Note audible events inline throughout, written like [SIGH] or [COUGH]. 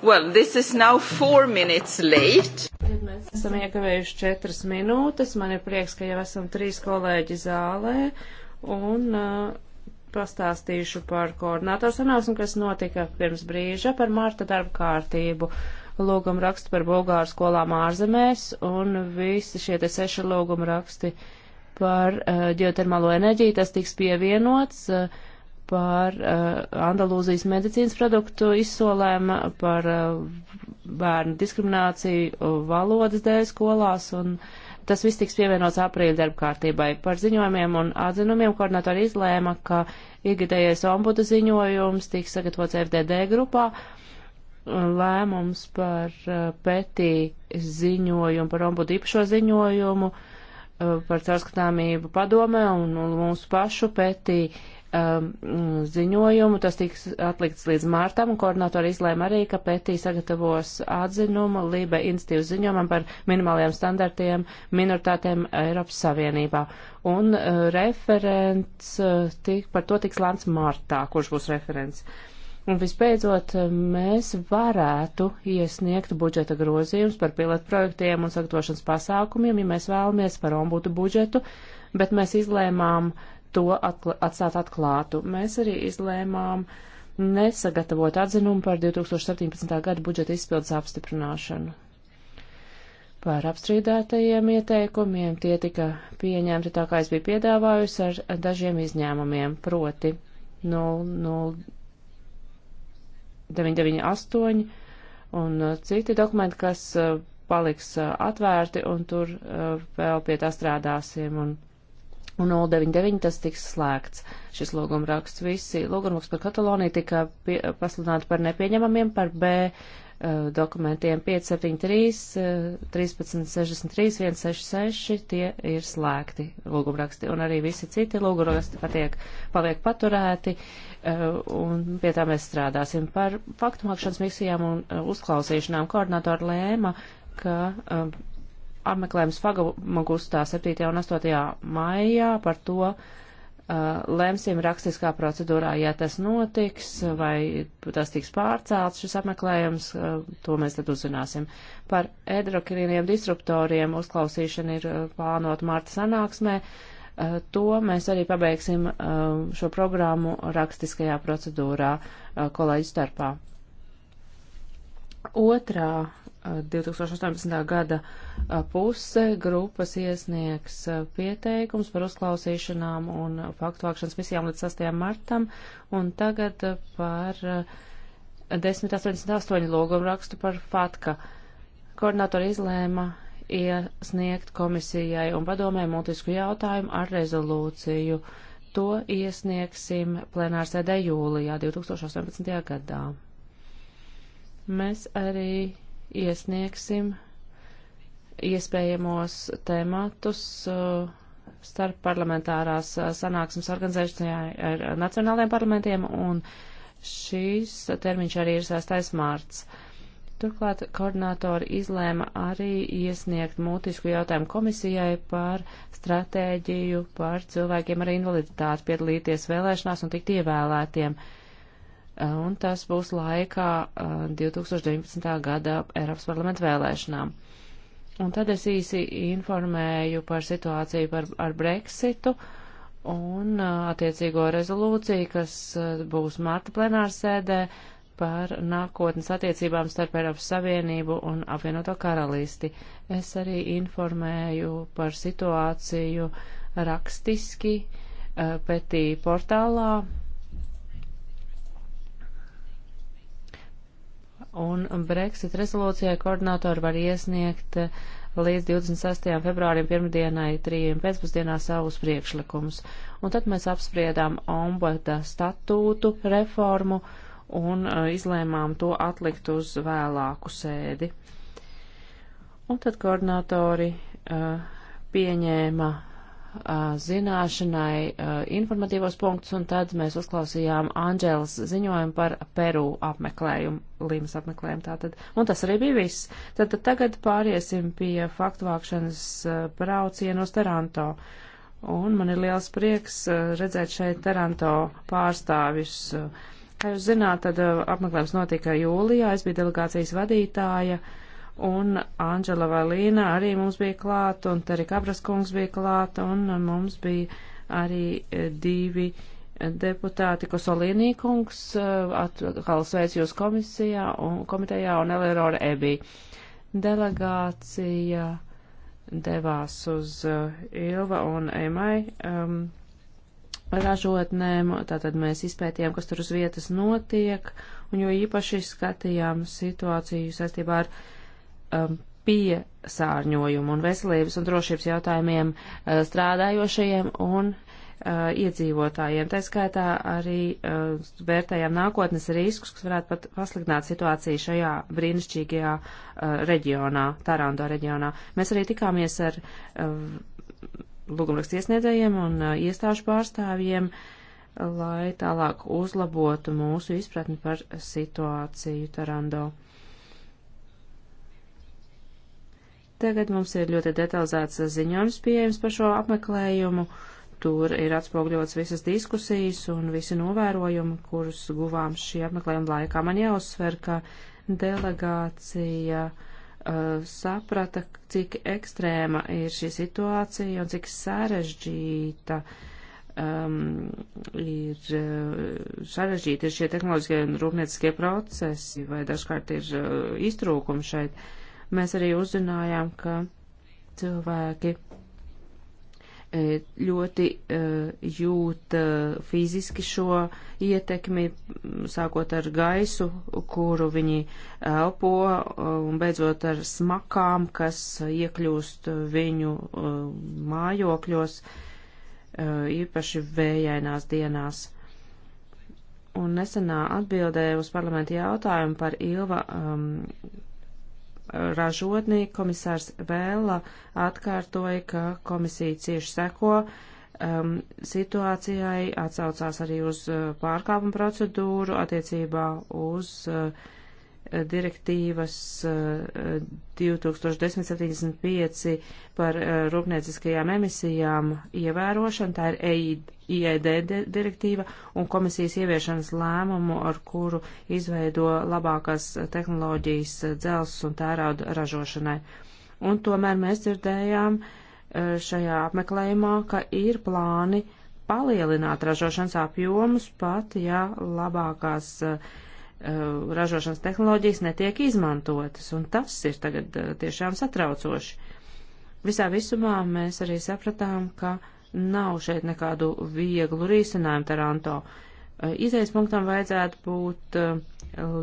Well, this is now four minutes late. Mēs esam iekavējuši četras minūtes. Man ir prieks, ka jau esam trīs kolēģi zālē. Un uh, pastāstīšu par koordinātoru sanāksmi, kas notika pirms brīža par Marta darba kārtību. Lūguma rakstu par Bulgāru skolām ārzemēs un visi šie te seši lūguma raksti par uh, ģeotermālo enerģiju, tas tiks pievienots. Uh, par uh, Andalūzijas medicīnas produktu izsolēm, par uh, bērnu diskrimināciju eh, valodas dēļ skolās, un tas viss tiks pievienots aprīļa darba kārtībai. Par ziņojumiem un atzinumiem koordinatori izlēma, ka iegadējais ombudu ziņojums tiks sagatavots FDD grupā. Lēmums par uh, pētī ziņojumu, par ombudu īpašo ziņojumu, uh, par caurskatāmību padome un, un mūsu pašu pētī uh, um, ziņojumu. Tas tiks atlikts līdz mārtam, un koordinatori izlēma arī, ka pētī sagatavos atzinumu Lībe institīvas ziņojumam par minimālajiem standartiem minoritātēm Eiropas Savienībā. Un uh, referents uh, tik, par to tiks lēns martā, kurš būs referents. Un visbeidzot, uh, mēs varētu iesniegt budžeta grozījumus par pilotprojektiem un sagatavošanas pasākumiem, ja mēs vēlamies par ombudu budžetu, bet mēs izlēmām uh, to atkl atstāt atklātu. Mēs arī izlēmām nesagatavot atzinumu par 2017. gada budžeta izpildes apstiprināšanu. Par apstrīdētajiem ieteikumiem tie tika pieņemti tā, kā es biju piedāvājusi, ar dažiem izņēmumiem, proti 0,998 un uh, citi dokumenti, kas uh, paliks uh, atvērti, un tur vēl pie tā strādāsim. Un un 099 tas tiks slēgts. Šis lūgumraksts visi. Lūgumraksts par Kataloniju tika pasludināti par nepieņemamiem, par B uh, dokumentiem 573, uh, 1363, 166, tie ir slēgti lūgumraksti. Un arī visi citi lūgumraksti patiek, paliek paturēti, uh, un pie tā mēs strādāsim. Par faktu mākšanas misijām un eh, uzklausīšanām koordinātori lēma, ka apmeklējums Fagagustā 7. un 8. maijā par to uh, lemsim rakstiskā procedūrā, ja tas notiks vai tas tiks pārcēlts šis apmeklējums, uh, to mēs tad uzzināsim. Par endokriniem disruptoriem uzklausīšana ir uh, plānot marta sanāksmē. Uh, to mēs arī pabeigsim uh, šo programmu rakstiskajā procedūrā kolēģu starpā. Otrā 2018. gada puse grupas iesniegs pieteikums par uzklausīšanām un faktu vākšanas misijām līdz 6. martam, un tagad par 1088 lūgumu rakstu par FATKA. Koordinātori izlēma iesniegt komisijai un padomē multisku jautājumu ar rezolūciju. To iesniegsim plenārsēdē jūlijā 2018. gadā. Mēs arī iesniegsim iespējamos tematus uh, starp parlamentārās uh, sanāksmes organizēšanai ar nacionālajiem parlamentiem, un šīs termiņš arī ir 6. mārts. Turklāt koordinātori izlēma arī iesniegt mūtisku jautājumu komisijai par stratēģiju par cilvēkiem ar invaliditāti piedalīties vēlēšanās un tikt ievēlētiem. Uh, un tas būs laikā 2019. Eh, gada Eiropas parlamenta vēlēšanām. Un tad es īsi informēju par situāciju par, ar Brexitu un eh, attiecīgo rezolūciju, kas eh, būs marta plenārsēdē par nākotnes attiecībām starp Eiropas Savienību un apvienoto karalisti. Es arī informēju par situāciju rakstiski petī portālā un Brexit rezolūcijai koordinātori var iesniegt eh, līdz 26. februārim pirmdienai trījiem pēcpusdienā savus priekšlikumus. Un tad mēs apspriedām ombuda statūtu reformu un uh, izlēmām to atlikt uz vēlāku sēdi. Un tad koordinātori uh, pieņēma zināšanai informatīvos punktus, un tad mēs uzklausījām Anģēlas ziņojumu par Peru apmeklējumu, Līmas apmeklējumu tātad. Un tas arī bija viss. Tad, tad tagad pāriesim pie faktu vākšanas braucienu uz Taranto. Un man ir liels prieks redzēt šeit Taranto pārstāvis. Kā jūs zināt, tad apmeklējums notika jūlijā, es biju delegācijas vadītāja. Uh, un Anģela Valīna arī mums bija klāta, un Terika Abras kungs bija klāta, un mums bija arī eh, divi eh, deputāti Kosolīnī kungs, eh, atkal sveic jūs komisijā un komitejā, un Elerora Ebī. Delegācija devās uz Ilva un Emai um, ražotnēm, tātad mēs izpētījām, kas tur uz vietas notiek, un jo īpaši skatījām situāciju saistībā ar uh, um, piesārņojumu un veselības un drošības jautājumiem uh, strādājošajiem un uh, iedzīvotājiem. Tā skaitā arī uh, vērtējām nākotnes riskus, kas varētu pat pasliktināt situāciju šajā brīnišķīgajā uh, reģionā, Tarando reģionā. Mēs arī tikāmies ar uh, lūgumrakstu iesniedzējiem un uh, iestāžu pārstāvjiem, lai tālāk uzlabotu mūsu izpratni par situāciju Tarando. Uh, Tagad mums ir ļoti detalizēts ziņojums pieejams par šo apmeklējumu. Tur ir atspogļots visas diskusijas un visi novērojumi, kurus guvām šī apmeklējuma laikā. Man jāuzsver, ka delegācija uh, saprata, cik ekstrēma ir šī situācija un cik sarežģīta um, ir, uh, sarežģīti ir šie tehnoloģiskie un rūpnieciskie procesi vai dažkārt ir uh, iztrūkumi šeit. Uh, Mēs arī uzzinājām, ka cilvēki e, ļoti e, jūt e, fiziski šo ietekmi, sākot ar gaisu, kuru viņi elpo, un beidzot ar smakām, kas iekļūst viņu mājokļos, īpaši vējainās dienās. Un nesenā atbildēja uz parlamentu jautājumu par Ilva um, ražotnī komisārs Vēla atkārtoja, ka komisija cieši seko um, situācijai, atsaucās arī uz uh, pārkāpumu procedūru attiecībā uz uh, direktīvas 2010-75 eh, par eh, rūpnieciskajām emisijām ievērošanu, tā ir e IED e direktīva un komisijas ieviešanas lēmumu, ar kuru izveido labākās tehnoloģijas dzels un tērauda ražošanai. Un tomēr mēs dzirdējām eh, šajā apmeklējumā, ka ir plāni palielināt ražošanas apjomus pat, ja labākās uh, Eh, ražošanas tehnoloģijas netiek izmantotas, un tas ir tagad eh, tiešām satraucoši. Visā visumā mēs arī sapratām, ka nav šeit nekādu vieglu risinājumu Taranto. Eh, Izejas punktam vajadzētu būt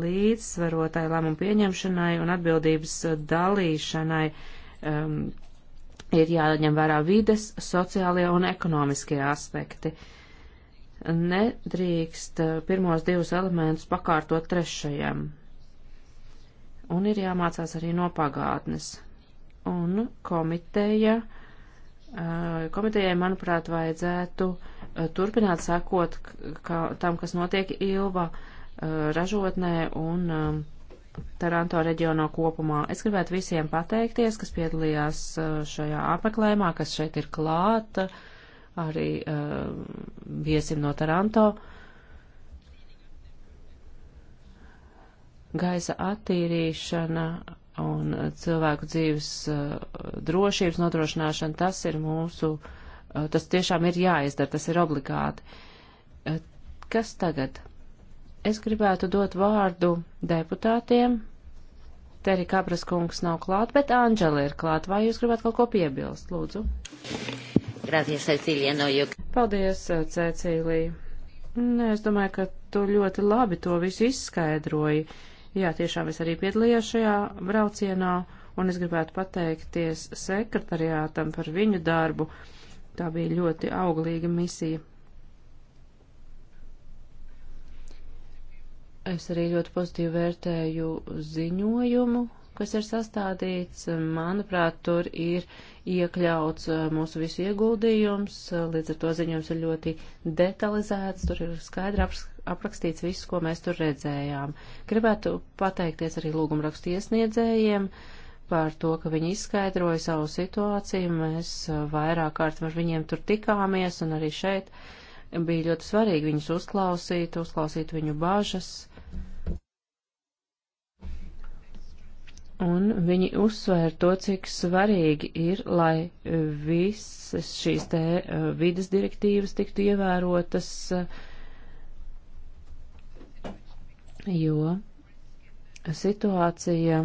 līdzsvarotai lēmumu pieņemšanai un atbildības dalīšanai. Um, ir jāņem vērā vides, sociālie un ekonomiskie aspekti. Uh, nedrīkst eh, pirmos divus elementus pakārtot trešajam. Un ir jāmācās arī no pagātnes. Un komiteja, eh, komitejai, manuprāt, vajadzētu eh, turpināt sekot ka, tam, kas notiek Ilva ražotnē un Taranto reģionā kopumā. Es gribētu visiem pateikties, kas piedalījās šajā apmeklējumā, kas šeit ir klāta. Uh, arī uh, viesim no Taranto. Gaisa attīrīšana un cilvēku dzīves uh, drošības nodrošināšana, tas ir mūsu, uh, tas tiešām ir jāizdara, tas ir obligāti. Uh, kas tagad? Es gribētu dot vārdu deputātiem. Teri Kabras kungs nav klāt, bet Anģela ir klāt. Vai jūs gribētu kaut ko piebilst, lūdzu? Gracias, Cecilija. No, jo... Paldies, eh, Cecilija. Es domāju, ka tu ļoti labi to visu izskaidroji. Jā, tiešām es arī piedalījos šajā braucienā, un es gribētu pateikties sekretariātam par viņu darbu. Tā bija ļoti auglīga misija. Es arī ļoti pozitīvi vērtēju ziņojumu, kas ir sastādīts. Manuprāt, tur ir iekļauts eh, mūsu visu ieguldījums, eh, līdz ar to ziņojums ir ļoti detalizēts, tur ir skaidri aprakstīts viss, ko mēs tur redzējām. Gribētu pateikties arī lūgumrakstu iesniedzējiem par to, ka viņi izskaidroja savu situāciju. Mēs eh, vairāk kārt ar viņiem tur tikāmies un arī šeit bija ļoti svarīgi viņus uzklausīt, uzklausīt viņu bažas un viņi uzsvēra to, cik svarīgi ir, lai e, visas šīs te e, vidas direktīvas tiktu ievērotas, e, jo situācija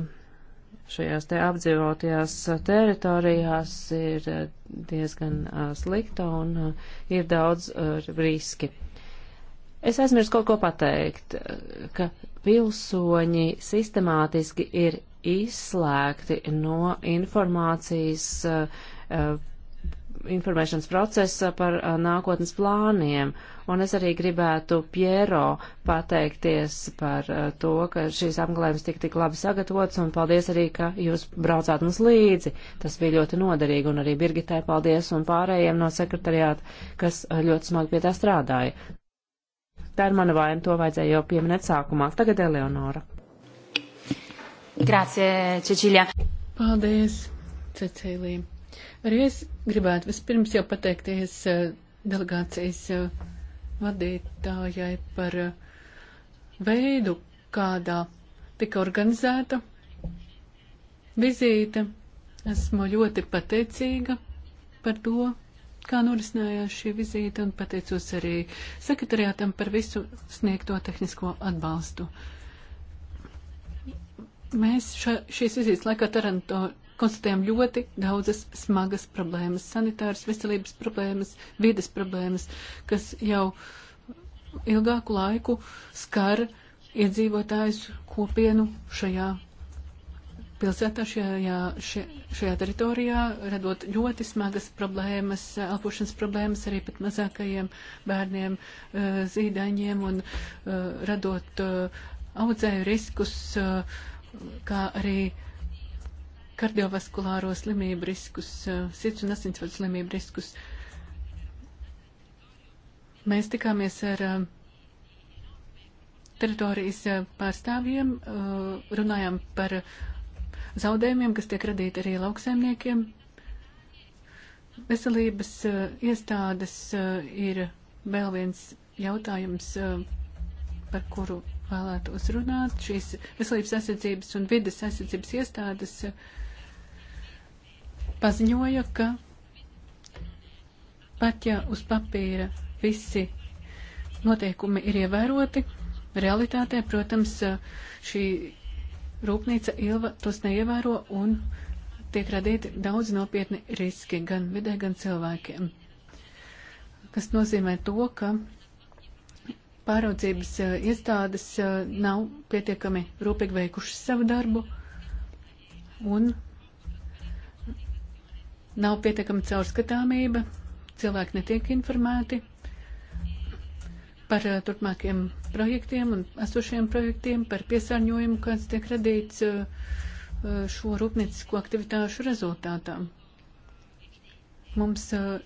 šajās te apdzīvotajās teritorijās ir diezgan slikta un ir daudz riski. Es aizmirsu kaut ko pateikt, ka pilsoņi sistemātiski ir izslēgti no informācijas, uh, informēšanas procesa par uh, nākotnes plāniem. Un es arī gribētu Piero pateikties par uh, to, ka šīs apmeklējums tik tik labi sagatavots, un paldies arī, ka jūs braucāt mums līdzi. Tas bija ļoti noderīgi, un arī Birgitai paldies un pārējiem no sekretariāta, kas ļoti smagi pie tā strādāja. Tā ir mana vaina, to vajadzēja jau pieminēt sākumā. Tagad Eleonora. Grācie, Cecilija. Paldies, Cecilija. Arī es gribētu vispirms jau pateikties eh, delegācijas eh, vadītājai par eh, veidu, kādā tika organizēta vizīte. Esmu ļoti pateicīga par to, kā norisinājās šī vizīte, un pateicos arī sekretariātam par visu sniegto tehnisko atbalstu. Mēs ša, šīs vizītes laikā Taranto konstatējam ļoti daudzas smagas problēmas, sanitāras veselības problēmas, vides problēmas, kas jau ilgāku laiku skar iedzīvotājus kopienu šajā pilsētā, šajā, šajā, šajā teritorijā, radot ļoti smagas problēmas, elpošanas problēmas arī pat mazākajiem bērniem, eh, zīdaņiem un eh, radot eh, audzēju riskus kā arī kardiovaskulāro slimību riskus, eh, sirds un asinsvadu slimību riskus. Mēs tikāmies ar eh, teritorijas eh, pārstāvjiem, runājām par zaudējumiem, kas tiek radīti arī lauksaimniekiem. Veselības iestādes ir vēl viens jautājums, par kuru vēlētos runāt. Šīs veselības aizsardzības un vidas aizsardzības iestādes paziņoja, ka pat ja uz papīra visi noteikumi ir ievēroti, realitātē, protams, šī rūpnīca Ilva tos neievēro un tiek radīti daudz nopietni riski gan vidē, gan cilvēkiem. Kas nozīmē to, ka pāraudzības eh, iestādes eh, nav pietiekami rūpīgi veikušas savu darbu un nav pietiekama caurskatāmība, cilvēki netiek informēti par eh, turpmākiem projektiem un esošiem projektiem, par piesārņojumu, kāds tiek radīts šo rūpniecisko aktivitāšu rezultātā. Mums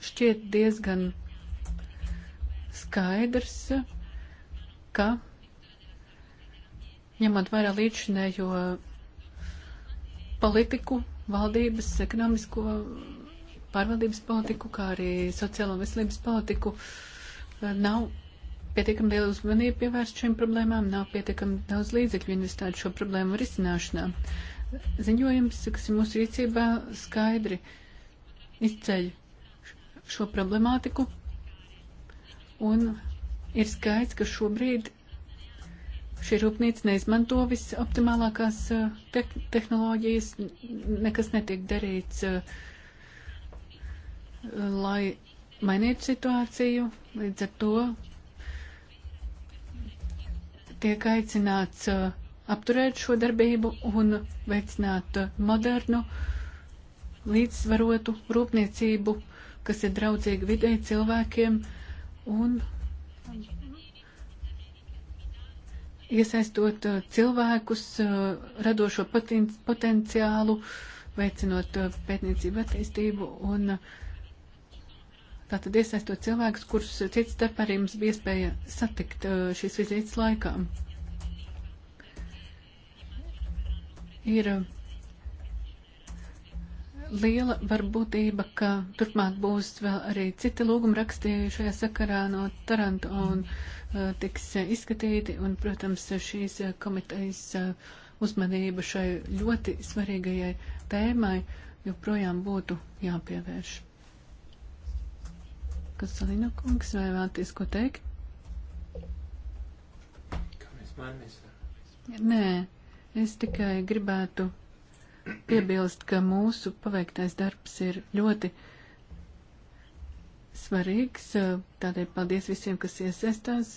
šķiet diezgan skaidrs, ka, ņemot vērā līdzinējo politiku, valdības, ekonomisko pārvaldības politiku, kā arī sociālo veselības politiku, nav pietiekami liela uzmanība pievērst šīm problēmām, nav pietiekami daudz līdzekļu investēt šo problēmu risināšanā. Ziņojums, kas ir mūsu rīcībā, skaidri izceļ šo problemātiku un Ir skaidrs, ka šobrīd šī rūpnīca neizmanto visoptimālākās eh, te tehnoloģijas, nekas netiek darīts, eh, lai mainītu situāciju. Līdz ar to tiek aicināts eh, apturēt šo darbību un veicināt modernu, līdzsvarotu rūpniecību, kas ir draudzīga videi cilvēkiem un iesaistot uh, cilvēkus, uh, radošo potenciālu, veicinot uh, pētniecību attīstību un tātad iesaistot cilvēkus, kurus cits starp arī mums bija iespēja satikt šīs vizītes laikā. Ir liela varbūtība, ka turpmāk būs vēl arī citi lūguma rakstīju šajā sakarā no Taranto un uh, tiks uh, izskatīti. Un, protams, šīs uh, komitejas uh, uzmanība šai ļoti svarīgajai tēmai joprojām būtu jāpievērš. Kas Salina kungs vai vēlties ko teikt? Kā mēs mājamies? Nē, es tikai gribētu piebilst, ka mūsu paveiktais darbs ir ļoti svarīgs. Tādēļ paldies visiem, kas iesaistās.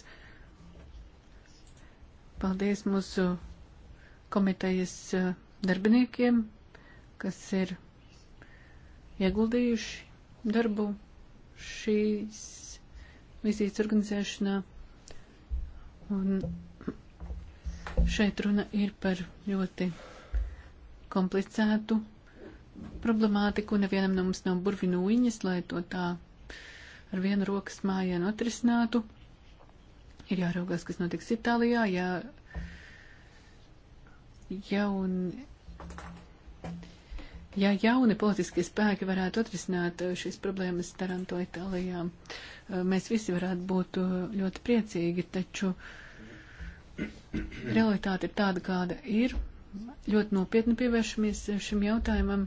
Paldies mūsu komitejas eh, darbiniekiem, kas ir ieguldījuši darbu šīs vizītes organizēšanā. Un šeit runa ir par ļoti komplicētu problemātiku. Nevienam no mums nav burvinu uņas, lai to tā ar vienu rokas mājienu atrisinātu. Ir jāraugās, kas notiks Itālijā, jā, jaun, ja jauni politiskie spēki varētu atrisināt šīs problēmas Taranto Itālijā. Mēs visi varētu būt ļoti priecīgi, taču realitāte ir tāda, kāda ir ļoti nopietni pievēršamies šim jautājumam.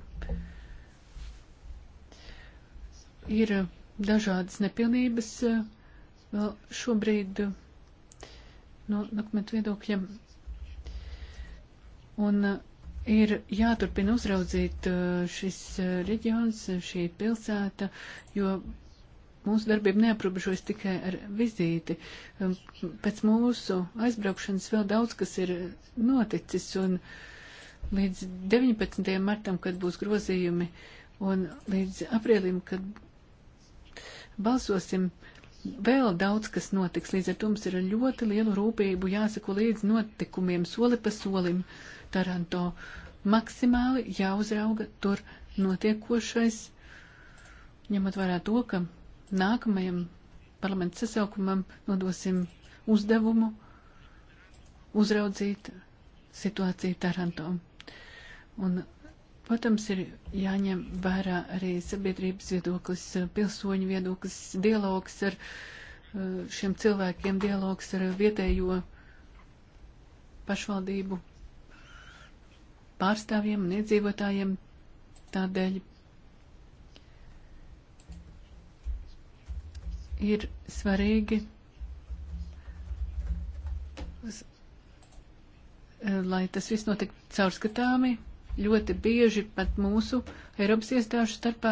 Ir dažādas nepilnības eh, vēl šobrīd no dokumentu viedokļa. Un eh, ir jāturpina uzraudzīt eh, šis reģions, šī pilsēta, jo mūsu darbība neaprobežojas tikai ar vizīti. Um, pēc mūsu aizbraukšanas vēl daudz kas ir noticis, un līdz 19. martam, kad būs grozījumi, un līdz aprīlim, kad balsosim, vēl daudz kas notiks. Līdz ar to mums ir ļoti lielu rūpību jāsako līdz notikumiem soli pa solim. Taranto maksimāli jāuzrauga tur notiekošais, ņemot vērā to, ka nākamajam parlamenta sasaukumam nodosim uzdevumu uzraudzīt situāciju Taranto. Un, protams, ir jāņem vērā arī sabiedrības viedoklis, pilsoņu viedoklis, dialogs ar uh, šiem cilvēkiem, dialogs ar vietējo pašvaldību pārstāvjiem un iedzīvotājiem. Tādēļ ir svarīgi, lai tas viss notiek caurskatāmi. Ļoti bieži pat mūsu Eiropas iestāžu starpā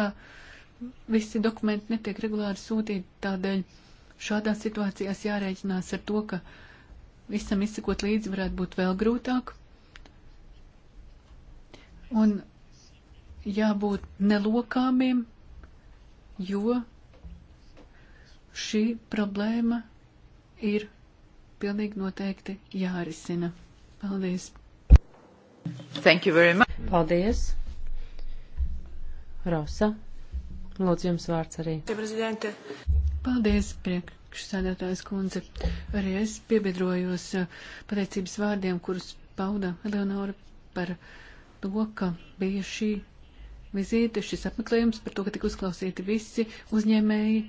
visi dokumenti netiek regulāri sūtīti, tādēļ šādās situācijās jārēķinās ar to, ka visam izsakot līdzi varētu būt vēl grūtāk. Un jābūt nelokāmiem, jo Šī problēma ir pilnīgi noteikti jārisina. Paldies! Thank you very much! Paldies! Rosa, lūdzu jums vārds arī. Paldies, priek! priekšsēdētājas kundze, arī es piebiedrojos eh, pateicības vārdiem, kurus pauda Eleonora par to, ka bija šī vizīte, šis apmeklējums, par to, ka tika uzklausīti visi uzņēmēji,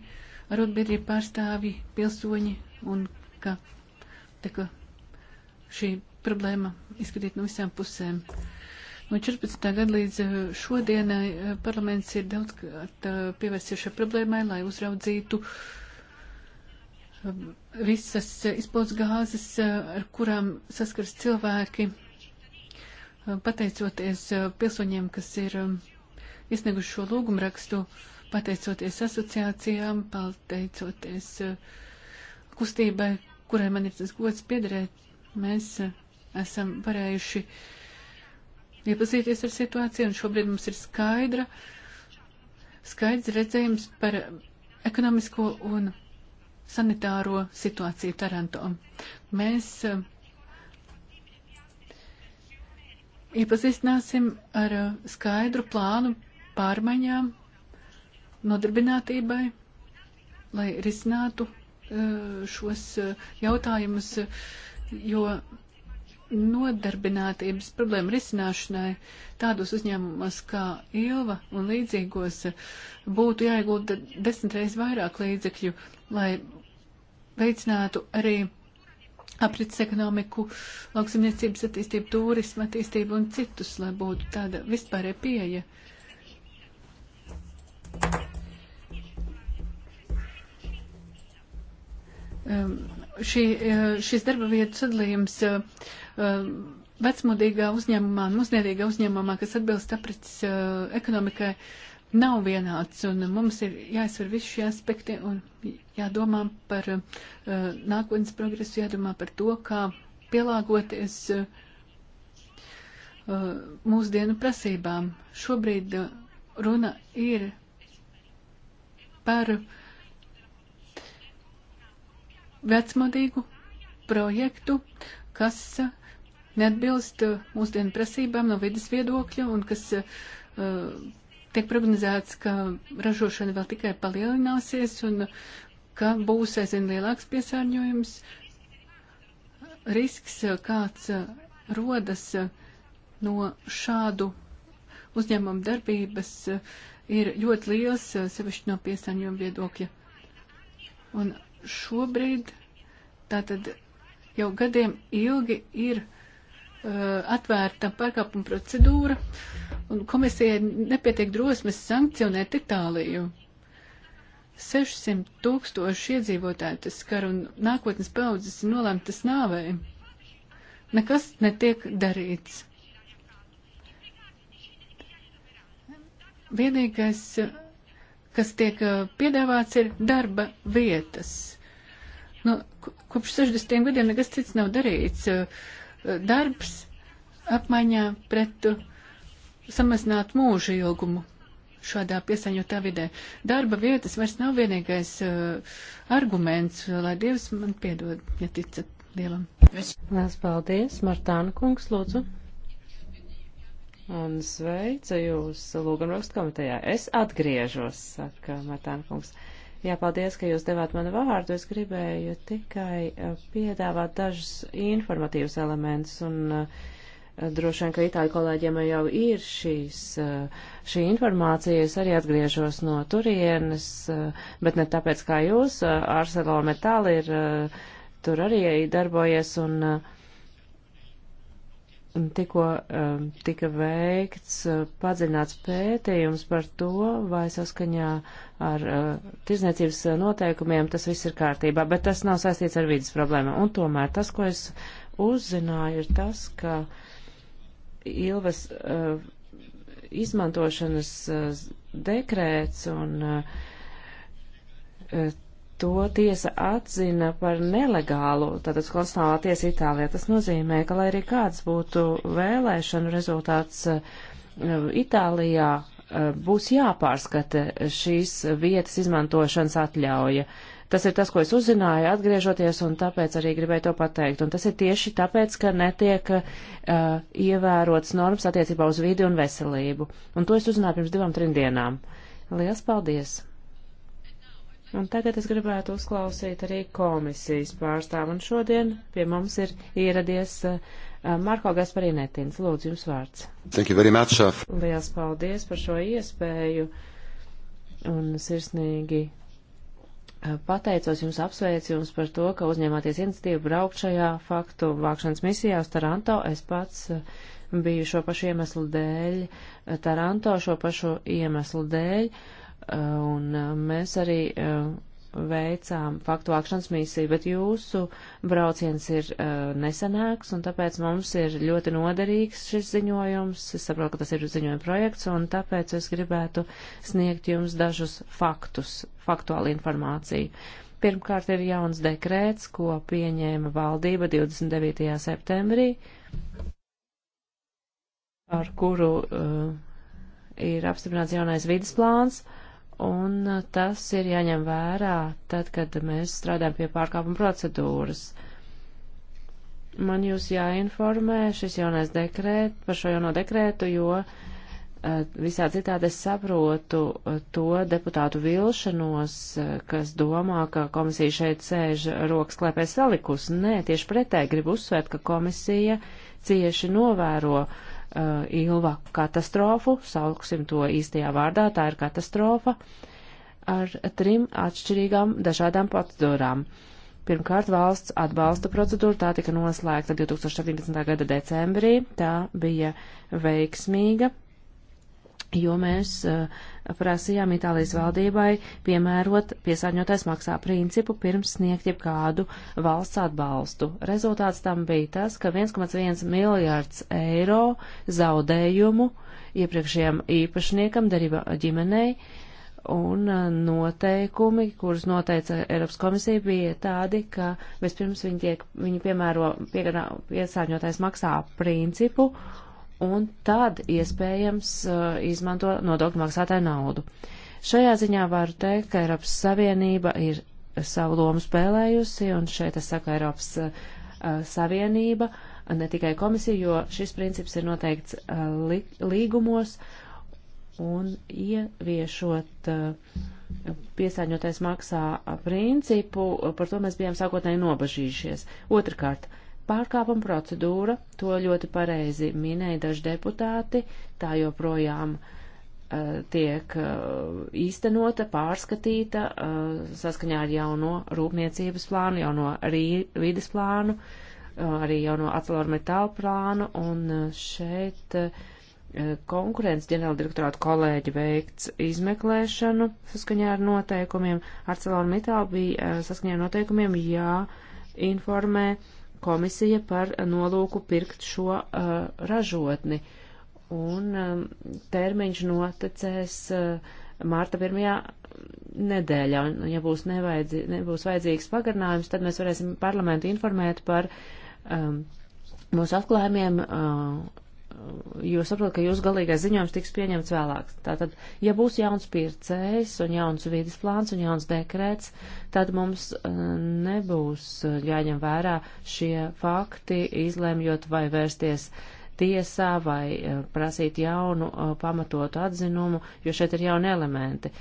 arotbiedrību pārstāvji, pilsoņi un ka tā kā šī problēma izskatīt no visām pusēm. No 14. gada līdz eh, šodienai eh, parlaments ir daudz eh, pievērsies šai problēmai, lai uzraudzītu visas izpaudas gāzes, ar kurām saskars cilvēki, pateicoties pilsoņiem, kas ir iesnieguši šo lūgumu rakstu. Uh, pateicoties asociācijām, pateicoties uh, kustībai, kurai man ir tas gods piederēt, mēs uh, esam varējuši iepazīties ar situāciju, un šobrīd mums ir skaidra, skaidrs redzējums par ekonomisko un sanitāro situāciju Taranto. Mēs uh, iepazīstināsim ar skaidru plānu pārmaiņām nodarbinātībai, lai risinātu e, šos e, jautājumus, jo nodarbinātības problēmu risināšanai tādos uzņēmumos kā Ilva un līdzīgos būtu jāiegulda desmitreiz vairāk līdzekļu, lai veicinātu arī aprits ekonomiku, lauksimniecības attīstību, turismu attīstību un citus, lai būtu tāda vispārē pieeja uh, Ehm, šī, eh, šis darba vietu sadalījums eh, ehm, vecmodīgā uzņēmumā un mūsdienīgā uzņēmumā, kas atbilst aprits eh, ekonomikai, nav vienāds. Un mums ir jāizsver visi šie aspekti un jādomā par nākotnes progresu, jādomā par to, kā pielāgoties mūsdienu prasībām. Šobrīd runa ir par uh, vecmodīgu projektu, kas neatbilst uh, mūsdienu prasībām no vidas viedokļa un kas uh, tiek prognozēts, ka ražošana vēl tikai palielināsies un uh, ka būs aizvien lielāks piesārņojums. Risks, uh, kāds rodas no šādu uzņēmumu darbības, ir ļoti liels, sevišķi no piesārņojuma viedokļa. Un šobrīd tātad jau gadiem ilgi ir uh, atvērta pārkāpuma procedūra, un komisijai nepietiek drosmes sankcionēt Itāliju. 600 tūkstoši iedzīvotāji tas skar, un nākotnes paudzes ir nolēmtas nāvēji. Nekas netiek darīts. Vienīgais uh, kas tiek piedāvāts, ir darba vietas. Nu, kopš 60 gadiem nekas cits nav darīts. Darbs apmaiņā pret samazināt mūža ilgumu šādā piesaņotā vidē. Darba vietas vairs nav vienīgais uh, arguments, lai Dievs man piedod, ja ticat Dievam. Lielas paldies, Martāna kungs, lūdzu. Mm un sveicu jūs Lūgumrakstu komitejā. Es atgriežos, saka Martāna kungs. Jā, paldies, ka jūs devāt man vārdu. Es gribēju tikai piedāvāt dažus informatīvus elementus un uh, droši vien, ka itāļu kolēģiem jau ir šīs, šī informācija, es arī atgriežos no turienes, bet ne tāpēc kā jūs, Arcelor Metal ir tur arī darbojies un uh, tikko um, tika veikts uh, padziļināts pētījums par to, vai saskaņā ar uh, tirzniecības noteikumiem tas viss ir kārtībā, bet tas nav saistīts ar vidas problēmu. Un tomēr tas, ko es uzzināju, ir tas, ka Ilves uh, izmantošanas dekrēts un to tiesa atzina par nelegālu, tātad konstitucionālā tiesa Itālijā. Tas nozīmē, ka lai arī kāds būtu vēlēšanu rezultāts eh, Itālijā, eh, būs jāpārskata šīs vietas izmantošanas atļauja. Tas ir tas, ko es uzzināju, atgriežoties, un tāpēc arī gribēju to pateikt. Un tas ir tieši tāpēc, ka netiek uh, ievērotas normas attiecībā uz vidi un veselību. Un to es uzzināju pirms divām, trim dienām. Lielas paldies! Un tagad es gribētu uzklausīt arī komisijas pārstāvu. Un šodien pie mums ir ieradies uh, uh, Marko Gasparinētins. Lūdzu, jums vārds. Much, uh, Lielas paldies par šo iespēju un sirsnīgi pateicos jums, apsveicu jums par to, ka uzņēmāties iniciatīvu braukt šajā faktu vākšanas misijā uz Taranto. Es pats biju šo pašu iemeslu dēļ, Taranto šo pašu iemeslu dēļ. Uh, Eh, un eh, mēs arī eh, veicām faktu vākšanas misiju, bet jūsu brauciens ir uh, nesenāks, un tāpēc mums ir ļoti noderīgs šis ziņojums. Es saprotu, ka tas ir ziņojuma projekts, un tāpēc es gribētu sniegt jums dažus faktus, faktuālu informāciju. Pirmkārt ir jauns dekrēts, ko pieņēma valdība 29. septembrī, ar kuru uh, ir apstiprināts jaunais vidas plāns. Uh, un uh, tas ir jāņem vērā tad, kad mēs strādājam pie pārkāpuma procedūras. Man jūs jāinformē šis jaunais dekrēt, par šo jauno dekrētu, jo uh, visā citādi es saprotu uh, to deputātu vilšanos, kas domā, ka komisija šeit sēž rokas klēpēs salikus. Nē, tieši pretēji gribu uzsvērt, ka komisija cieši novēro uh, uh, Ilva katastrofu, sauksim to īstajā vārdā, tā ir katastrofa, ar trim atšķirīgām dažādām procedūrām. Pirmkārt, valsts atbalsta procedūra, tā tika noslēgta 2017. gada decembrī, tā bija veiksmīga, jo mēs eh, prasījām Itālijas valdībai piemērot piesārņotais maksā principu pirms sniegt jebkādu valsts atbalstu. Rezultāts tam bija tas, ka 1,1 miljārds eiro zaudējumu iepriekšējiem īpašniekam darība ģimenei un eh, noteikumi, kurus noteica Eiropas komisija, bija tādi, ka vispirms viņi, tiek, viņi piemēro piesārņotais maksā principu un tad iespējams uh, izmanto nodokļu maksātāju naudu. Šajā ziņā varu teikt, ka Eiropas Savienība ir savu lomu spēlējusi, un šeit es saku Eiropas uh, Savienība, ne tikai komisija, jo šis princips ir noteikts uh, li līgumos, un ieviešot piesāņotais maksā principu, par to mēs bijām sākotnēji nobažījušies. Otrakārt, Pārkāpuma procedūra, to ļoti pareizi minēja daži deputāti, tā joprojām uh, tiek uh, īstenota, pārskatīta uh, saskaņā ar jauno rūpniecības plānu, jauno vides plānu, arī jauno atcelvaru metālu plānu, un šeit konkurences ģenerāldirektorāta kolēģi veikts izmeklēšanu saskaņā ar noteikumiem. Arcelor Mitāl bija saskaņā ar noteikumiem jāinformē. Ja komisija par nolūku pirkt šo uh, ražotni. Un um, termiņš noticēs uh, mārta pirmajā nedēļā. Un, ja būs, nevajadzi, nebūs vajadzīgs pagarinājums, tad mēs varēsim parlamentu informēt par um, mūsu atklājumiem, uh, jūs saprotat, ka jūsu galīgais ziņojums tiks pieņemts vēlāk. Tātad, ja būs jauns pircējs un jauns vīdes plāns un jauns dekrēts, tad mums uh, nebūs uh, jāņem vērā šie fakti, izlēmjot vai vērsties tiesā vai uh, prasīt jaunu pamatotu atzinumu, jo šeit ir jauni elementi.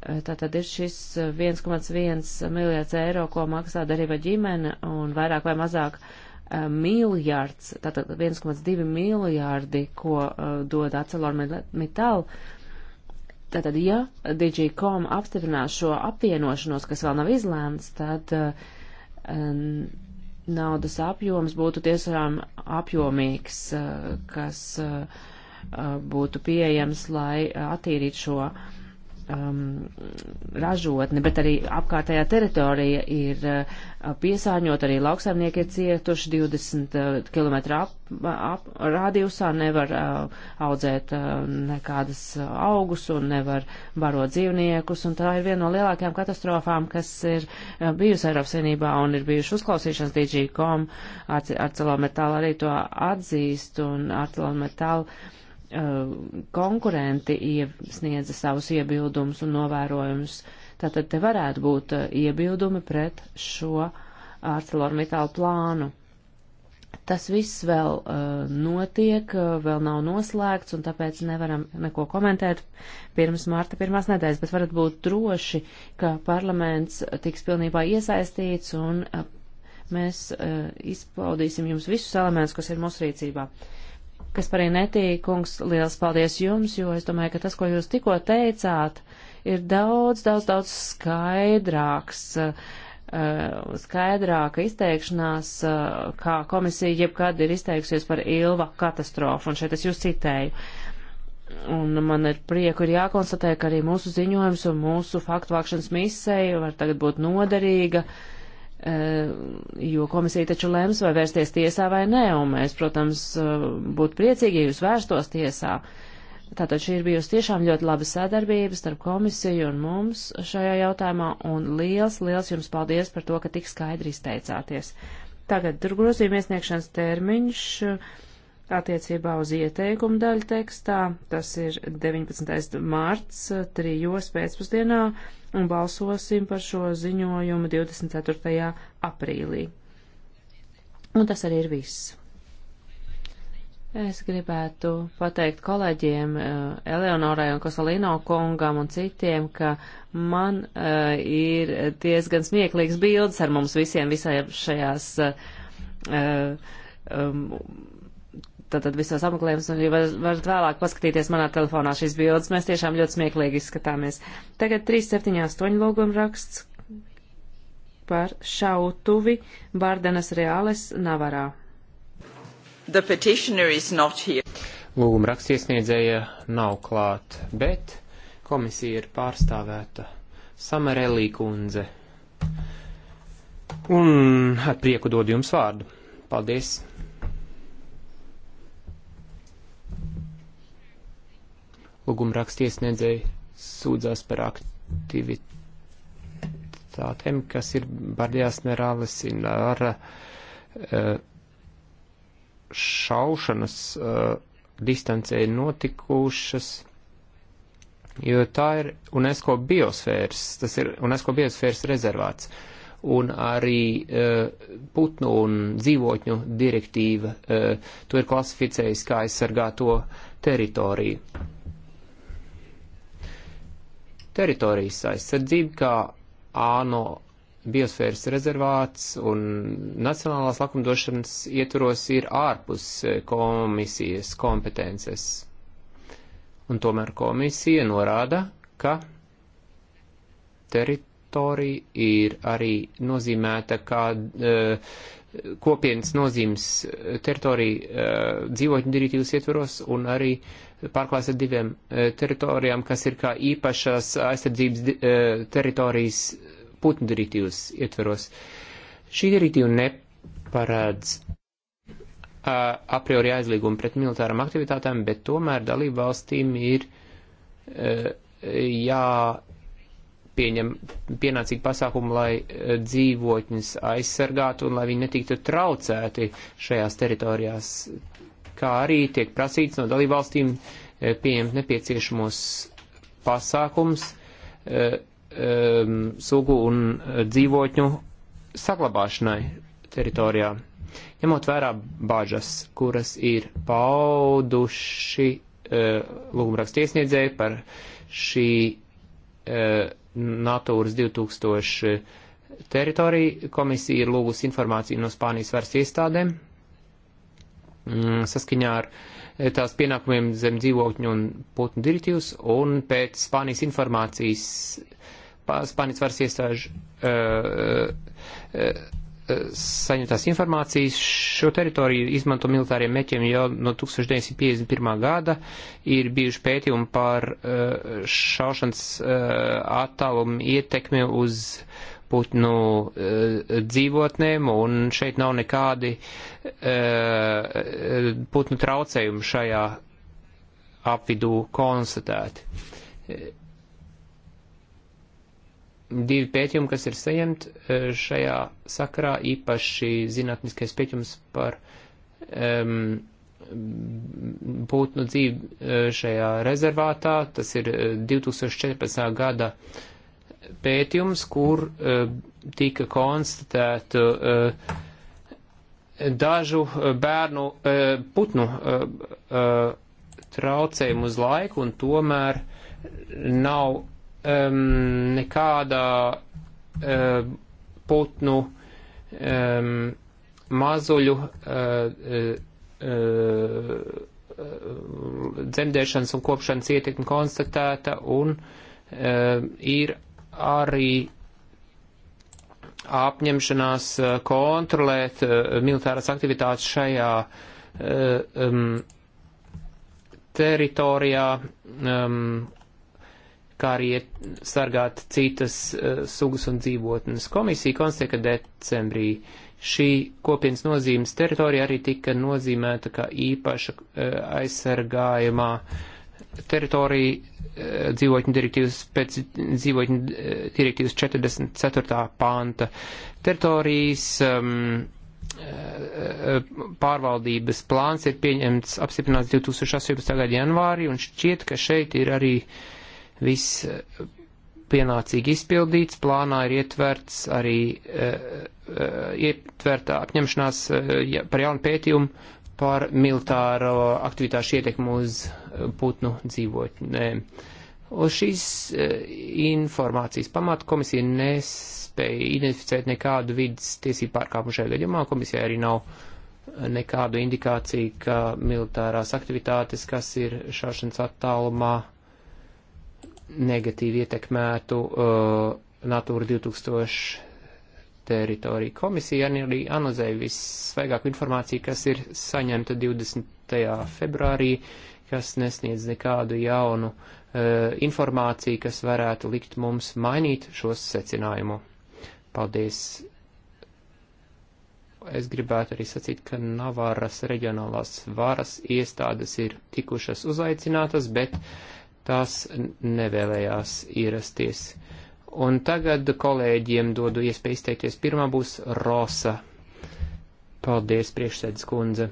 Tātad ir šis 1,1 miljards eiro, ko maksā darība ģimene un vairāk vai mazāk uh, Eh, miljards, tātad 1,2 miljārdi, ko uh, dod ArcelorMittal. Tātad, ja DigiCom apstiprinās šo apvienošanos, kas vēl nav izlēmts, tad um, naudas apjoms būtu tiešām apjomīgs, uh, kas uh, būtu pieejams, lai attīrītu šo uh, um, ražotne, bet arī apkārtējā teritorija ir uh, piesārņota, arī lauksaimnieki ir cietuši 20 uh, km ap, ap, rādījusā, nevar uh, audzēt uh, nekādas augus un nevar barot dzīvniekus, un tā ir viena no lielākajām katastrofām, kas ir uh, bijusi Eiropas vienībā un ir bijuši uzklausīšanas DG.com, Arcelor Metal arī to atzīst, un Arcelor Metal. Uh, Uh, konkurenti iesniedza savus iebildumus un novērojumus. Tātad te varētu būt uh, iebildumi pret šo ArcelorMittal plānu. Tas viss vēl uh, notiek, uh, vēl nav noslēgts, un tāpēc nevaram neko komentēt pirms marta pirmās nedēļas, bet varat būt droši, ka parlaments tiks pilnībā iesaistīts, un uh, mēs uh, izplaudīsim jums visus elementus, kas ir mūsu rīcībā. Uh, kas par netīkums, liels paldies jums, jo es domāju, ka tas, ko jūs tikko teicāt, ir daudz, daudz, daudz skaidrāks, uh, skaidrāka izteikšanās, uh, kā komisija jebkad ir izteikusies par Ilva katastrofu, un šeit es jūs citēju. Un man ir prieku ir jākonstatē, ka arī mūsu ziņojums un mūsu faktu vākšanas misija var tagad būt noderīga. Uh, E, jo komisija taču lems, vai vērsties tiesā vai nē, un mēs, protams, e, būtu priecīgi, ja jūs vērstos tiesā. Tātad šī ir bijusi tiešām ļoti laba sadarbība starp komisiju un mums šajā jautājumā, un liels, liels jums paldies par to, ka tik skaidri izteicāties. Tagad tur grozījuma iesniegšanas termiņš Attiecībā uz ieteikumu daļu tekstā tas ir 19. mārts, trijos pēcpusdienā, un balsosim par šo ziņojumu 24. aprīlī. Un tas arī ir viss. Es gribētu pateikt kolēģiem eh, Eleonorai un Kosalino kungam un citiem, ka man uh, ir diezgan smieklīgs bildes ar mums visiem visā šajās uh, um, tātad visos apmeklējumus, un jūs var, varat vēlāk paskatīties manā telefonā šīs bildes. Mēs tiešām ļoti smieklīgi izskatāmies. Tagad 378 loguma raksts par šautuvi Bardenas Reāles Navarā. Lūguma raksts iesniedzēja nav klāt, bet komisija ir pārstāvēta Samarelī kundze. Un ar prieku dod jums vārdu. Paldies! Lūguma rakstiesniedzēji sūdzās par aktivitātēm, kas ir Bardijās Nerāles un ar eh, šaušanas eh, distancē notikušas, jo tā ir UNESCO biosfēras, tas ir UNESCO biosfēras rezervāts. Un arī uh, putnu un dzīvotņu direktīva uh, to ir klasificējusi kā aizsargāto teritoriju teritorijas aizsardzība, kā āno biosfēras rezervāts un nacionālās lakumdošanas ietvaros ir ārpus komisijas kompetences. Un tomēr komisija norāda, ka teritorija ir arī nozīmēta kā e, eh, kopienas nozīmes teritorija e, dzīvotņu direktīvas ietvaros un arī e, pārklājas ar diviem e, teritorijām, kas ir kā īpašās aizsardzības e, teritorijas putnu direktīvas ietveros. Šī direktīva neparādz a priori aizliegumu pret militāram aktivitātēm, bet tomēr dalību valstīm ir e, jāpieņem pienācīgi pasākumi, lai dzīvotņus aizsargātu un lai viņi netiktu traucēti šajās teritorijās kā arī tiek prasīts no dalībvalstīm e, pieņemt nepieciešamos pasākums e, e, sugu un dzīvotņu saglabāšanai teritorijā. Ņemot vērā bāžas, kuras ir pauduši lūgumrakstu iesniedzēji par šī Natūras 2000 teritoriju, komisija ir lūgusi informāciju no Spānijas varas iestādēm Mm, saskaņā ar eh, tās pienākumiem zem dzīvokļu un putnu direktīvas, un pēc Spānijas informācijas Spānijas varas iestāžu uh, uh, saņemtās informācijas šo teritoriju izmanto militāriem meķiem jau no 1951. gada ir bijuši pētījumi par šaušanas attālumu ietekmi uz putnu e, dzīvotnēm, un šeit nav nekādi e, putnu traucējumi šajā apvidū konstatēti. E, divi pētījumi, kas ir saņemti šajā sakarā, īpaši zinātniskais pētījums par um, putnu dzīvi šajā rezervātā, tas ir 2014. gada uh, pētījums, kur e, tika konstatēta e, dažu bērnu e, putnu traucējumu uz laiku, un tomēr nav nekādā putnu mazuļu dzemdēšanas un kopšanas ietekme konstatēta un uh, ir arī apņemšanās eh, kontrolēt eh, militāras aktivitātes šajā um, teritorijā, um, kā arī sargāt citas uh, sugas un dzīvotnes. Komisija konstatē, ka decembrī šī kopienas nozīmes teritorija arī tika nozīmēta kā īpaša uh, aizsargājumā uh, teritoriju eh, dzīvotņu direktīvas pēc dzīvotņu eh, direktīvas 44. panta. Teritorijas um, pārvaldības plāns ir pieņemts apstiprināts 2018. gada janvārī un šķiet, ka šeit ir arī viss pienācīgi izpildīts. Plānā ir ietverts arī uh, uh, ietverta apņemšanās uh, par jaunu pētījumu par militāro aktivitāšu ietekmu uz eh, putnu dzīvotnēm. Uz šīs eh, informācijas pamata komisija nespēja identificēt nekādu vidas tiesību pārkāpumu šajā gadījumā. Komisija arī nav eh, nekādu indikāciju, ka militārās aktivitātes, kas ir šāšanas attālumā, negatīvi ietekmētu uh, Natūra 2000 teritoriju. Komisija arī analizēja vissvaigāko informāciju, kas ir saņemta 20. februārī, kas nesniedz nekādu jaunu uh, informāciju, kas varētu likt mums mainīt šos secinājumu. Paldies! Es gribētu arī sacīt, ka Navāras reģionālās varas iestādes ir tikušas uzaicinātas, bet tās nevēlējās ierasties. Uh, Un tagad kolēģiem dodu iespēju izteikties. Pirmā būs Rosa. Paldies, priekšsēdus kundze.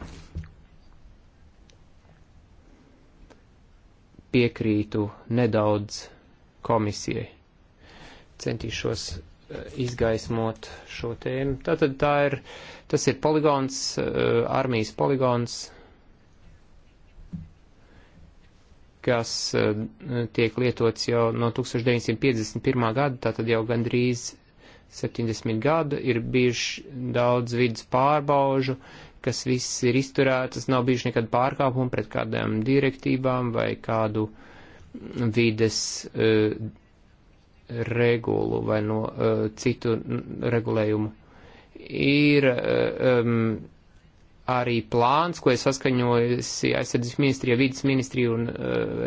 Piekrītu nedaudz komisijai. Centīšos eh, izgaismot šo tēmu. Tātad tā ir, tas ir poligons, eh, armijas poligons kas e, tiek lietots jau no 1951. gada, tātad jau gandrīz 70 gadu, ir bijuši daudz vidas pārbaužu, kas viss ir izturētas, nav bijuši nekad pārkāpumi pret kādām direktībām vai kādu vides uh, regulu vai no uh, citu regulējumu. Ir um, arī plāns, ko ir saskaņojusi aizsardzības ministrija, vidas ministrija un uh,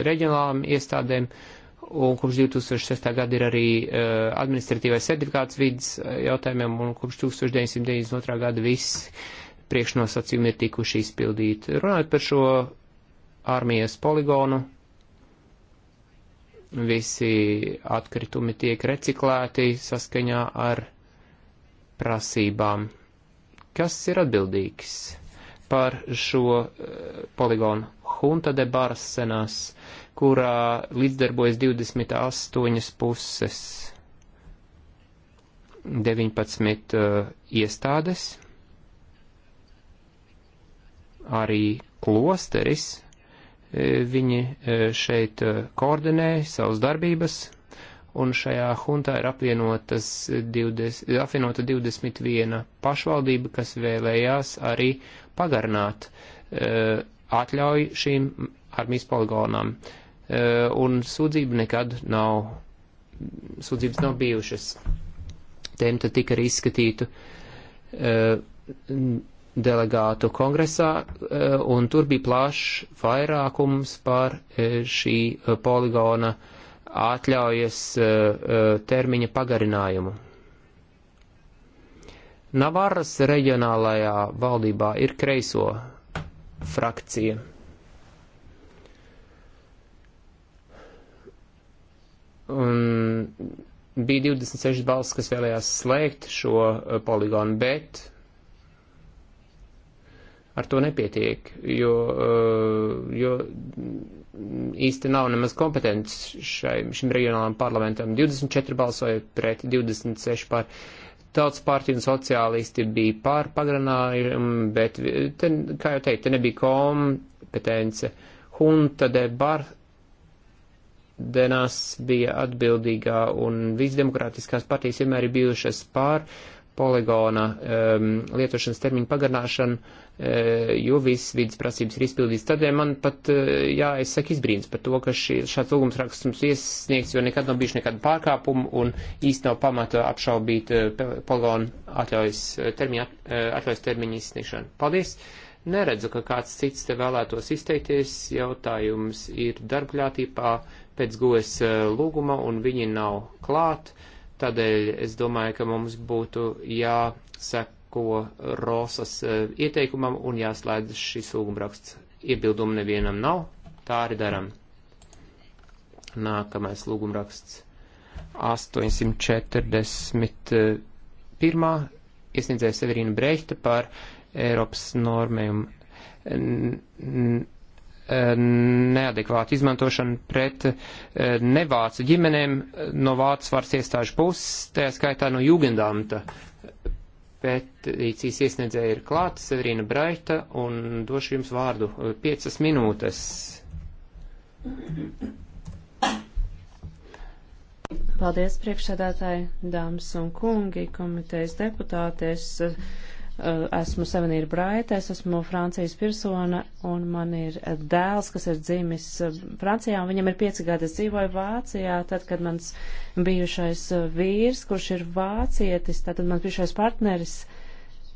reģionālām iestādēm, un kopš 2006. gada ir arī uh, administratīvais certifikāts vidas eh, jautājumiem, un kopš 1992. gada viss priekšnosacījumi ir tikuši izpildīti. Runājot par šo armijas poligonu, visi atkritumi tiek reciklēti saskaņā ar prasībām. Kas ir atbildīgs? par šo eh, poligonu Hunta de Barcenas, kurā līdzdarbojas 28 puses, 19 uh, eh, iestādes, arī klosteris, eh, viņi šeit koordinē savas darbības, un šajā huntā ir 20, apvienota 21 pašvaldība, kas vēlējās arī uh, pagarināt uh, atļauju šīm armijas poligonām. Uh, e, un sūdzība nekad nav, sūdzības nav bijušas. Tēma tad tika arī izskatīta uh, e, delegātu kongresā, uh, un tur bija plašs vairākums par uh, šī uh, poligona atļaujas uh, uh, termiņa pagarinājumu. Navaras reģionālajā valdībā ir kreiso frakcija. Un bija 26 balsts, kas vēlējās slēgt šo uh, poligonu, bet ar to nepietiek, jo, uh, jo īsti nav nemaz kompetences šim reģionālam parlamentam. 24 balsoja pret, 26 par. Uh, Tautas partija un sociālisti bija pār pagarinājumi, bet, te, kā jau teikt, te nebija kompetence. Hunta de Bardenas bija atbildīgā un visdemokrātiskās partijas vienmēr ir bijušas pār poligona um, lietošanas termiņu pagarināšanu, uh, jo viss vidas prasības ir izpildīts. Tādēļ man pat, uh, jā, es saku izbrīns par to, ka šī, šāds lūgums raksts mums iesniegts, jo nekad nav bijuši nekāda pārkāpuma un īsti nav pamata apšaubīt uh, poligona atļaujas termiņu, uh, atļaujas termiņu izsniegšanu. Paldies! Neredzu, ka kāds cits te vēlētos izteikties. Jautājums ir darbļātībā pēc gojas uh, lūguma un viņi nav klāt. Uh, Tādēļ es domāju, ka mums būtu jāseko Rosas e, ieteikumam un jāslēdz šis lūgumraksts. Iebildumu nevienam nav, tā arī daram. Nākamais lūgumraksts 841. iesniedzēja Severīna Breihta par Eiropas normējumu E, neadekvātu izmantošanu pret e, nevācu ģimenēm no vācu varas iestāžu puses, tajā skaitā no Jugendamta. Pētīcijas iesniedzēja ir klāta Severina Braita un došu jums vārdu e, piecas minūtes. Paldies priekšsēdētāji, dāmas un kungi, komitejas deputātes. Es Eh, esmu Sevenīra Braita, es esmu Francijas pilsona un man ir dēls, kas ir dzimis eh, Francijā un viņam ir pieci gadi. Es dzīvoju Vācijā, tad, kad mans bijušais eh, vīrs, kurš ir vācietis, tātad mans bijušais partneris,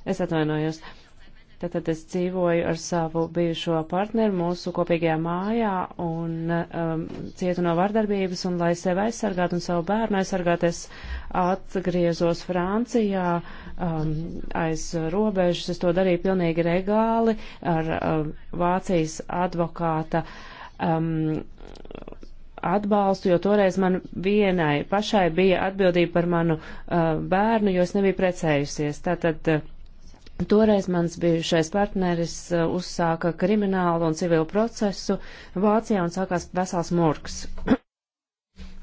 es atvainojos, uh, Tātad es dzīvoju ar savu bijušo partneri mūsu kopīgajā mājā un um, cietu no vardarbības, un lai sevi aizsargātu un savu bērnu aizsargātu, es atgriezos Francijā um, aiz robežas. Es to darīju pilnīgi regāli ar um, Vācijas advokāta. Um, atbalstu, jo toreiz man vienai pašai bija atbildība par manu uh, bērnu, jo es nebiju precējusies. Tātad uh, Toreiz mans bijušais partneris uh, uzsāka kriminālu un civilu procesu Vācijā un sākās vesels murgs. [CLEARS THROAT]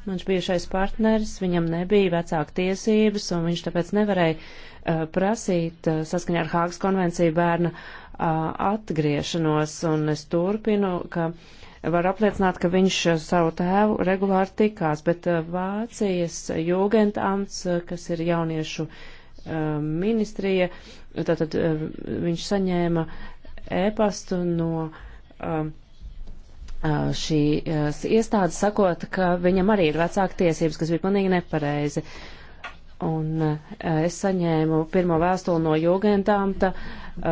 mans bijušais partneris, viņam nebija vecāka tiesības un viņš tāpēc nevarēja uh, prasīt uh, saskaņā ar Hāgas konvenciju bērna uh, atgriešanos un es turpinu, ka var apliecināt, ka viņš uh, savu tēvu regulāri tikās, bet uh, Vācijas jūgentamts, kas ir jauniešu uh, Um, ministrija. Tātad um, viņš saņēma ēpastu no um, uh, šīs iestādes sakot, ka viņam arī ir vecāka tiesības, kas bija pilnīgi nepareizi. Un uh, es saņēmu pirmo vēstuli no Jūgentāmta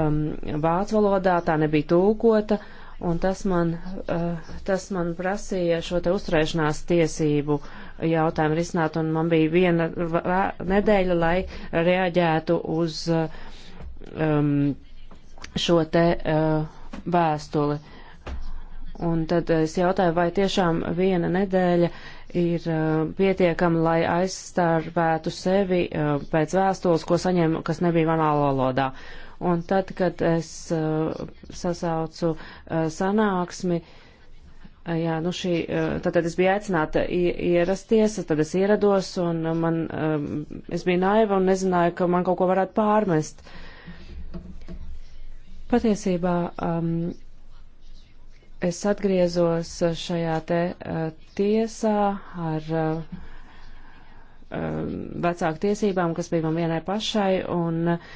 um, vācu valodā, tā nebija tūkota. Uh, un tas man, eh, tas man prasīja šo te uzturēšanās tiesību jautājumu risināt, un man bija viena nedēļa, lai reaģētu uz eh, um, šo te uh, vēstuli. Un tad es jautāju, vai tiešām viena nedēļa ir uh, pietiekama, lai aizstāvētu sevi uh, pēc vēstules, ko saņēmu, kas nebija manā valodā. Uh, Un tad, kad es uh, sasaucu uh, sanāksmi, uh, Jā, nu šī, tātad es biju aicināta ierasties, tad es ierados un man, um, es biju naiva un nezināju, ka man kaut ko varētu pārmest. Patiesībā um, es atgriezos šajā te uh, tiesā ar uh, um, vecāku tiesībām, kas bija man vienai pašai, un uh,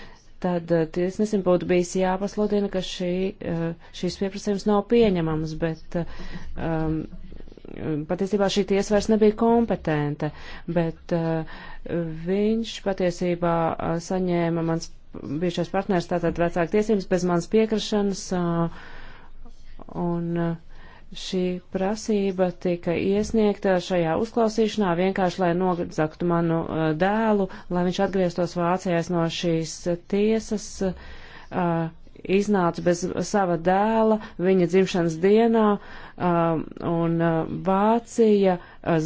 tad eh, tiesnesim būtu bijis jāpasludina, ka šī, eh, šīs pieprasījums nav pieņemams, bet eh, um, patiesībā šī tiesa vairs nebija kompetenta, bet uh, viņš patiesībā saņēma mans bijušais partners, tātad vecāku tiesības bez manas piekrišanas, uh, un uh, Šī prasība tika iesniegta šajā uzklausīšanā vienkārši, lai nogadzaktu manu uh, dēlu, lai viņš atgrieztos Vācijās no šīs tiesas, uh, iznāca bez sava dēla viņa dzimšanas dienā, um, un uh, Vācija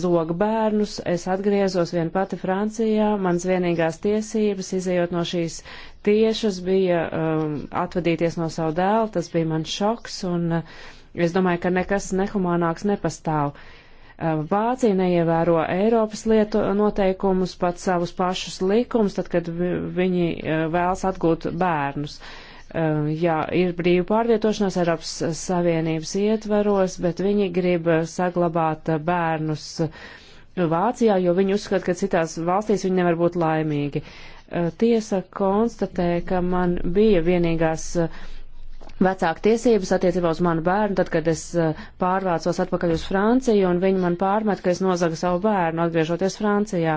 zog bērnus. Es atgriezos vien pati Francijā. Mans vienīgās tiesības, izējot no šīs tiešas, bija um, atvadīties no savu dēlu. Tas bija mans šoks, un Es domāju, ka nekas nehumānāks nepastāv. Uh, Vācija neievēro Eiropas lietu noteikumus, pat savus pašus likumus, tad, kad viņi uh, vēlas atgūt bērnus. Uh, Jā, ir brīva pārvietošanās Eiropas Savienības ietvaros, bet viņi grib saglabāt bērnus Vācijā, jo viņi uzskata, ka citās valstīs viņi nevar būt laimīgi. Tiesa konstatē, ka man bija vienīgās uh, vecāku tiesības attiecībā uz manu bērnu, tad, kad es eh, pārvācos atpakaļ uz Franciju, un viņi man pārmet, ka es nozagu savu bērnu, atgriežoties Francijā.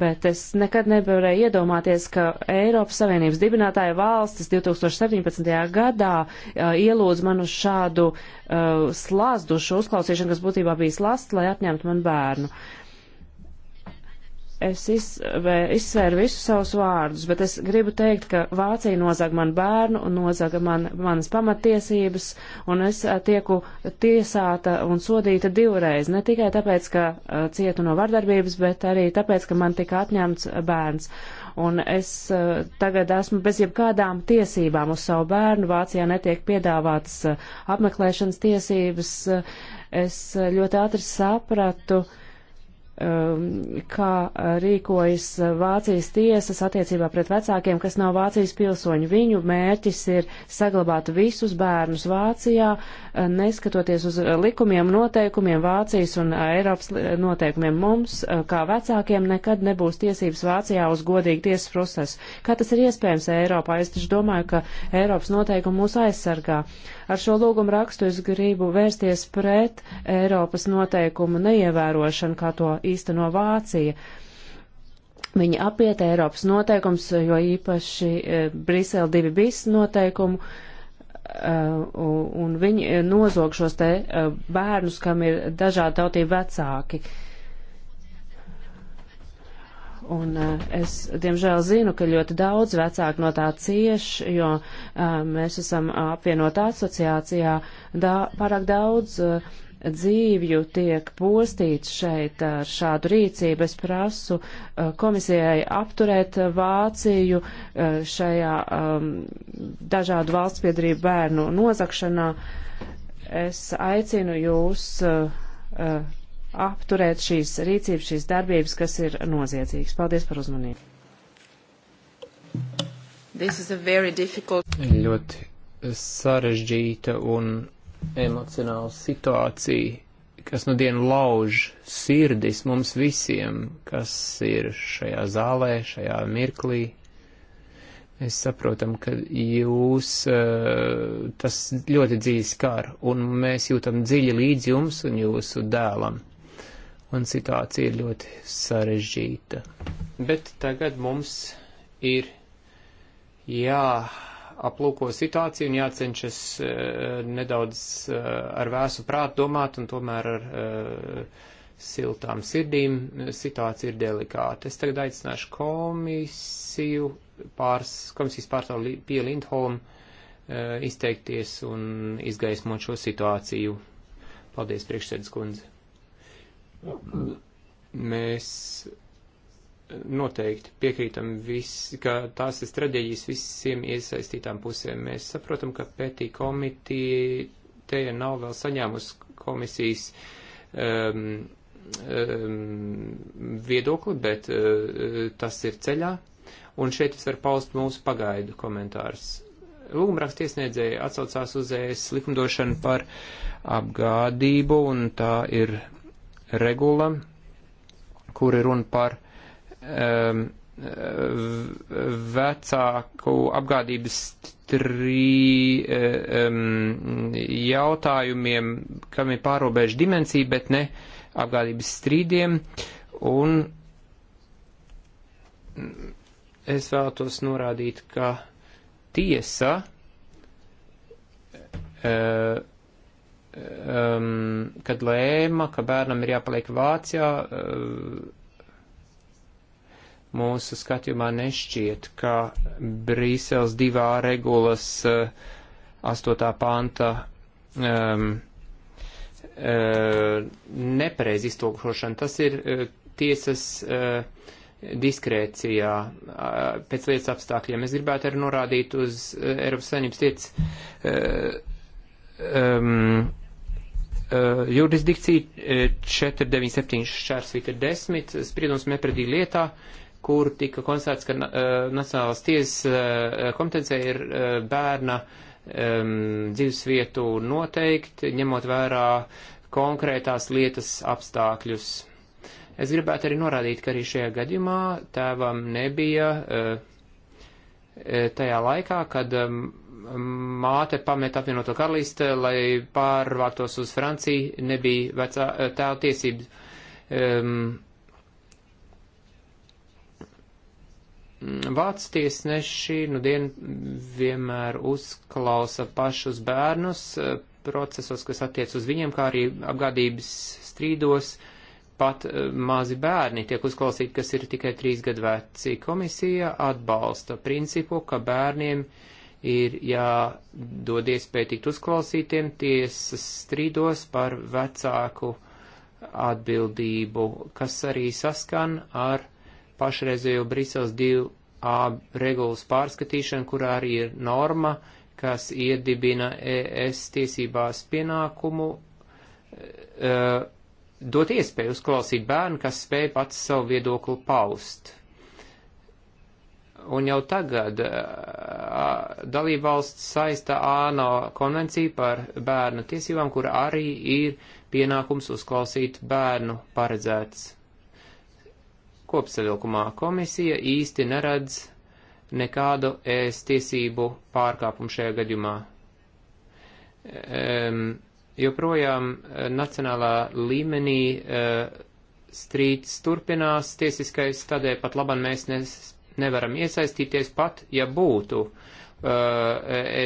Bet es nekad nevarēju iedomāties, ka Eiropas Savienības dibinātāja valstis 2017. gadā uh, ielūdz man uz šādu uh, slazdušu uzklausīšanu, kas būtībā bija slasts, lai atņemtu man bērnu. Uh, es izvē, izsvēru visus savus vārdus, bet es gribu teikt, ka Vācija nozaga man bērnu un nozaga man, manas pamatiesības, un es eh, tieku tiesāta un sodīta divreiz, ne tikai tāpēc, ka eh, cietu no vardarbības, bet arī tāpēc, ka man tika atņemts eh, bērns. Un es tagad esmu bez jebkādām tiesībām uz savu bērnu. Vācijā netiek piedāvātas apmeklēšanas tiesības. Es ļoti ātri sapratu, uh, Um, kā rīkojas Vācijas tiesas attiecībā pret vecākiem, kas nav Vācijas pilsoņi. Viņu mērķis ir saglabāt visus bērnus Vācijā, uh, neskatoties uz likumiem, noteikumiem, Vācijas un uh, Eiropas noteikumiem. Mums, uh, kā vecākiem, nekad nebūs tiesības Vācijā uz godīgu tiesas procesu. Kā tas ir iespējams Eiropā? Es taču domāju, ka Eiropas noteikumi mūs aizsargā. Uh, Ar šo lūgumu rakstu es gribu vērsties pret Eiropas noteikumu neievērošanu, kā to īsteno Vācija. Viņi apiet Eiropas noteikums, jo īpaši e, Brisele 2 bis noteikumu, e, un viņi e, nozog šos te bērnus, kam ir dažādi tautību vecāki. Un eh, es, diemžēl, zinu, ka ļoti daudz vecāku no tā cieš, jo eh, mēs esam apvienotā asociācijā. Da, pārāk daudz eh, dzīvju tiek postīts šeit ar šādu rīcību. Es prasu komisijai apturēt Vāciju šajā ehm, dažādu valstspiedrību bērnu nozakšanā. Es aicinu jūs apturēt šīs rīcības, šīs darbības, kas ir noziedzīgas. Paldies par uzmanību. Difficult... Ļoti sarežģīta un emocionāla situācija, kas nu dienu lauž sirdis mums visiem, kas ir šajā zālē, šajā mirklī. Mēs saprotam, ka jūs eh, tas ļoti dzīvi skar, un mēs jūtam dziļi līdz jums un jūsu dēlam un situācija ir ļoti sarežģīta. Bet tagad mums ir jāaplūko situāciju un jācenšas uh, nedaudz uh, ar vēsu prātu domāt un tomēr ar uh, siltām sirdīm situācija ir delikāta. Es tagad aicināšu komisiju pārs, komisijas pārstāvu pie Lindholm izteikties un izgaismot šo situāciju. Paldies, priekšsēdus kundze. Mēs noteikti piekrītam, visi, ka tās ir traģēdijas visiem iesaistītām pusēm. Mēs saprotam, ka pētī komitija nav vēl saņēmusi komisijas um, um, viedokli, bet uh, tas ir ceļā. Un šeit es varu paust mūsu pagaidu komentārus. Lūgumraksta iesniedzēja atsaucās uz ES likumdošanu par apgādību, un tā ir regula, kur ir runa par um, vecāku apgādības trī um, jautājumiem, kam ir pārobežu dimensija, bet ne apgādības strīdiem. Un es vēlētos norādīt, ka tiesa uh, um, kad lēma, ka bērnam ir jāpaliek Vācijā, uh, mūsu skatījumā nešķiet, ka Brīseles divā regulas uh, astotā panta um, uh, nepareiz iztolkošana. Tas ir uh, tiesas. Uh, diskrēcijā uh, pēc lietas apstākļiem. Es gribētu arī norādīt uz uh, Eiropas Savienības tiec uh, um, uh, jurisdikcija 497 šķērsvīta 10 spriedums mepredī lietā, kur tika konstatēts, ka uh, Nacionālās tiesas uh, eh, kompetencija ir uh, bērna um, dzīvesvietu noteikti, ņemot vērā konkrētās lietas apstākļus. Es gribētu arī norādīt, ka arī šajā gadījumā tēvam nebija uh, tajā laikā, kad um, māte pameta apvienoto karalistē, lai pārvāktos uz Franciju, nebija vecā eh, tēva tiesības. Um, Vācu tiesneši nu dien vienmēr uzklausa pašus bērnus eh, procesos, kas attiec uz viņiem, kā arī apgādības strīdos. Pat eh, mazi bērni tiek uzklausīti, kas ir tikai trīs gadu veci. Komisija atbalsta principu, ka bērniem uh, ir jādod iespēja tikt uzklausītiem tiesas strīdos par vecāku atbildību, kas arī saskan ar pašreizējo Brisels 2A regulas pārskatīšanu, kurā arī ir norma, kas iedibina ES tiesībās pienākumu e, dot iespēju uzklausīt bērnu, kas spēj pats savu viedokli paust. Un jau tagad dalībvalsts saista ANO konvenciju par bērnu tiesībām, kur arī ir pienākums uzklausīt bērnu paredzēts. Kopsavilkumā komisija īsti neredz nekādu ēst tiesību pārkāpumu šajā gadījumā. Um, joprojām nacionālā līmenī uh, strīds turpinās tiesiskais, tādēļ pat labam mēs nes, nevaram iesaistīties pat, ja būtu uh,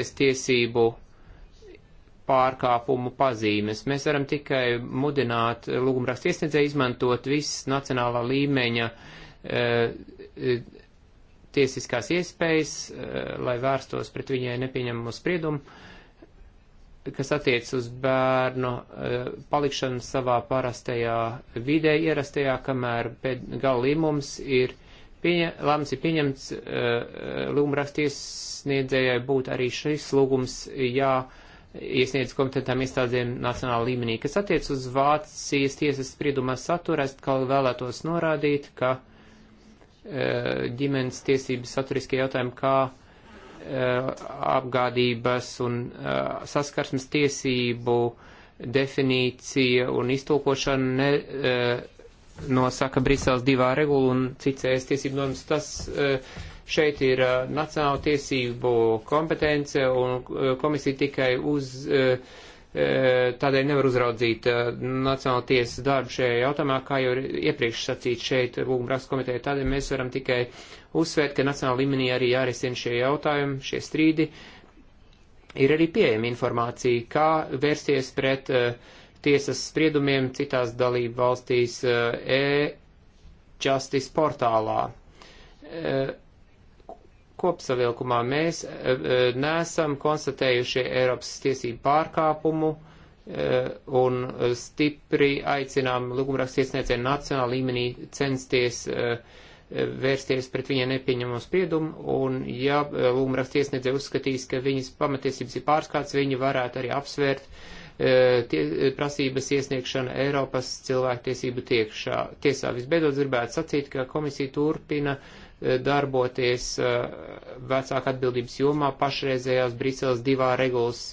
es tiesību pārkāpumu pazīmes. Mēs varam tikai mudināt lūgumrakstu iesniedzēju izmantot visas nacionālā līmeņa uh, tiesiskās iespējas, uh, lai vērstos pret viņai nepieņemamu spriedumu, kas attiec uz bērnu palikšanu savā parastajā vidē, ierastajā, kamēr gala līmums ir pieņa, lēmums ir pieņemts, eh, eh, lūgumrakstīs sniedzējai būtu arī šis lūgums jāiesniedz kompetentām iestādēm nacionāla līmenī. Kas attiec uz Vācijas tiesas spriedumā satura, es kā vēlētos norādīt, ka eh, ģimenes tiesības saturiskie jautājumi, kā apgādības un saskarsmes tiesību definīcija un iztulkošana ne, nosaka Briseles divā regula un cits ēst tiesību normas. Tas e, šeit ir e, nacionāla tiesību kompetence un e, komisija tikai uz. Tādēļ nevar uzraudzīt Nacionāla tiesas darbu šajā jautājumā, kā jau iepriekš sacīt šeit Lūgumrakstu komiteja. Tādēļ mēs varam tikai uzsvērt, ka nacionāla līmenī arī jārisina šie jautājumi, šie strīdi. Ir arī pieejama informācija, kā vērsties pret uh, tiesas spriedumiem citās dalību valstīs eh, e-justice portālā. Eh, kopsavilkumā mēs eh, nesam konstatējuši Eiropas tiesību pārkāpumu un stipri aicinām lūgumrakstu iesniedzēju nacionāla līmenī censties vērsties pret viņai nepieņemamo spriedumu, un ja lūgumrakstu iesniedzēju uzskatīs, ka viņas pamatiesības ir pārskāts, viņi varētu arī apsvērt uh, E, tie, e, prasības iesniegšana Eiropas cilvēktiesību tiekšā. tiesā. Visbeidzot, gribētu sacīt, ka komisija turpina e, darboties vecāka atbildības jomā pašreizējās Briseles divā regulas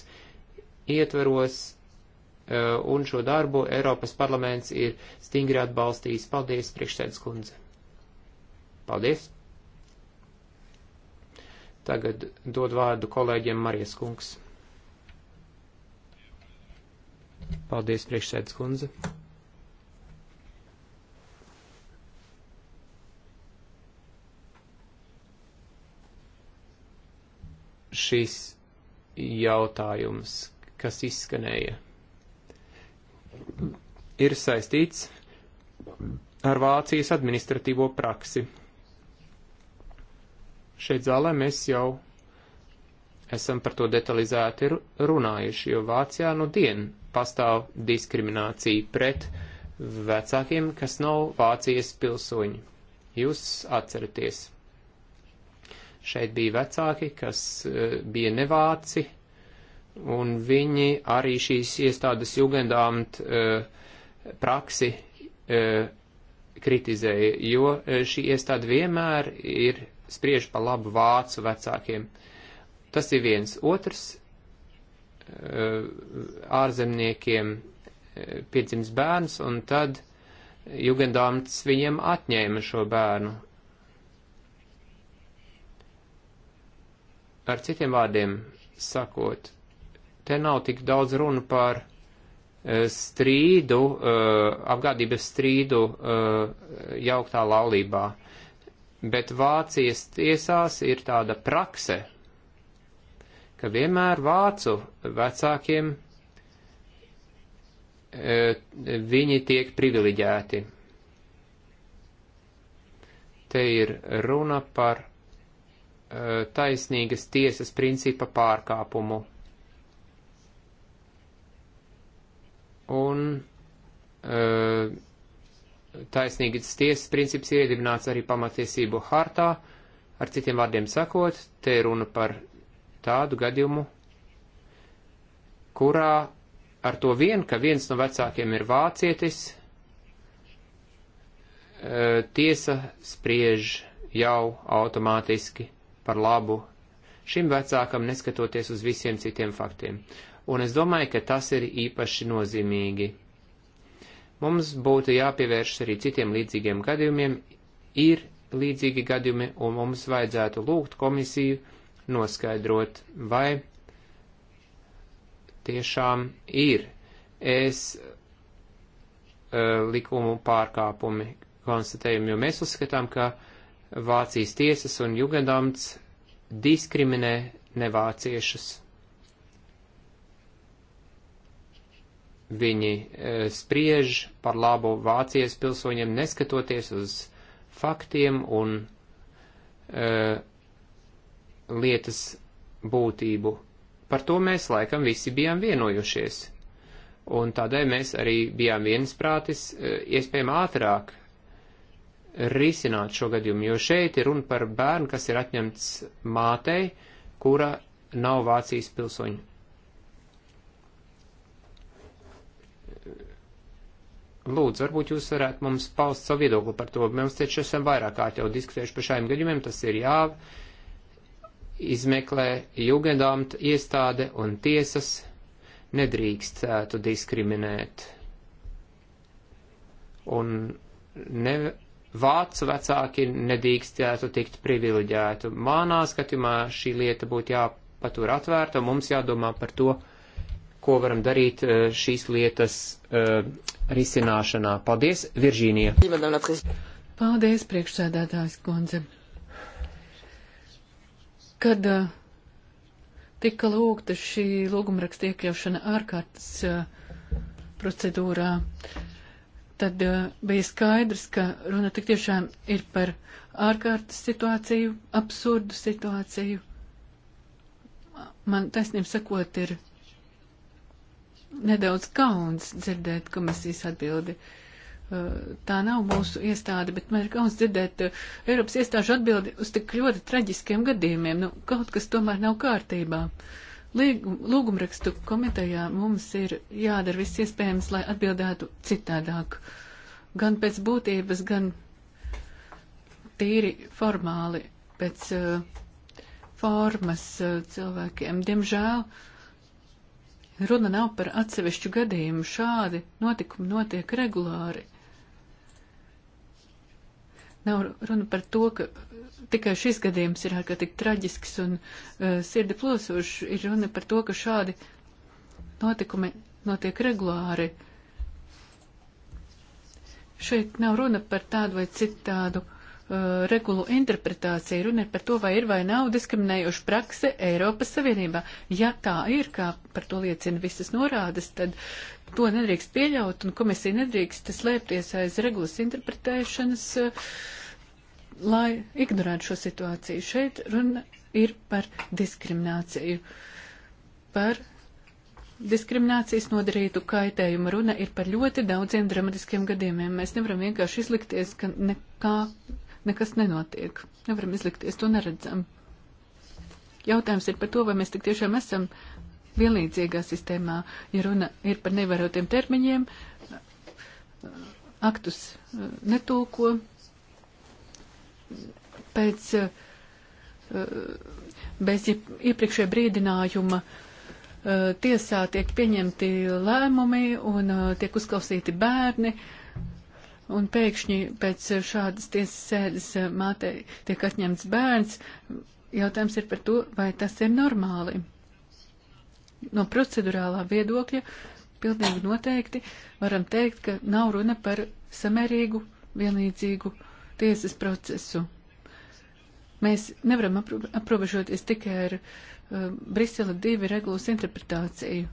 ietveros, un šo darbu Eiropas parlaments ir stingri atbalstījis. Paldies, priekšsēdus kundze! Paldies! Tagad dod vārdu kolēģiem Marijas kungs. Paldies, priekšsēdus kundze. Šis jautājums, kas izskanēja, ir saistīts ar Vācijas administratīvo praksi. Šeit zālē mēs jau esam par to detalizēti runājuši, jo Vācijā nu no dienu pastāv diskriminācija pret vecākiem, kas nav Vācijas pilsoņi. Jūs atceraties. Šeit bija vecāki, kas eh, bija nevāci, un viņi arī šīs iestādes jugendāmt eh, praksi eh, kritizēja, jo šī iestāde vienmēr ir spriež pa labu vācu vecākiem. Tas ir viens. Otrs Uh, ārzemniekiem uh, piedzims bērns, un tad Jugendāmts viņiem atņēma šo bērnu. Ar citiem vārdiem sakot, te nav tik daudz runa par uh, strīdu, apgādības strīdu jauktā laulībā, bet Vācijas tiesās ir tāda prakse, ka vienmēr vācu vecākiem e, viņi tiek privileģēti. Te ir runa par e, taisnīgas tiesas principa pārkāpumu. Un e, taisnīgas tiesas princips ir iedibināts arī pamatiesību hartā, ar citiem vārdiem sakot, te runa par tādu gadījumu, kurā ar to vien, ka viens no vecākiem ir vācietis, e, tiesa spriež jau automātiski par labu šim vecākam, neskatoties uz visiem citiem faktiem. Un es domāju, ka tas ir īpaši nozīmīgi. Mums būtu jāpievērš arī citiem līdzīgiem gadījumiem, ir līdzīgi gadījumi, un mums vajadzētu lūgt komisiju noskaidrot, vai tiešām ir es e, likumu pārkāpumi konstatējumi, jo mēs uzskatām, ka Vācijas tiesas un Jugendamts diskriminē nevāciešus. Viņi e, spriež par labu Vācijas pilsoņiem, neskatoties uz faktiem un e, lietas būtību. Par to mēs laikam visi bijām vienojušies. Un tādēļ mēs arī bijām viensprātis e, iespējami ātrāk risināt šo gadījumu, jo šeit ir runa par bērnu, kas ir atņemts mātei, kura nav Vācijas pilsoņa. Lūdzu, varbūt jūs varētu mums paust savu viedokli par to. Mēs taču esam vairāk kārt jau diskutējuši par šiem gadījumiem, tas ir jā, izmeklē Jugendamt iestāde un tiesas nedrīkstētu diskriminēt. Un ne, vācu vecāki nedrīkstētu tikt privileģētu. Manā skatījumā šī lieta būtu jāpatur atvērta, un mums jādomā par to, ko varam darīt šīs lietas uh, risināšanā. Paldies, Viržīnija! Paldies, priekšsēdētājs kundze! kad eh, tika lūgta šī lūgumraksta iekļaušana ārkārtas eh, procedūrā, tad eh, bija skaidrs, ka runa tik tiešām ir par ārkārtas situāciju, absurdu situāciju. Man taisnība sakot ir nedaudz kauns dzirdēt komisijas atbildi. Uh, Uh, tā nav mūsu iestāde, bet man ir kauns dzirdēt uh, Eiropas iestāžu atbildi uz tik ļoti traģiskiem gadījumiem. Nu, kaut kas tomēr nav kārtībā. Lūgumrakstu komitejā mums ir jādara viss iespējams, lai atbildētu citādāk. Gan pēc būtības, gan tīri formāli, pēc uh, formas uh, cilvēkiem. Diemžēl runa nav par atsevišķu gadījumu. Šādi notikumi notiek regulāri. Nav runa par to, ka tikai šis gadījums ir ārkārtīgi traģisks un uh, sirdi plosošs. Ir runa par to, ka šādi notikumi notiek regulāri. Šeit nav runa par tādu vai citādu uh, regulu interpretāciju. Runa ir par to, vai ir vai nav diskriminējoša prakse Eiropas Savienībā. Ja tā ir, kā par to liecina visas norādes, tad to nedrīkst pieļaut, un komisija nedrīkst slēpties aiz regulas interpretēšanas, eh, lai ignorētu šo situāciju. Šeit runa ir par diskrimināciju, par diskriminācijas nodarītu kaitējumu. Runa ir par ļoti daudziem dramatiskiem gadījumiem. Mēs nevaram vienkārši izlikties, ka nekā, nekas nenotiek. Nevaram izlikties, to neredzam. Jautājums ir par to, vai mēs tik tiešām esam uh, vienlīdzīgā sistēmā, ja runa ir par nevarotiem termiņiem, aktus eh, netūko pēc eh, bez iepriekšējā brīdinājuma eh, tiesā tiek pieņemti lēmumi un tiek uzklausīti bērni. Un pēkšņi pēc šādas tiesas sēdes mātei tiek atņemts bērns. Jautājums ir par to, vai tas ir normāli no procedurālā viedokļa pilnīgi noteikti varam teikt, ka nav runa par samērīgu, vienlīdzīgu tiesas procesu. Mēs nevaram aprobežoties tikai ar uh, Brisele divi regulas interpretāciju.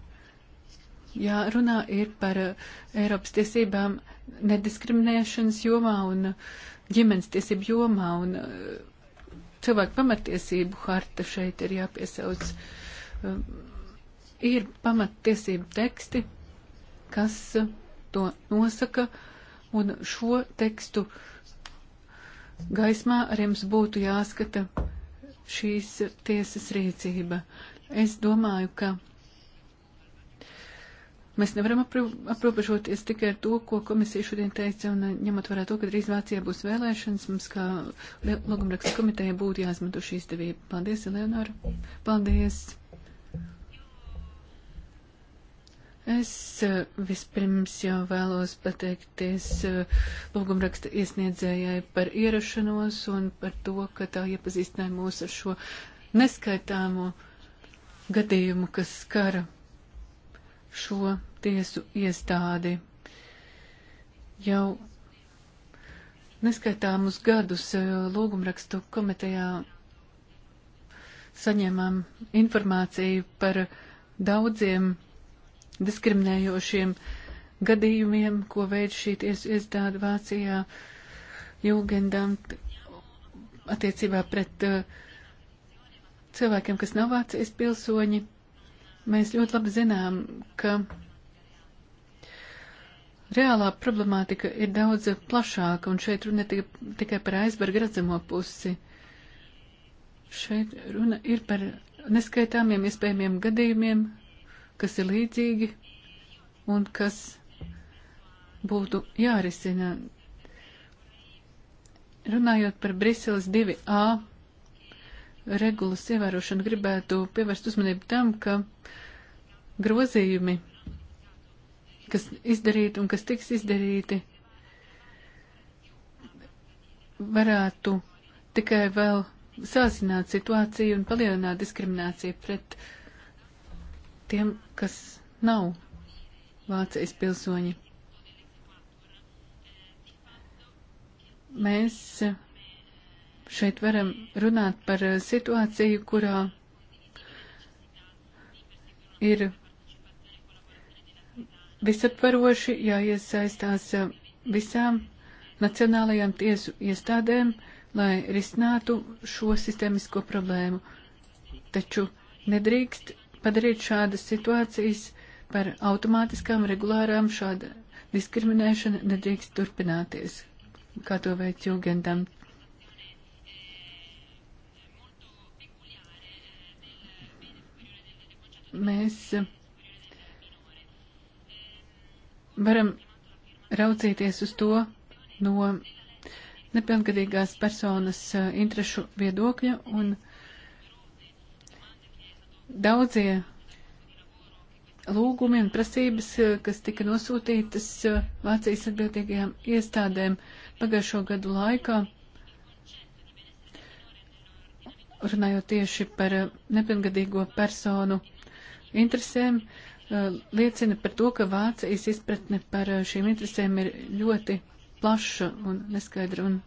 Jā, runā ir par uh, Eiropas tiesībām nediskriminēšanas jomā un uh, ģimenes tiesību jomā un uh, cilvēku pamatiesību harta šeit ir jāpiesauc. Uh, Ir pamattiesību teksti, kas to nosaka, un šo tekstu gaismā arī jums būtu jāskata šīs tiesas rīcība. Es domāju, ka Mēs nevaram aprobežoties tikai ar to, ko komisija šodien teica, un ņemot vērā to, ka drīz Vācijā būs vēlēšanas, mums kā logumraksta komiteja būtu jāizmanto šī izdevība. Paldies, Eleonora! Paldies! Es eh, vispirms jau vēlos pateikties eh, lūgumraksta iesniedzējai par ierašanos un par to, ka tā iepazīstināja mūs ar šo neskaitāmo gadījumu, kas skara šo tiesu iestādi. Jau neskaitāmus gadus eh, lūgumrakstu komitejā saņēmām informāciju par daudziem diskriminējošiem gadījumiem, ko veids šī tiesu iestāde Vācijā jūgendant attiecībā pret uh, cilvēkiem, kas nav Vācijas pilsoņi. Mēs ļoti labi zinām, ka reālā problemātika ir daudz plašāka, un šeit runa ir tikai par aizberga redzamo pusi. Šeit runa ir par neskaitāmiem iespējamiem gadījumiem, kas ir līdzīgi un kas būtu jārisina. Runājot par Briseles 2A regulas ievērošanu, gribētu pievērst uzmanību tam, ka grozījumi, kas izdarīti un kas tiks izdarīti, varētu tikai vēl sāsināt situāciju un palielināt diskrimināciju pret uh, tiem, kas nav Vācijas pilsoņi. Mēs šeit varam runāt par situāciju, kurā ir visaptvaroši jāiesaistās visām nacionālajām tiesu iestādēm, lai risinātu šo sistēmisko problēmu. Taču nedrīkst padarīt šādas situācijas par automātiskām, regulārām šāda diskriminēšana nedrīkst turpināties, kā to veic Jūgendam. Mēs varam raucīties uz to no nepilngadīgās personas uh, interešu viedokļa un Daudzie lūgumi un prasības, eh, kas tika nosūtītas eh, Vācijas atbildīgajām iestādēm pagājušo gadu laikā, runājot tieši par eh, nepilngadīgo personu interesēm, liecina par to, ka Vācijas izpratne par šīm interesēm ir ļoti plaša un neskaidra un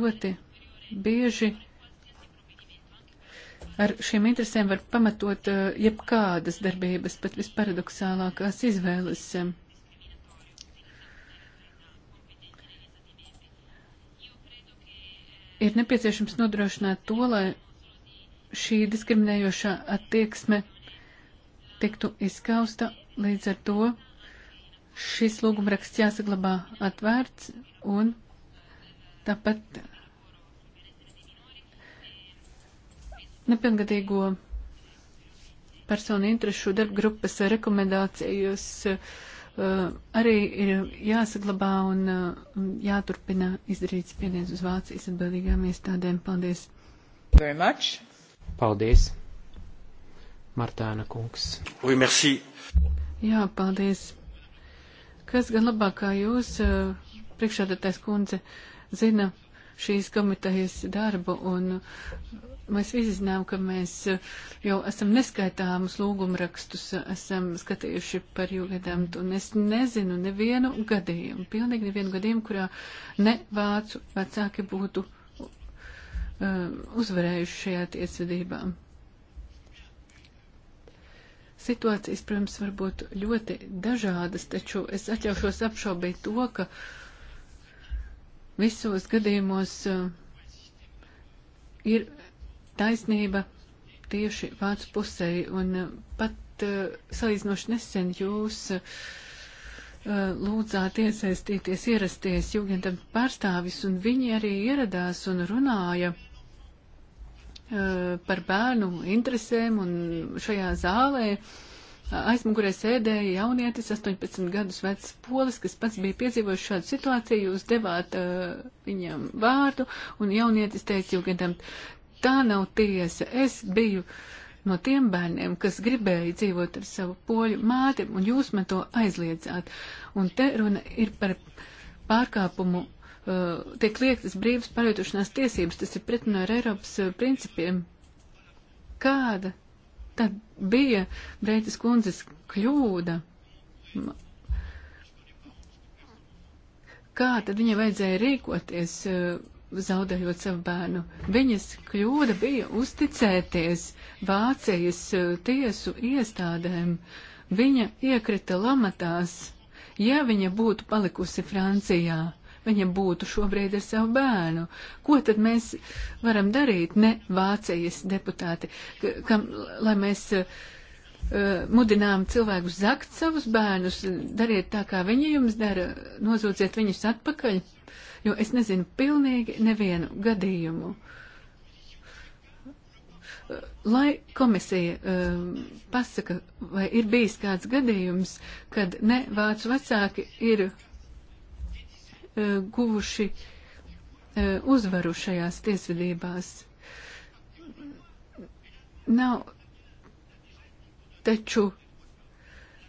ļoti bieži ar šīm interesēm var pamatot eh, jebkādas darbības, pat visparadoxālākās izvēles. Eh. Ir nepieciešams nodrošināt to, lai šī diskriminējošā attieksme tiktu izskausta, līdz ar to šis lūgumraksts jāsaglabā atvērts un tāpat nepilngadīgo personu interešu darba grupas rekomendācijas eh, arī ir jāsaglabā eh, un jāturpina izdarīt spiediens uz Vācijas atbildīgām iestādēm. Paldies! Very much. Paldies! Martāna kungs. Oui, merci. Jā, paldies. Kas gan labākā jūs, eh, priekšādātais kundze, zina šīs komitejas darbu un Mēs visi zinām, ka mēs eh, jau esam neskaitāmus lūgumrakstus, eh, esam skatījuši par jūliedēmtu, un es nezinu nevienu gadījumu, pilnīgi nevienu gadījumu, kurā ne vācu vecāki būtu uh, uzvarējuši šajā tiesvedībā. Situācijas, protams, var būt ļoti dažādas, taču es atļaušos apšaubīt to, ka visos gadījumos uh, ir taisnība tieši vācu pusē. Un uh, pat uh, salīdzinoši nesen jūs uh, lūdzāt iesaistīties, ierasties jūgendam pārstāvis, un viņi arī ieradās un runāja uh, par bērnu interesēm un šajā zālē. Aizmugurē sēdēja jaunietis, 18 gadus vecs polis, kas pats bija piedzīvojis šādu situāciju. Jūs devāt uh, viņam vārdu, un jaunietis teica, jūgendam, tā nav tiesa. Es biju no tiem bērniem, kas gribēja dzīvot ar savu poļu māti, un jūs man to aizliedzāt. Un te runa ir par pārkāpumu, uh, tiek liektas brīvas pārvietošanās tiesības, tas ir pretinā ar Eiropas uh, principiem. Kāda tad bija Breitas kundzes kļūda? Kā tad viņai vajadzēja rīkoties? Uh, zaudējot savu bērnu. Viņas kļūda bija uzticēties Vācijas eh, tiesu iestādēm. Viņa iekrita lamatās. Ja viņa būtu palikusi Francijā, viņa būtu šobrīd ar savu bērnu. Ko tad mēs varam darīt, ne Vācijas deputāti, kam, lai mēs uh, mudinām cilvēkus zakt savus bērnus, dariet tā, kā viņi jums dara, nozūciet viņus atpakaļ? Uh, jo es nezinu pilnīgi nevienu gadījumu. Lai komisija um, pasaka, vai ir bijis kāds gadījums, kad ne vācu vecāki ir uh, guvuši uh, uzvaru šajās tiesvedībās. Nav taču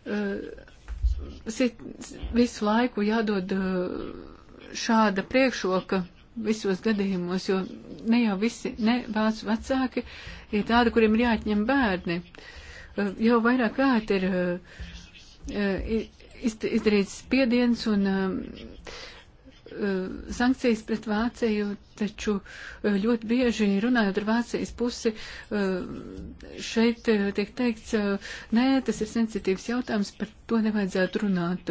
uh, visu laiku jādod uh, šāda priekšroka visos gadījumos, jo ne jau visi nevācu vecāki ir tādi, kuriem ir jāatņem bērni. Eh, jau vairāk kārt ir eh, izdarīts spiediens un eh, Eh, sankcijas pret Vāciju, taču eh, ļoti bieži runājot ar Vācijas pusi, eh, šeit tiek teikts, nē, tas ir sensitīvs jautājums, par to nevajadzētu runāt.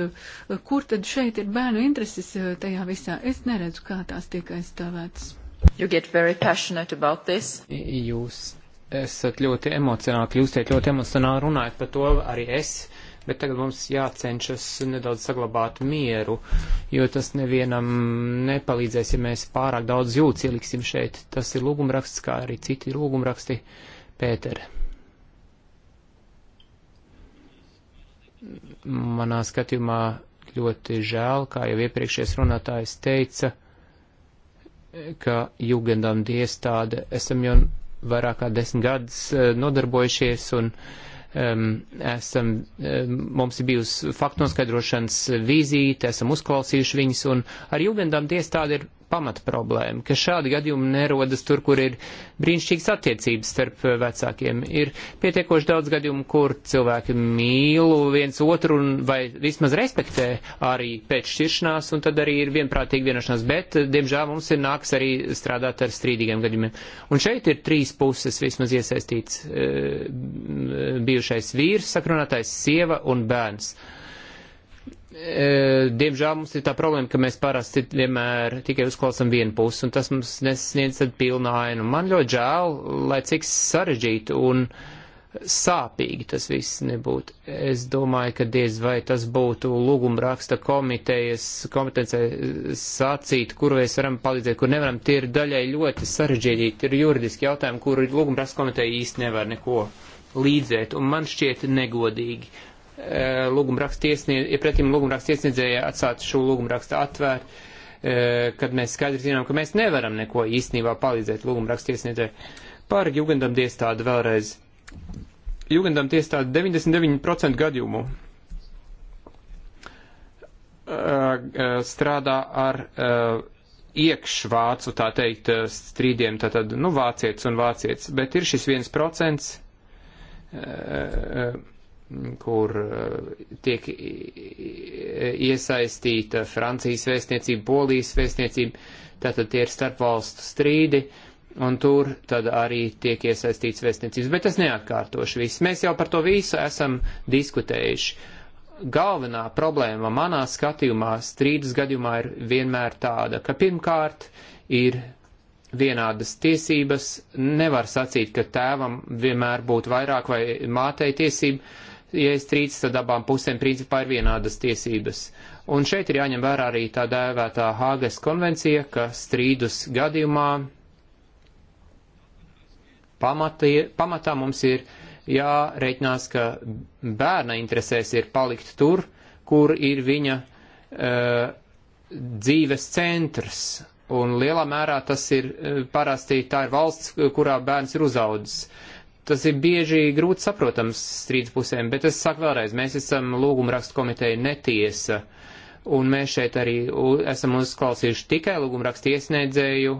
Kur tad šeit ir bērnu intereses tajā visā? Es neredzu, kā tās tiek aizstāvētas. Jūs esat ļoti emocionāli, kļūstiet ļoti emocionāli runājot par to arī es bet tagad mums jācenšas nedaudz saglabāt mieru, jo tas nevienam nepalīdzēs, ja mēs pārāk daudz jūtas ieliksim šeit. Tas ir lūgumraksts, kā arī citi lūgumraksti. Pēter. Manā skatījumā ļoti žēl, kā jau iepriekšējais runātājs teica, ka Jugendam diestāde esam jau vairāk kā desmit gadus eh, nodarbojušies un uh, um, esam, um, mums ir bijusi faktu noskaidrošanas vizīte, esam uzklausījuši viņus, un ar Jugendam tiesa tāda ir pamata problēma, ka šādi gadījumi nerodas tur, kur ir brīnišķīgas attiecības starp eh, vecākiem. Ir pietiekoši daudz gadījumu, kur cilvēki mīl viens otru un vai vismaz respektē arī pēc šķiršanās, un tad arī ir vienprātīgi vienošanās, bet, eh, diemžēl, mums ir nāks arī strādāt ar strīdīgiem gadījumiem. Un šeit ir trīs puses vismaz iesaistīts eh, bijušais vīrs, sakrunātais sieva un bērns. Uh, E, diemžēl mums ir tā problēma, ka mēs parasti vienmēr tikai uzklausām vienu pusi, un tas mums nesniedz tad pilnā ainu. Man ļoti žēl, lai cik sarežģīti un sāpīgi tas viss nebūtu. Es domāju, ka diez vai tas būtu lūguma raksta komitejas kompetencē sacīt, kur mēs varam palīdzēt, kur nevaram. Tie ir daļai ļoti sarežģīti, ir juridiski jautājumi, kur lūguma raksta komiteja īsti nevar neko līdzēt, un man šķiet negodīgi Eh, lūgumrakstu iesniedz, ja pretim lūgumrakstu iesniedzēja atstāt šo lūgumrakstu atvērt, eh, kad mēs skaidri zinām, ka mēs nevaram neko īstenībā palīdzēt lūgumrakstu iesniedzēju. Par Jugendam tiestādu vēlreiz. Jugendam tiestādu 99% gadījumu eh, strādā ar iekšvācu, tā teikt, strīdiem, tātad, nu, vācietis un vācietis, bet ir šis viens procents, kur eh, tiek eh, iesaistīta Francijas vēstniecība, Polijas vēstniecība, tātad tie ir starpvalstu strīdi, un tur tad arī tiek iesaistīts vēstniecības. Bet es neatkārtošu visu. Mēs jau par to visu esam diskutējuši. Galvenā problēma manā skatījumā strīdus gadījumā ir vienmēr tāda, ka pirmkārt ir vienādas tiesības, nevar sacīt, ka tēvam vienmēr būtu vairāk vai mātei tiesība ja ir strīds, tad abām pusēm principā ir vienādas tiesības. Un šeit ir jāņem vērā arī tā dēvētā Hāgas konvencija, ka strīdus gadījumā pamatie, pamatā mums ir jārēķinās, ka bērna interesēs ir palikt tur, kur ir viņa uh, dzīves centrs. Un lielā mērā tas ir uh, parasti tā ir valsts, kurā bērns ir uzaudzis. Uh, Tas ir bieži grūti saprotams strīdus pusēm, bet es saku vēlreiz, mēs esam lūguma rakstu komiteja netiesa, un mēs šeit arī esam uzklausījuši tikai lūguma rakstu iesniedzēju,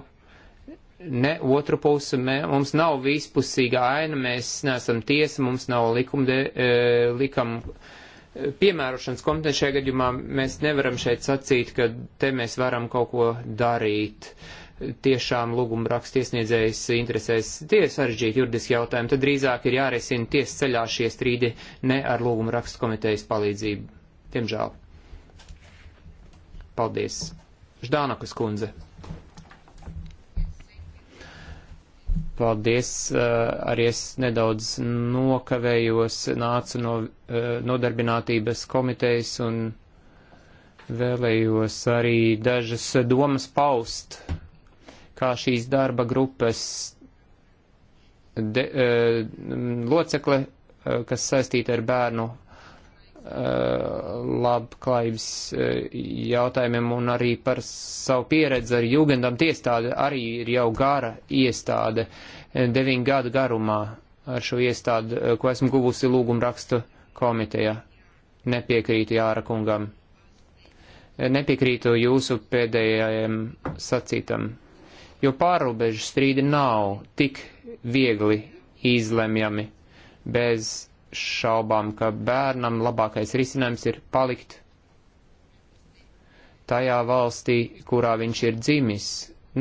ne otru pusi, mē, mums nav vispusīga aina, mēs neesam tiesa, mums nav likumde, e, likam e, piemērošanas kompetenci šajā gadījumā, mēs nevaram šeit sacīt, ka te mēs varam kaut ko darīt. E, tiešām lūguma raksts iesniedzējs interesēs tie sarežģīti juridiski jautājumi, tad drīzāk ir jāresina tiesas ceļā šie strīdi ne ar lūguma raksts komitejas palīdzību. Diemžēl. Paldies. Ždānakas kundze. Paldies, arī es nedaudz nokavējos, nācu no nodarbinātības komitejas un vēlējos arī dažas domas paust kā šīs darba grupas de, e, locekle, e, kas saistīta ar bērnu e, labklājības e, jautājumiem un arī par savu pieredzi ar Jugendam tiestādi, arī ir jau gara iestāde, e, deviņu gadu garumā ar šo iestādi, e, ko esmu guvusi lūgumu rakstu komitejā. Nepiekrītu Jāra kungam. Nepiekrītu jūsu pēdējajam sacītam jo pārobežu strīdi nav tik viegli izlemjami. Bez šaubām, ka bērnam labākais risinājums ir palikt tajā valstī, kurā viņš ir dzimis,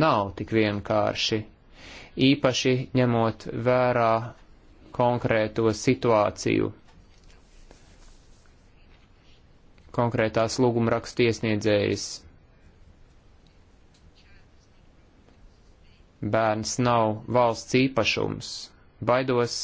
nav tik vienkārši, īpaši ņemot vērā konkrēto situāciju konkrētās lūgumrakstu iesniedzējas. bērns nav valsts īpašums. Baidos,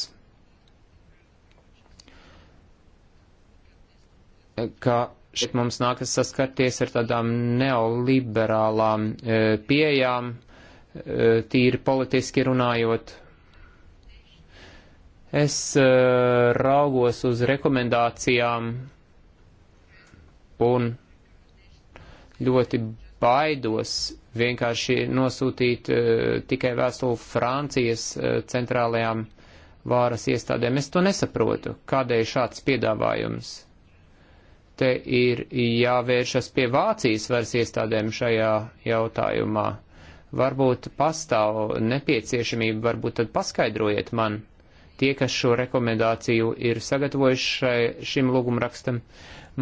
ka šeit mums nākas saskarties ar tādām neoliberālām e, pieejām, e, tīri politiski runājot. Es e, raugos uz rekomendācijām un ļoti baidos vienkārši nosūtīt uh, tikai vēstuli Francijas uh, centrālajām vāras iestādēm. Es to nesaprotu, kādēļ šāds piedāvājums. Te ir jāvēršas pie Vācijas varas iestādēm šajā jautājumā. Varbūt pastāv nepieciešamība, varbūt tad paskaidrojiet man, tie, kas šo rekomendāciju ir sagatavojuši šai, šim lūgumrakstam.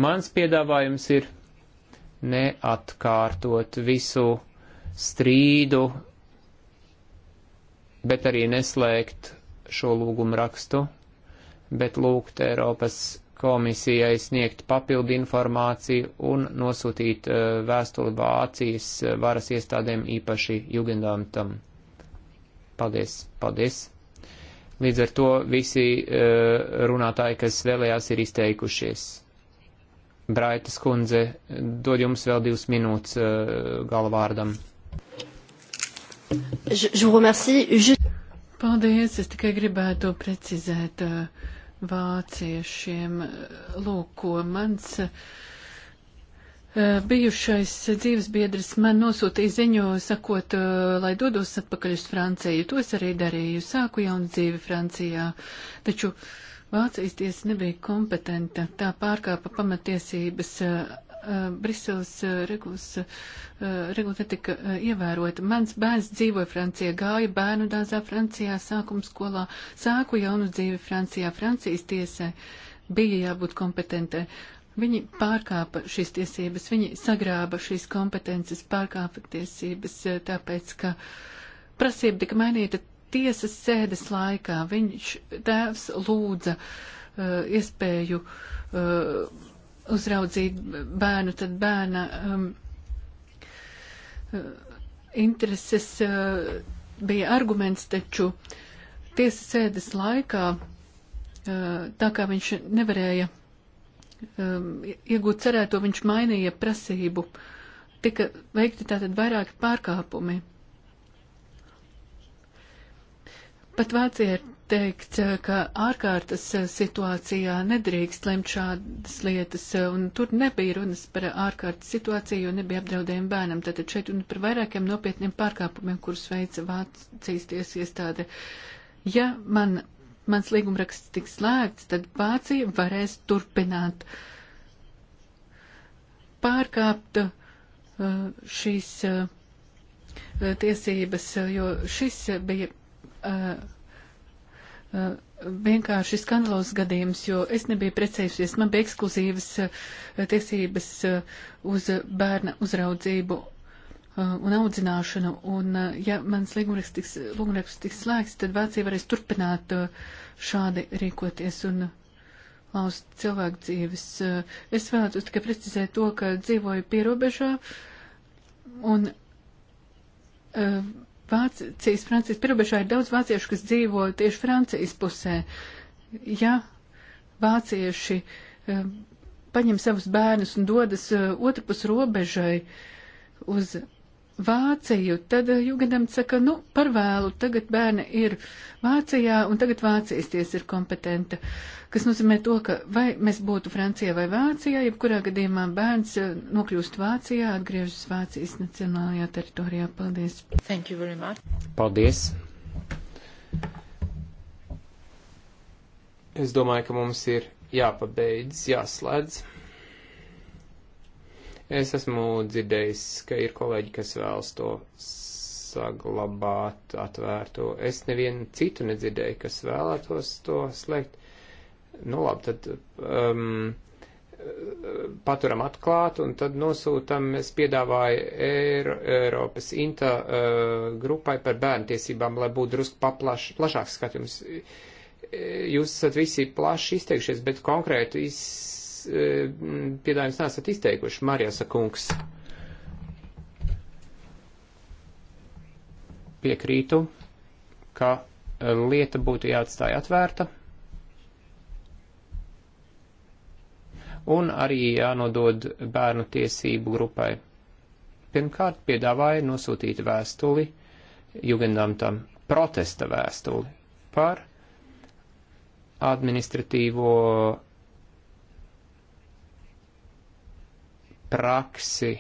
Mans piedāvājums ir neatkārtot visu strīdu, bet arī neslēgt šo lūgumu rakstu, bet lūgt Eiropas komisijai sniegt papildu informāciju un nosūtīt eh, vēstuli Vācijas eh, varas iestādēm īpaši Jugendamtam. Paldies, paldies. Līdz ar to visi eh, runātāji, kas vēlējās, ir izteikušies. Braitas kundze, dod jums vēl divas minūtes eh, galvārdam. Paldies, es tikai gribētu precizēt eh, vāciešiem, lūk, ko mans eh, bijušais dzīves biedrs man nosūtīja ziņo, sakot, lai dodos atpakaļ uz Franciju. To es arī darīju, sāku jaunu dzīvi Francijā, taču uh, Vācijas tiesa nebija kompetenta, tā pārkāpa pamatiesības. Briseles regulas, regula netika ievērota. Mans bērns dzīvoja Francijā, gāja bērnu dāzā Francijā, sākuma skolā, sāku jaunu dzīvi Francijā. Francijas tiesai bija jābūt kompetentai. Viņi pārkāpa šīs tiesības, viņi sagrāba šīs kompetences, pārkāpa tiesības, tāpēc, ka prasība tika mainīta tiesas sēdes laikā viņš tēvs lūdza uh, iespēju uh, uzraudzīt bērnu, tad bērna um, eh, intereses uh, bija arguments, taču tiesas sēdes laikā, uh, tā kā viņš nevarēja um, iegūt cerēto, viņš mainīja prasību. Tika veikti tātad vairāki pārkāpumi. Pat Vācija ir teikt, ka ārkārtas situācijā nedrīkst lemt šādas lietas, un tur nebija runas par ārkārtas situāciju, jo nebija apdraudējumi bērnam. Tātad šeit runa par vairākiem nopietniem pārkāpumiem, kurus veica Vācijas tiesu iestāde. Ja man, mans līgumraksts tiks slēgts, tad Vācija varēs turpināt pārkāpt uh, šīs uh, tiesības, jo šis bija uh, uh, vienkārši skandalos gadījums, jo es nebiju precējusies, man bija ekskluzīvas uh, tiesības uh, uz bērna uzraudzību uh, un audzināšanu, un uh, ja mans līgumraksts tiks, līgumraksts tiks slēgts, tad Vācija varēs turpināt uh, šādi rīkoties un laust cilvēku dzīves. Uh, es vēlētos tikai precizēt to, ka dzīvoju pierobežā, un uh, Vācijas, Francijas pierobežā ir daudz vāciešu, kas dzīvo tieši Francijas pusē. Ja vācieši uh, paņem savus bērnus un dodas uh, otrpus robežai uz Vāciju, tad eh, Jugendam saka, nu, par vēlu, tagad bērni ir Vācijā, un tagad Vācijas tiesa ir kompetenta. Kas nozīmē to, ka vai mēs būtu Francijā vai Vācijā, jebkurā gadījumā bērns eh, nokļūst Vācijā, atgriežas Vācijas nacionālajā teritorijā. Paldies! Thank you very much! Paldies! Es domāju, ka mums ir jāpabeidz, jāslēdz. Es esmu dzirdējis, ka ir kolēģi, kas vēlas to saglabāt atvērto. Es nevienu citu nedzirdēju, kas vēlētos to slēgt. Nu labi, tad um, paturam atklāt un tad nosūtam, es piedāvāju Eiro, Eiropas Inta uh, grupai par bērntiesībām, lai būtu drusku paplaš, plašāks skatījums. Jūs esat visi plaši izteikšies, bet konkrēti iz, E, piedāvājums nesat izteikuši, Marijas kungs. Piekrītu, ka lieta būtu jāatstāja atvērta. Un arī jānodod bērnu tiesību grupai. Pirmkārt, piedāvāja nosūtīt vēstuli Jugendamtam, protesta vēstuli par administratīvo praksi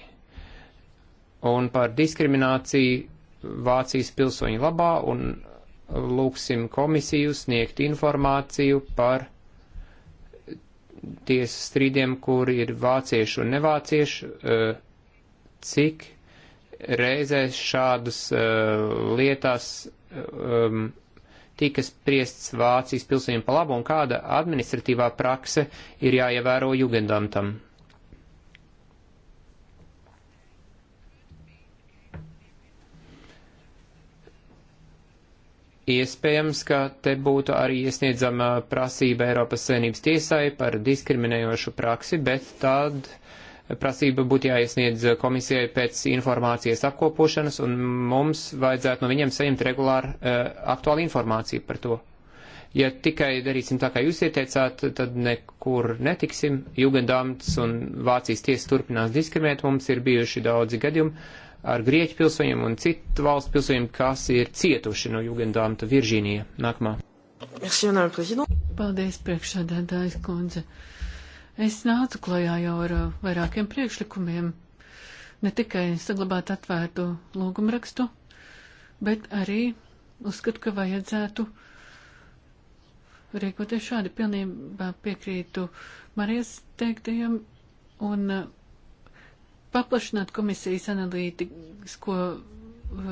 un par diskrimināciju Vācijas pilsoņu labā un lūksim komisiju sniegt informāciju par tiesu strīdiem, kur ir vācieši un nevācieši, eh, cik reizēs šādas eh, lietās eh, um, tika spriests Vācijas pilsoņiem pa labu un kāda administratīvā prakse ir jāievēro jugendamtam. Iespējams, ka te būtu arī iesniedzama prasība Eiropas Savienības tiesai par diskriminējošu praksi, bet tad prasība būtu jāiesniedz komisijai pēc informācijas apkopošanas, un mums vajadzētu no viņiem saņemt regulāru uh, eh, aktuālu informāciju par to. Ja tikai darīsim tā, kā jūs ieteicāt, tad nekur netiksim. Jugendamts un Vācijas tiesa turpinās diskriminēt, mums ir bijuši daudzi gadījumi ar grieķu pilsoņiem un citu valstu pilsoņiem, kas ir cietuši no Jugendamta Virģīnija. Nākamā. Paldies, priekšsādātājs kundze. Es nācu klajā jau ar uh, vairākiem priekšlikumiem. Ne tikai saglabāt atvērtu lūgumrakstu, bet arī uzskatu, ka vajadzētu rīkoties šādi. Pilnībā piekrītu Marijas teiktajam un uh, paplašināt komisijas analītisko uh,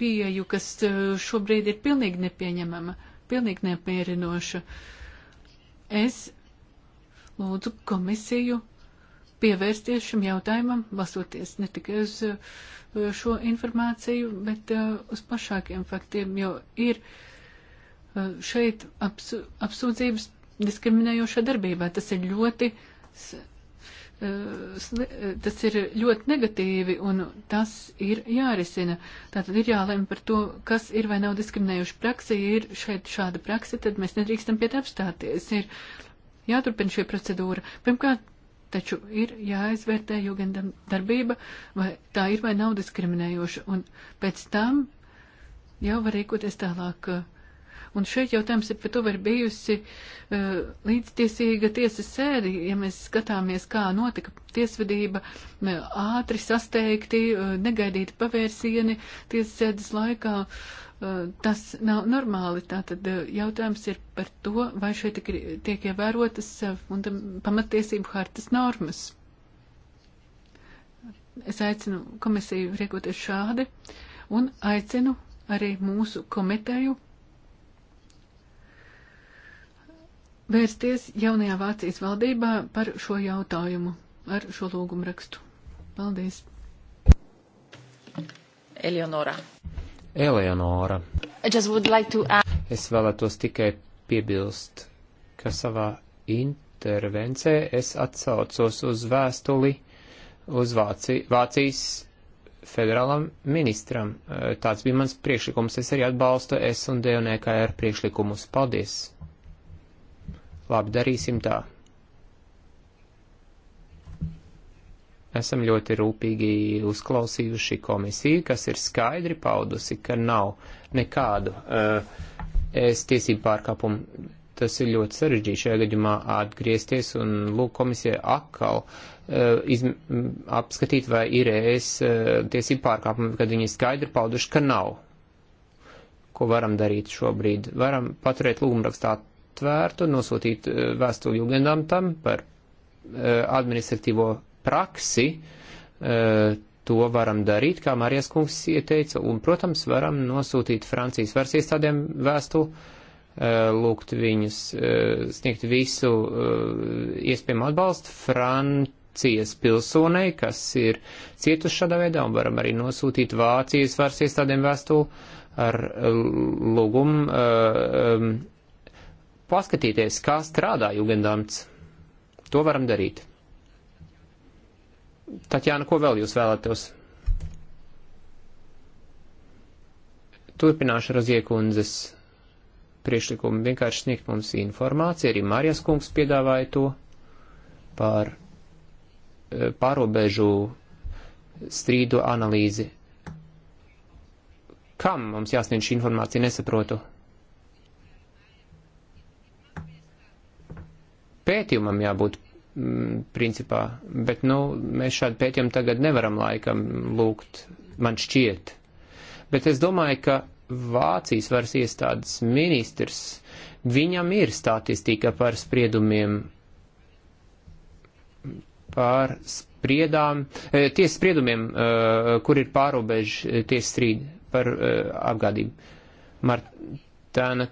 pieeju, kas uh, šobrīd ir pilnīgi nepieņemama, pilnīgi nepierinoša. Es lūdzu komisiju pievērsties šim jautājumam, balsoties ne tikai uz uh, šo informāciju, bet uz plašākiem faktiem, jo ir šeit apsūdzības diskriminējošā darbībā. Tas ir ļoti Eh, eh, tas ir ļoti negatīvi un tas ir jārisina. Tātad ir jālem par to, kas ir vai nav diskriminējuši praksi. Ja ir šeit šāda praksa, tad mēs nedrīkstam pie tā apstāties. Ir jāturpina šī procedūra. Pirmkārt, taču ir jāizvērtē jūgendam darbība, vai tā ir vai nav diskriminējoša. Un pēc tam jau var rīkoties tālāk. Uh, Un šeit jautājums ir par to, vai ir bijusi uh, līdztiesīga tiesas sēdi, ja mēs skatāmies, kā notika tiesvedība, ātri sasteigti, uh, negaidīti pavērsieni tiesas sēdes laikā. Uh, tas nav normāli. Tātad jautājums ir par to, vai šeit tiek, tiek ievērotas pamatiesību hartas normas. Es aicinu komisiju rīkoties šādi un aicinu arī mūsu komiteju vērsties jaunajā Vācijas valdībā par šo jautājumu ar šo lūgumu rakstu. Paldies! Eleonora. Eleonora. Like to... Es vēlētos tikai piebilst, ka savā intervencē es atsaucos uz vēstuli uz Vāci, Vācijas federālam ministram. Tāds bija mans priekšlikums. Es arī atbalstu S un D un EKR priekšlikumus. Paldies! Labi, darīsim tā. Esam ļoti rūpīgi uzklausījuši komisiju, kas ir skaidri paudusi, ka nav nekādu uh, eh, es tiesību pārkāpumu. Tas ir ļoti sarežģīti šajā gadījumā atgriezties un lūk komisija atkal uh, eh, iz, apskatīt, vai ir es uh, tiesību pārkāpumi, kad viņi skaidri pauduši, ka nav ko varam darīt šobrīd. Varam paturēt lūgumrakstā aptvērtu, nosūtītu eh, vēstuli Jugendamtam par eh, administratīvo praksi, eh, to varam darīt, kā Marijas kungs ieteica, un, protams, varam nosūtīt Francijas varas iestādēm vēstuli, lūgt viņus sniegt visu iespējamo atbalstu Francijas pilsonei, kas ir cietuši šādā veidā, un varam arī nosūtīt Vācijas varas iestādēm vēstuli ar lūgumu paskatīties, kā strādā Jugendamts. To varam darīt. Tatjana, ko vēl jūs vēlētos? Turpināšu Roziekundzes priešlikumu vienkārši sniegt mums informāciju, arī Mārijas kungs piedāvāja to par eh, pārobežu strīdu analīzi. Kam mums jāsniedz šī informācija, nesaprotu. pētījumam jābūt mm, principā, bet, nu, mēs šādu pētījumu tagad nevaram laikam lūgt, man šķiet. Bet es domāju, ka Vācijas varas iestādes ministrs, viņam ir statistika par spriedumiem, par spriedām, eh, tiesas spriedumiem, eh, kur ir pārobežu eh, tiesas strīdi par apgādību. Martāna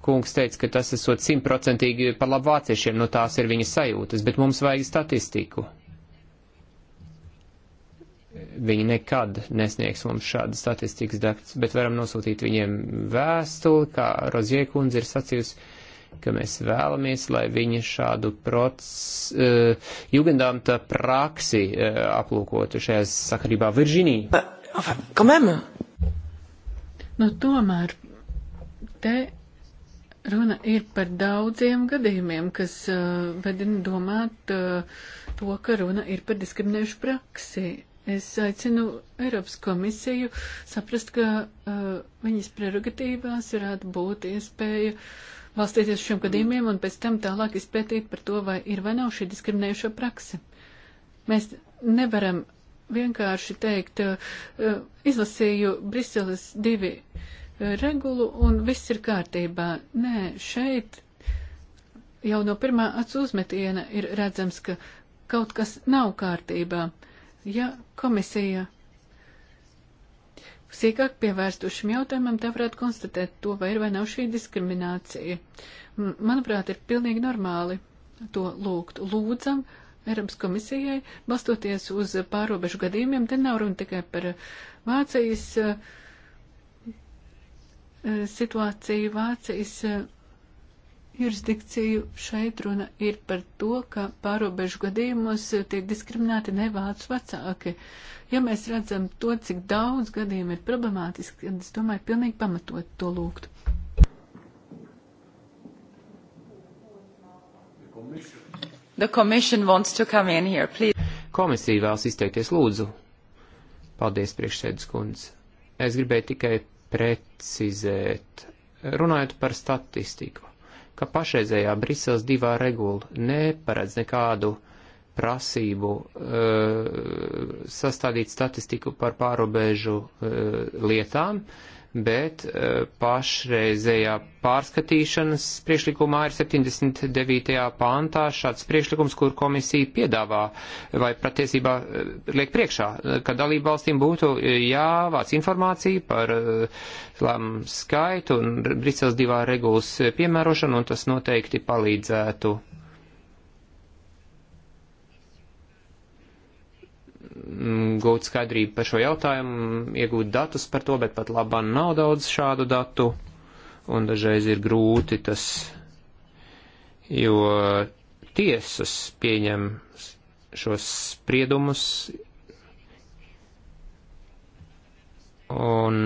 kungs teica, ka tas esot simtprocentīgi par labu vāciešiem, nu tās ir viņa sajūtas, bet mums vajag statistiku. Viņi nekad nesniegs mums šādu statistikas daktus, bet varam nosūtīt viņiem vēstuli, kā Rozie kundze ir sacījusi, ka mēs vēlamies, lai viņi šādu proc, uh, e, jugendāmta praksi uh, aplūkotu šajā sakarībā Virģīnī. Nu, tomēr te Runa ir par daudziem gadījumiem, kas uh, vedina domāt uh, to, ka runa ir par diskriminējušu praksi. Es aicinu Eiropas komisiju saprast, ka uh, viņas prerogatīvās varētu būt iespēja balstīties šiem gadījumiem un pēc tam tālāk izpētīt par to, vai ir vai nav šī diskriminējuša praksa. Mēs nevaram vienkārši teikt, uh, izlasīju Briseles divi. Uh, regulu un viss ir kārtībā. Nē, šeit jau no pirmā acu uzmetiena ir redzams, ka kaut kas nav kārtībā. Ja komisija sīkāk pievērstu šim jautājumam, tā varētu konstatēt to, vai ir vai nav šī diskriminācija. Manuprāt, ir pilnīgi normāli to lūgt. Lūdzam Eiropas komisijai, balstoties uz pārobežu gadījumiem, te nav runa tikai par Vācijas uh, Eh, situāciju Vācijas eh, jurisdikciju šeit runa ir par to, ka pārobežu gadījumos eh, tiek diskriminēti nevācu vecāki. Ja mēs redzam to, cik daudz gadījumu ir problemātiski, tad es domāju, pilnīgi pamatot to lūgt. Here, Komisija vēlas izteikties lūdzu. Paldies, priekšsēdus kundze. Es gribēju tikai precizēt, runājot par statistiku, ka pašreizējā Briseles divā regula neparedz nekādu prasību uh, sastādīt statistiku par pārobežu uh, lietām, uh, bet eh, pašreizējā pārskatīšanas priekšlikumā ir 79. pāntā šāds priekšlikums, kur komisija piedāvā vai patiesībā eh, liek priekšā, eh, ka dalību valstīm būtu jāvāc informācija par lēmumu skaitu un Brisels divā regulas piemērošanu, un tas noteikti palīdzētu Mm, gūt skaidrību par šo jautājumu, iegūt datus par to, bet pat labā nav daudz šādu datu, un dažreiz ir grūti tas, jo tiesas pieņem šos spriedumus, un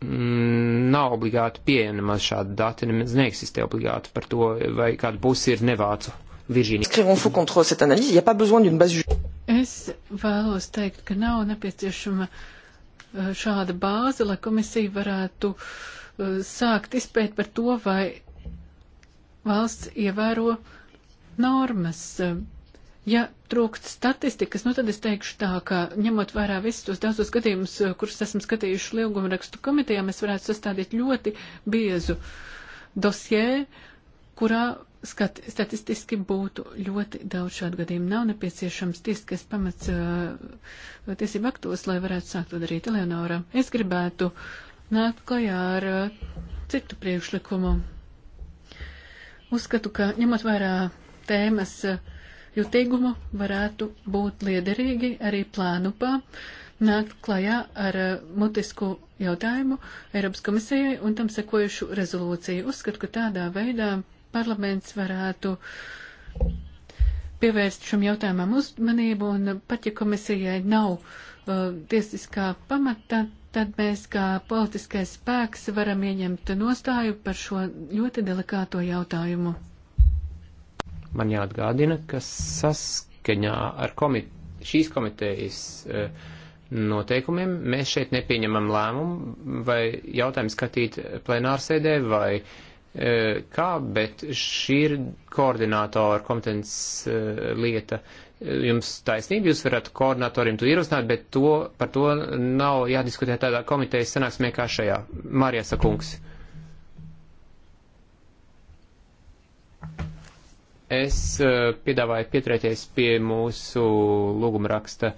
mm, nav obligāti pieejama šāda dati, nemaz neeksistē obligāti par to, vai kāda būs ir nevācu Virģīnija. Skrivonfu kontrol cette analyse, il n'y a pas besoin d'une base juridique. Es vēlos teikt, ka nav nepieciešama uh, šāda bāze, lai komisija varētu uh, sākt izpēt par to, vai valsts ievēro normas. Uh, ja trūkst statistikas, nu tad es teikšu tā, ka ņemot vērā visus tos daudzos gadījumus, kurus esam skatījuši lieguma rakstu komitejā, mēs varētu sastādīt ļoti biezu dosjē, kurā skat, statistiski būtu ļoti daudz šādu gadījumu. Nav nepieciešams tiesiskais pamats uh, tiesību aktos, lai varētu sākt to darīt. Eleonora, es gribētu nākt klajā ar uh, citu priekšlikumu. Uzskatu, ka ņemot vērā tēmas uh, jutīgumu, varētu būt liederīgi arī plānupā nākt klajā ar uh, mutisku jautājumu Eiropas komisijai un tam sekojušu rezolūciju. Uzskatu, ka tādā veidā parlaments varētu pievērst šim jautājumam uzmanību, un pat ja komisijai nav uh, tiesiskā pamata, tad mēs kā politiskais spēks varam ieņemt nostāju par šo ļoti delikāto jautājumu. Man jāatgādina, ka saskaņā ar komit šīs komitejas uh, noteikumiem mēs šeit nepieņemam lēmumu vai jautājumu skatīt plenārsēdē vai uh, Eh, kā, bet šī ir koordinātora kompetences eh, lieta. Eh, jums taisnība, jūs varat koordinatoriem to ierosināt, bet to, par to nav jādiskutē tādā komitejas sanāksmē kā šajā. Marija Sakungs. Es piedāvāju pieturēties pie mūsu lūguma raksta.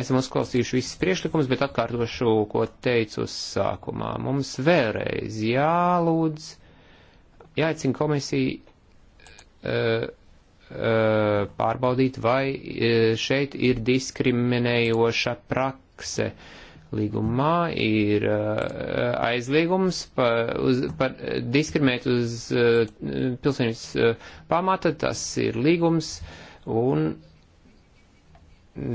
Esam uzklausījuši visus priešlikumus, bet atkārtošu, ko teicu sākumā. Mums vēlreiz jālūdz Jāicina komisija uh, uh, pārbaudīt, vai eh, šeit ir diskriminējoša prakse. Līgumā ir uh, aizliegums par, uz, par diskriminēt uz uh, pilsonības uh, pamata, tas ir līgums, un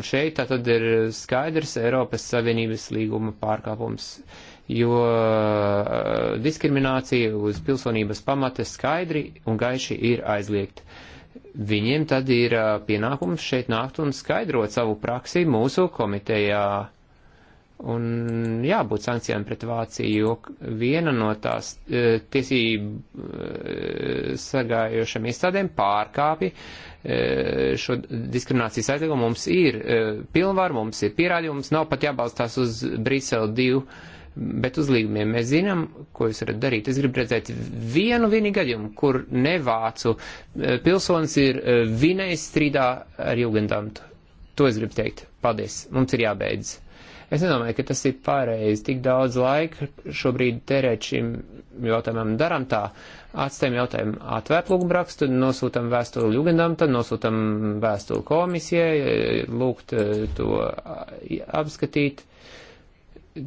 šeit tātad ir skaidrs Eiropas Savienības līguma pārkāpums. Uh, jo eh, diskriminācija uz pilsonības pamata skaidri un gaiši ir aizliegta. Viņiem tad ir eh, pienākums šeit nākt un skaidrot savu praksi mūsu komitejā. Un jābūt sankcijām pret Vāciju, jo viena no tās eh, tiesību sargājošiem iestādēm pārkāpi šo diskriminācijas aizliegumu. Mums ir pilnvar, mums ir pierādījums, nav pat jābalstās uz Brisele 2 bet uz līgumiem mēs zinām, ko jūs varat darīt. Es gribu redzēt vienu vienīgu gadījumu, kur nevācu e, pilsonis ir e, vinējis strīdā ar Jugendamtu. To es gribu teikt. Paldies. Mums ir jābeidz. Es nedomāju, ka tas ir pareizi tik daudz laika šobrīd terēt šim jautājumam daram tā. Atstājam jautājumu atvērt lūgumu rakstu, nosūtam vēstuli Ļugendam, tad nosūtam vēstuli komisijai, e, lūgt to apskatīt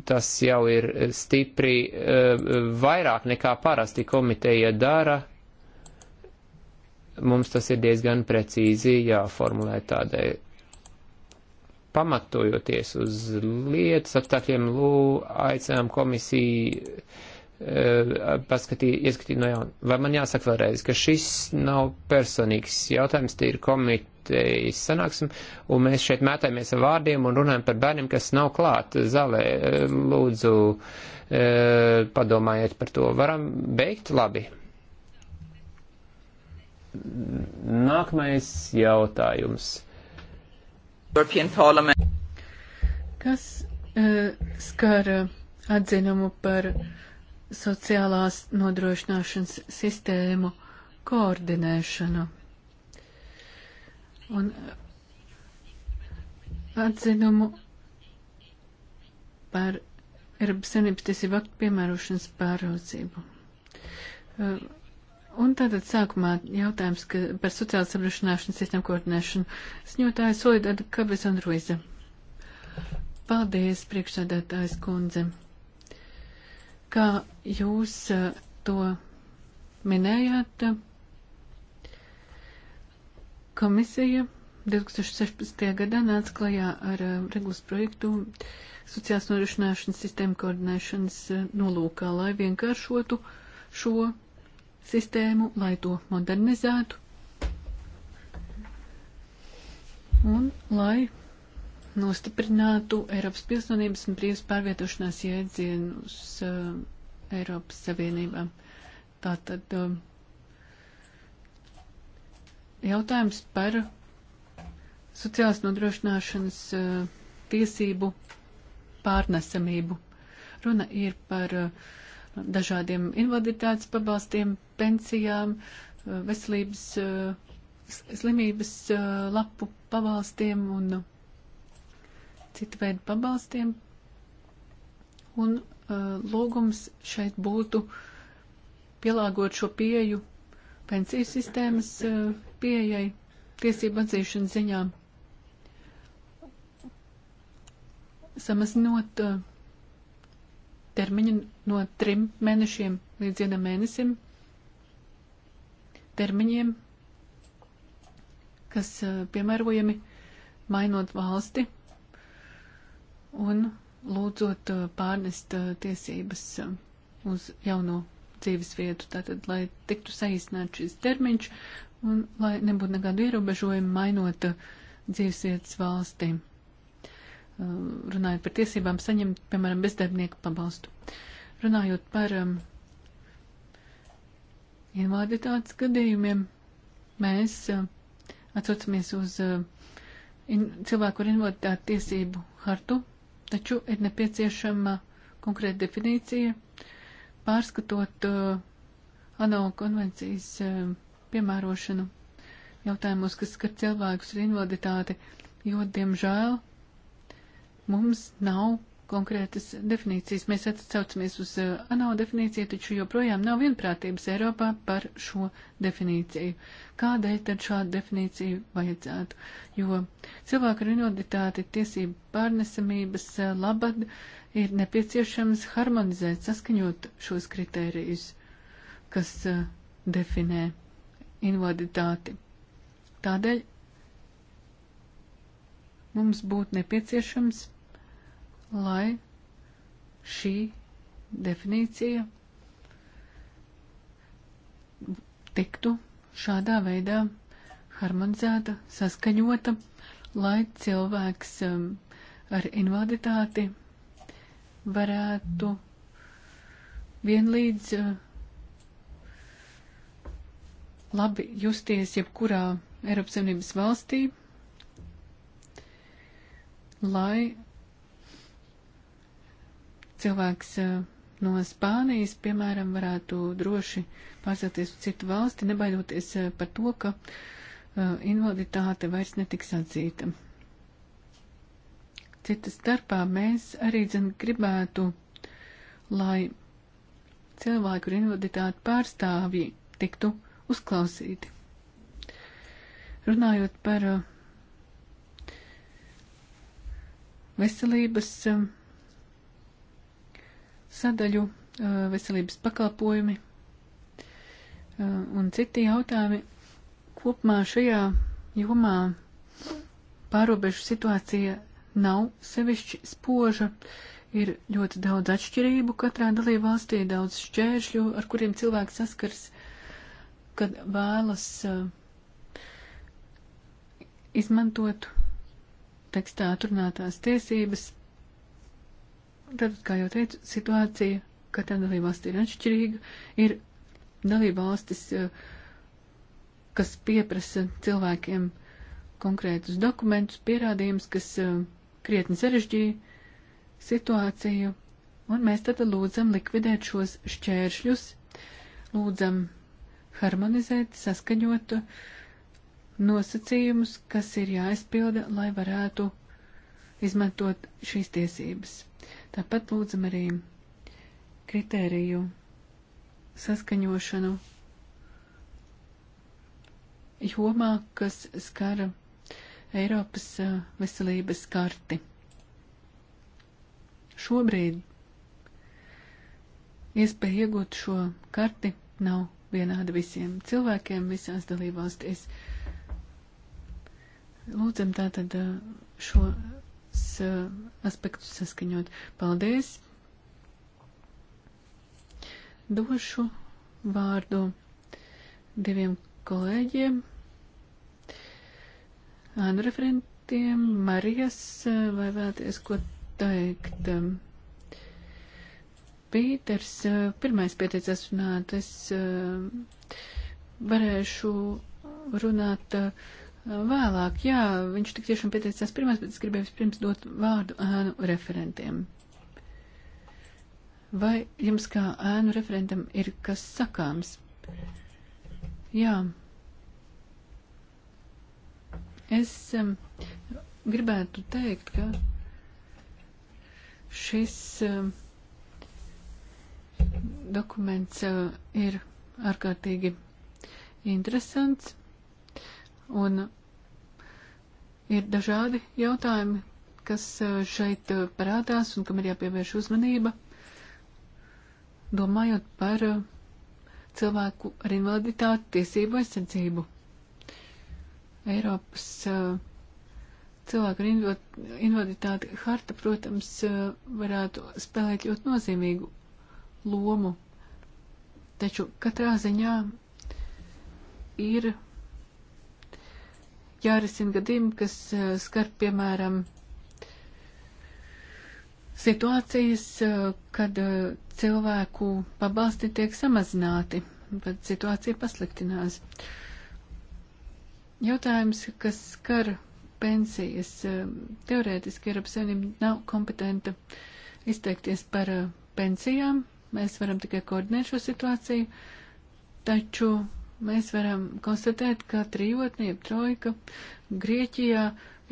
tas jau ir stipri eh, vairāk nekā parasti komiteja dara. Mums tas ir diezgan precīzi jāformulē tādai pamatojoties uz lietas apstākļiem, lū, aicinām komisiju Eh, paskatīt, ieskatīt no jauna. Vai man jāsaka vēlreiz, ka šis nav personīgs jautājums, tie ir komitejas sanāksme, un mēs šeit mētājamies ar vārdiem un runājam par bērniem, kas nav klāt zālē. Eh, lūdzu, eh, padomājiet par to. Varam beigt? Labi. Nākamais jautājums. Kas uh, skar atzinumu par uh, sociālās nodrošināšanas sistēmu koordinēšanu. Un uh, atzinumu par Eiropas Savienības tiesību aktu piemērošanas pāraudzību. Uh, un tātad sākumā jautājums ka, par sociālas apdrošināšanas sistēmu koordinēšanu. Sņotāja Solidāta Kabezonruiza. Paldies, priekšsādātājs kundze kā jūs uh, to minējāt, komisija 2016. gadā nāca klajā ar uh, regulas projektu sociālās nodrošināšanas sistēmu koordinēšanas uh, nolūkā, lai vienkāršotu šo sistēmu, lai to modernizētu un lai nostiprinātu Eiropas pilsonības un brīvas pārvietošanās jēdzienu uz uh, Eiropas Savienībām. Tātad uh, jautājums par sociālas nodrošināšanas uh, tiesību pārnesamību. Runa ir par uh, dažādiem invaliditātes pabalstiem, pensijām, uh, veselības uh, slimības uh, lapu pabalstiem un citu veidu pabalstiem. Un uh, lūgums šeit būtu pielāgot šo pieju pensiju sistēmas uh, pieejai tiesību atzīšanas ziņā. Samazinot uh, termiņu no trim mēnešiem līdz vienam mēnesim termiņiem, kas uh, piemērojami mainot valsti un lūdzot uh, pārnest uh, tiesības uh, uz jauno dzīves vietu, tātad, lai tiktu saīsnāt šis termiņš un lai nebūtu nekādu ierobežojumu mainot dzīves vietas valstīm. Runājot par tiesībām saņemt, piemēram, bezdarbnieku pabalstu. Runājot par um, invaliditātes gadījumiem, mēs uh, atsaucamies uz uh, in, cilvēku ar invaliditāti tiesību hartu taču ir nepieciešama konkrēta definīcija, pārskatot uh, ANO konvencijas uh, piemērošanu jautājumos, kas skar cilvēkus ar invaliditāti, jo, diemžēl, mums nav konkrētas definīcijas. Mēs atcaucamies uz eh, ANO definīciju, taču joprojām nav vienprātības Eiropā par šo definīciju. Kādēļ tad šādu definīciju vajadzētu? Jo cilvēku ar invaliditāti tiesību pārnesamības eh, labad ir nepieciešams harmonizēt, saskaņot šos kritērijus, kas eh, definē invaliditāti. Tādēļ mums būtu nepieciešams lai šī definīcija tiktu šādā veidā harmonizēta, saskaņota, lai cilvēks um, ar invaliditāti varētu vienlīdz uh, labi justies jebkurā Eiropas Savienības valstī, lai cilvēks eh, no Spānijas, piemēram, varētu droši pārcelties uz citu valsti, nebaidoties eh, par to, ka eh, invaliditāte vairs netiks atzīta. Citas starpā mēs arī dzen gribētu, lai cilvēku ar invaliditāti pārstāvji tiktu uzklausīti. Runājot par veselības uh, sadaļu veselības pakalpojumi un citi jautājumi. Kopumā šajā jomā pārobežu situācija nav sevišķi spoža. Ir ļoti daudz atšķirību katrā dalībvalstī, daudz šķēršļu, ar kuriem cilvēks saskars, kad vēlas izmantot tekstā atrunātās tiesības Tad, kā jau teicu, situācija katrā dalībvalstī ir atšķirīga. Ir dalībvalstis, eh, kas pieprasa cilvēkiem konkrētus dokumentus, pierādījumus, kas eh, krietni sarežģīja situāciju, un mēs tad lūdzam likvidēt šos šķēršļus, lūdzam harmonizēt, saskaņot nosacījumus, kas ir jāizpilda, lai varētu izmantot šīs tiesības. Tāpat lūdzam arī kritēriju saskaņošanu jomā, kas skara Eiropas veselības karti. Šobrīd iespēja iegūt šo karti nav vienāda visiem cilvēkiem visās dalībvalstīs. Lūdzam tātad šo Eh, aspektus saskaņot. Paldies! Došu vārdu diviem kolēģiem, Ānu referentiem, Marijas, eh, vai vēlaties ko teikt? Pīters eh, pirmais pieteicās runāt, es varēšu runāt uh, vēlāk. Jā, viņš tik tiešām pieteicās pirmais, bet es gribēju vispirms dot vārdu ēnu referentiem. Vai jums kā ēnu referentam ir kas sakāms? Jā. Es um, gribētu teikt, ka šis um, dokuments uh, ir ārkārtīgi interesants. Un ir dažādi jautājumi, kas eh, šeit eh, parādās un kam ir jāpievērš uzmanība, domājot par eh, cilvēku ar invaliditāti tiesību aizsardzību. Eiropas cilvēku ar invaliditāti harta, protams, varētu spēlēt ļoti nozīmīgu lomu, taču katrā ziņā ir jārisina gadījumi, kas eh, skar, piemēram, situācijas, eh, kad eh, cilvēku pabalsti tiek samazināti, bet situācija pasliktinās. Jautājums, kas skar pensijas, teorētiski Eiropas Savienība nav kompetenta izteikties par pensijām. Mēs varam tikai koordinēt šo situāciju, taču mēs varam konstatēt, ka trijotnieba trojka Grieķijā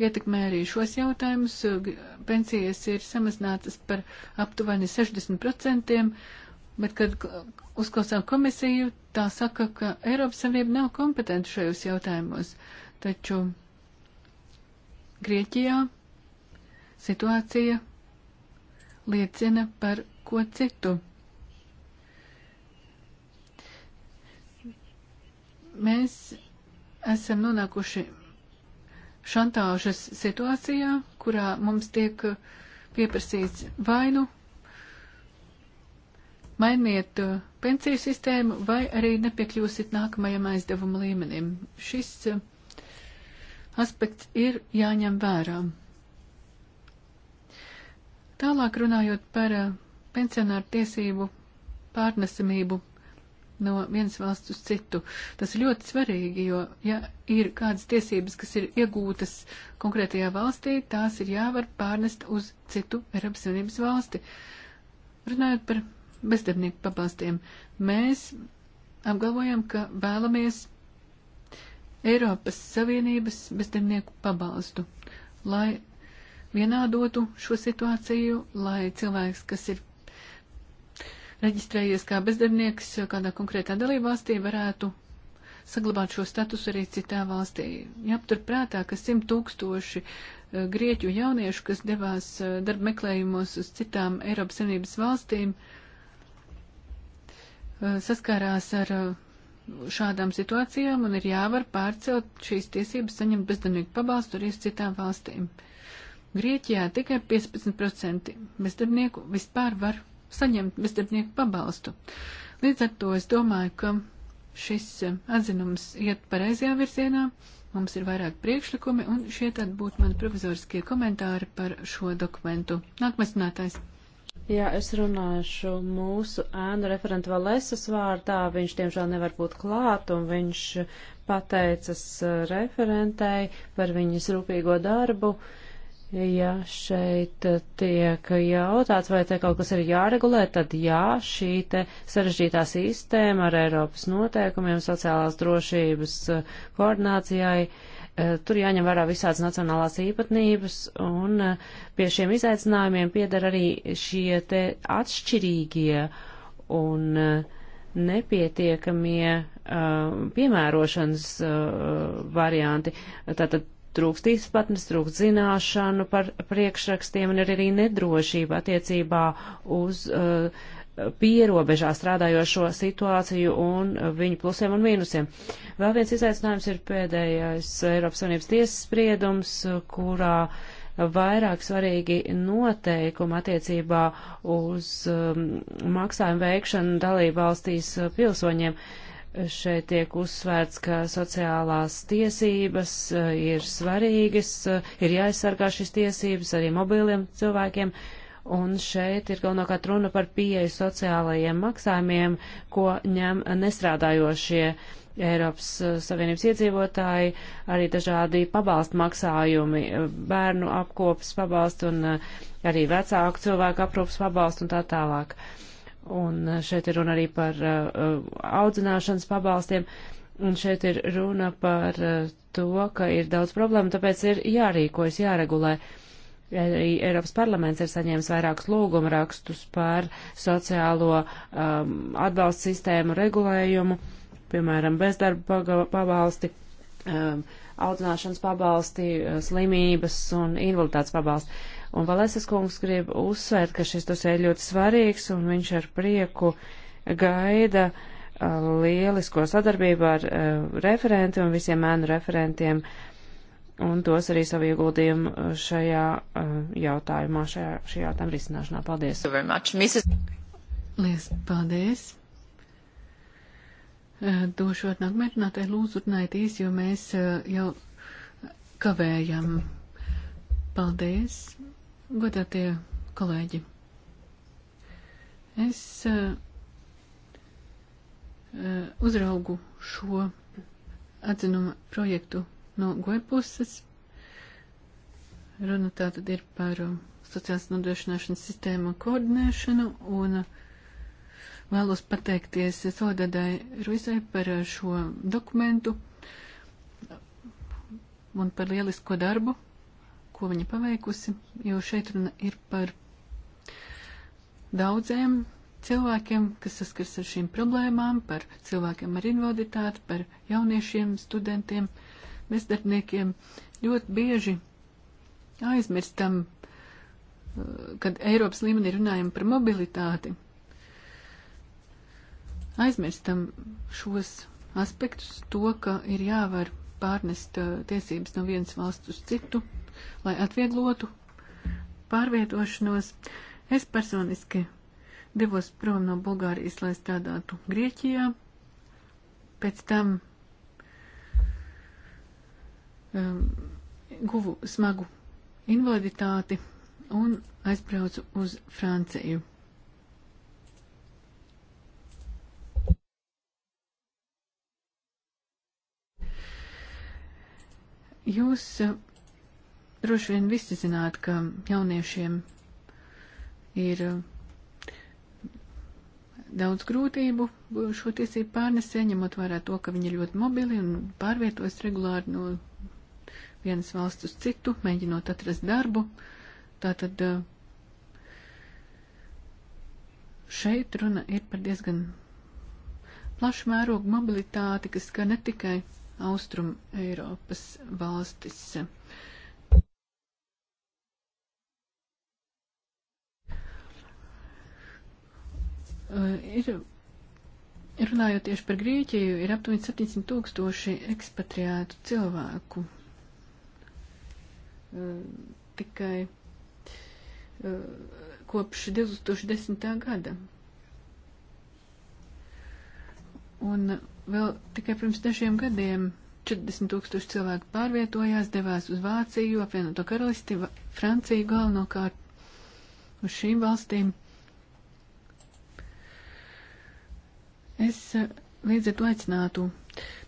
ietekmē arī šos jautājumus. Pensijas ir samazinātas par aptuveni 60%, bet, kad uzklausām komisiju, tā saka, ka Eiropas Savienība nav kompetenta šajos jautājumos. Taču Grieķijā situācija liecina par ko citu. mēs esam nonākuši šantāžas situācijā, kurā mums tiek pieprasīts vainu mainiet pensiju sistēmu vai arī nepiekļūsit nākamajam aizdevuma līmenim. Šis eh, aspekts ir jāņem vērā. Tālāk runājot par eh, pensionāru tiesību pārnesamību no vienas valsts uz citu. Tas ir ļoti svarīgi, jo ja ir kādas tiesības, kas ir iegūtas konkrētajā valstī, tās ir jāvar pārnest uz citu Eiropas Savienības valsti. Runājot par bezdarbnieku pabalstiem, mēs apgalvojam, ka vēlamies Eiropas Savienības bezdarbnieku pabalstu, lai vienādotu šo situāciju, lai cilvēks, kas ir reģistrējies kā bezdarbnieks kādā konkrētā dalībvalstī, varētu saglabāt šo statusu arī citā valstī. Jāptur prātā, ka simt tūkstoši e, grieķu jauniešu, kas devās e, darba meklējumos uz citām Eiropas Savienības valstīm, e, saskārās ar šādām situācijām un ir jāvar pārcelt šīs tiesības saņemt bezdarbnieku pabalstu arī uz citām valstīm. Grieķijā tikai 15% bezdarbnieku vispār var saņemt bezdarbnieku pabalstu. Līdz ar to es domāju, ka šis eh, atzinums iet pareizajā virzienā. Mums ir vairāk priekšlikumi, un šie tad būtu mani provizoriskie komentāri par šo dokumentu. Nākamais runātājs. Jā, es runāšu mūsu ēnu referentu Valesas vārdā. Viņš, diemžēl, nevar būt klāt, un viņš pateicas eh, referentei par viņas rūpīgo darbu. Uh, Ja šeit eh, tiek jautāts, vai te kaut kas ir jāregulē, tad jā, šī te sarežģītā sistēma ar Eiropas noteikumiem sociālās drošības eh, koordinācijai, eh, tur jāņem vērā visādas nacionālās īpatnības, un pie šiem izaicinājumiem piedara arī šie te atšķirīgie un nepietiekamie piemērošanas varianti. Tātad trūkst izpratnes, trūkst zināšanu par priekšrakstiem un ir arī nedrošība attiecībā uz uh, pierobežā strādājošo situāciju un viņu plusiem un mīnusiem. Vēl viens izaicinājums ir pēdējais Eiropas Savienības tiesas spriedums, kurā vairāk svarīgi noteikumi attiecībā uz um, maksājumu veikšanu dalību valstīs uh, pilsoņiem. Uh, Šeit tiek uzsvērts, ka sociālās tiesības eh, ir svarīgas, eh, ir jāaizsargā šīs tiesības arī mobiliem cilvēkiem, un šeit ir galvenokārt runa par pieeju sociālajiem maksājumiem, ko ņem nestrādājošie Eiropas eh, Savienības iedzīvotāji, arī dažādi pabalstu maksājumi, bērnu apkopas pabalstu un arī vecāku cilvēku aprūpas pabalstu un tā tālāk. Uh, un eh, šeit ir runa arī par uh, audzināšanas pabalstiem, un šeit ir runa par uh, to, ka ir daudz problēmu, tāpēc ir jārīkojas, jāregulē. Arī Eiropas parlaments ir saņēmis vairākus lūgumu rakstus par sociālo um, atbalstu sistēmu regulējumu, piemēram, bezdarba pabalsti, um, audzināšanas pabalsti, slimības un invaliditātes pabalsti. Un Valēsas kungs grib uzsvērt, ka šis dosē ļoti svarīgs, un viņš ar prieku gaida uh, lielisko sadarbību ar uh, referenti un visiem ēnu referentiem, un dos arī savu ieguldījumu šajā uh, jautājumā, šajā, šajā jautājuma risināšanā. Paldies! Lies, paldies! Došot nākamērķinātai lūdzu runājiet īsi, jo mēs jau kavējam. Paldies! Godātie kolēģi, es uh, uzraugu šo atzinuma projektu no goepuses. Runa tā tad ir par eh, sociālas nodrošināšanas sistēmu koordinēšanu un vēlos pateikties Solidadai Ruizai par šo dokumentu un par lielisko darbu, ko viņa paveikusi, jo šeit runa ir par daudziem cilvēkiem, kas saskars ar šīm problēmām, par cilvēkiem ar invaliditāti, par jauniešiem, studentiem, bezdarbniekiem. Ļoti bieži aizmirstam, eh, kad Eiropas līmenī runājam par mobilitāti, aizmirstam šos aspektus, to, ka ir jāvar pārnest eh, tiesības no vienas valsts uz citu, lai atvieglotu pārvietošanos. Es personiski devos prom no Bulgārijas, lai strādātu Grieķijā. Pēc tam um, guvu smagu invaliditāti un aizbraucu uz Franciju. Jūs uh, Droši vien visi zināt, ka jauniešiem ir uh, daudz grūtību šo tiesību pārnesē, ņemot vērā to, ka viņi ir ļoti mobili un pārvietojas regulāri no vienas valsts uz citu, mēģinot atrast darbu. Tātad uh, šeit runa ir par diezgan plašu mērogu mobilitāti, kas skar ne tikai Austrum Eiropas valstis. Eh, ir, runājot tieši par Grieķiju, ir aptuveni 700 tūkstoši ekspatriētu cilvēku. Eh, tikai eh, kopš 2010. gada. Un vēl tikai pirms dažiem gadiem 40 tūkstoši cilvēku pārvietojās, devās uz Vāciju, apvienoto karalisti, Franciju galvenokārt uz šīm valstīm. Es eh, līdz ar to aicinātu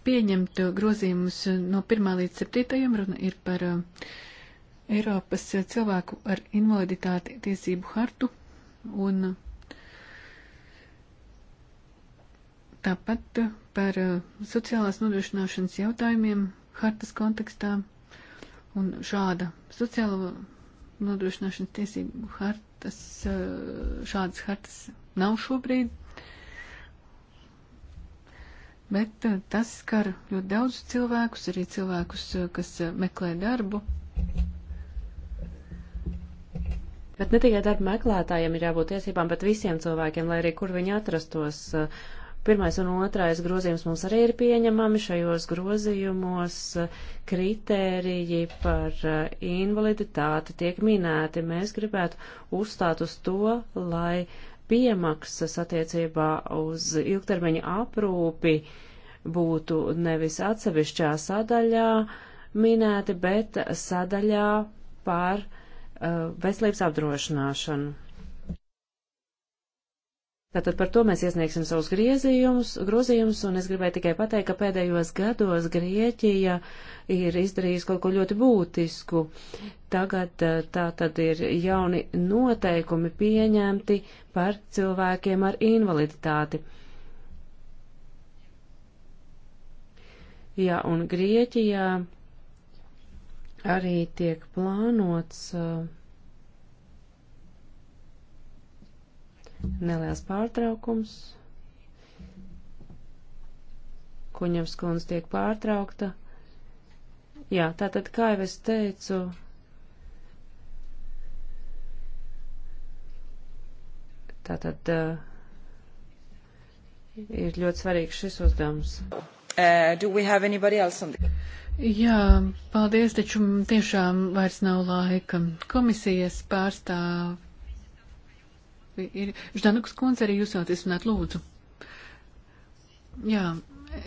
pieņemt eh, grozījumus eh, no 1 līdz 7. runa ir par Eiropas cilvēku ar invaliditāti tiesību hartu un tāpat par sociālās nodrošināšanas jautājumiem hartas kontekstā un šāda sociāla nodrošināšanas tiesību hartas, šādas hartas nav šobrīd bet eh, tas skar ļoti daudz cilvēkus, arī cilvēkus, eh, kas eh, meklē darbu. Bet ne tikai darba meklētājiem ir jābūt tiesībām, bet visiem cilvēkiem, lai arī kur viņi atrastos. Pirmais un otrais grozījums mums arī ir pieņemami. Šajos grozījumos kritēriji par invaliditāti tiek minēti. Mēs gribētu uzstāt uz to, lai uh, piemaksas attiecībā uz ilgtermiņa aprūpi būtu nevis atsevišķā sadaļā minēti, bet sadaļā par uh, veselības apdrošināšanu. Tātad par to mēs iesniegsim savus griezījumus, grozījumus, un es gribēju tikai pateikt, ka pēdējos gados Grieķija ir izdarījusi kaut ko ļoti būtisku. Tagad eh, tā tad ir jauni noteikumi pieņemti par cilvēkiem ar invaliditāti. Jā, un Grieķijā arī tiek plānots. Uh, Neliels pārtraukums. Kuņevs kundze tiek pārtraukta. Jā, tātad, kā jau es teicu, tātad uh, ir ļoti svarīgs šis uzdevums. Uh, Jā, paldies, taču tiešām vairs nav laika. Komisijas pārstāv ir. Ždanukas kundze, arī jūs vēlaties runāt, lūdzu. Jā,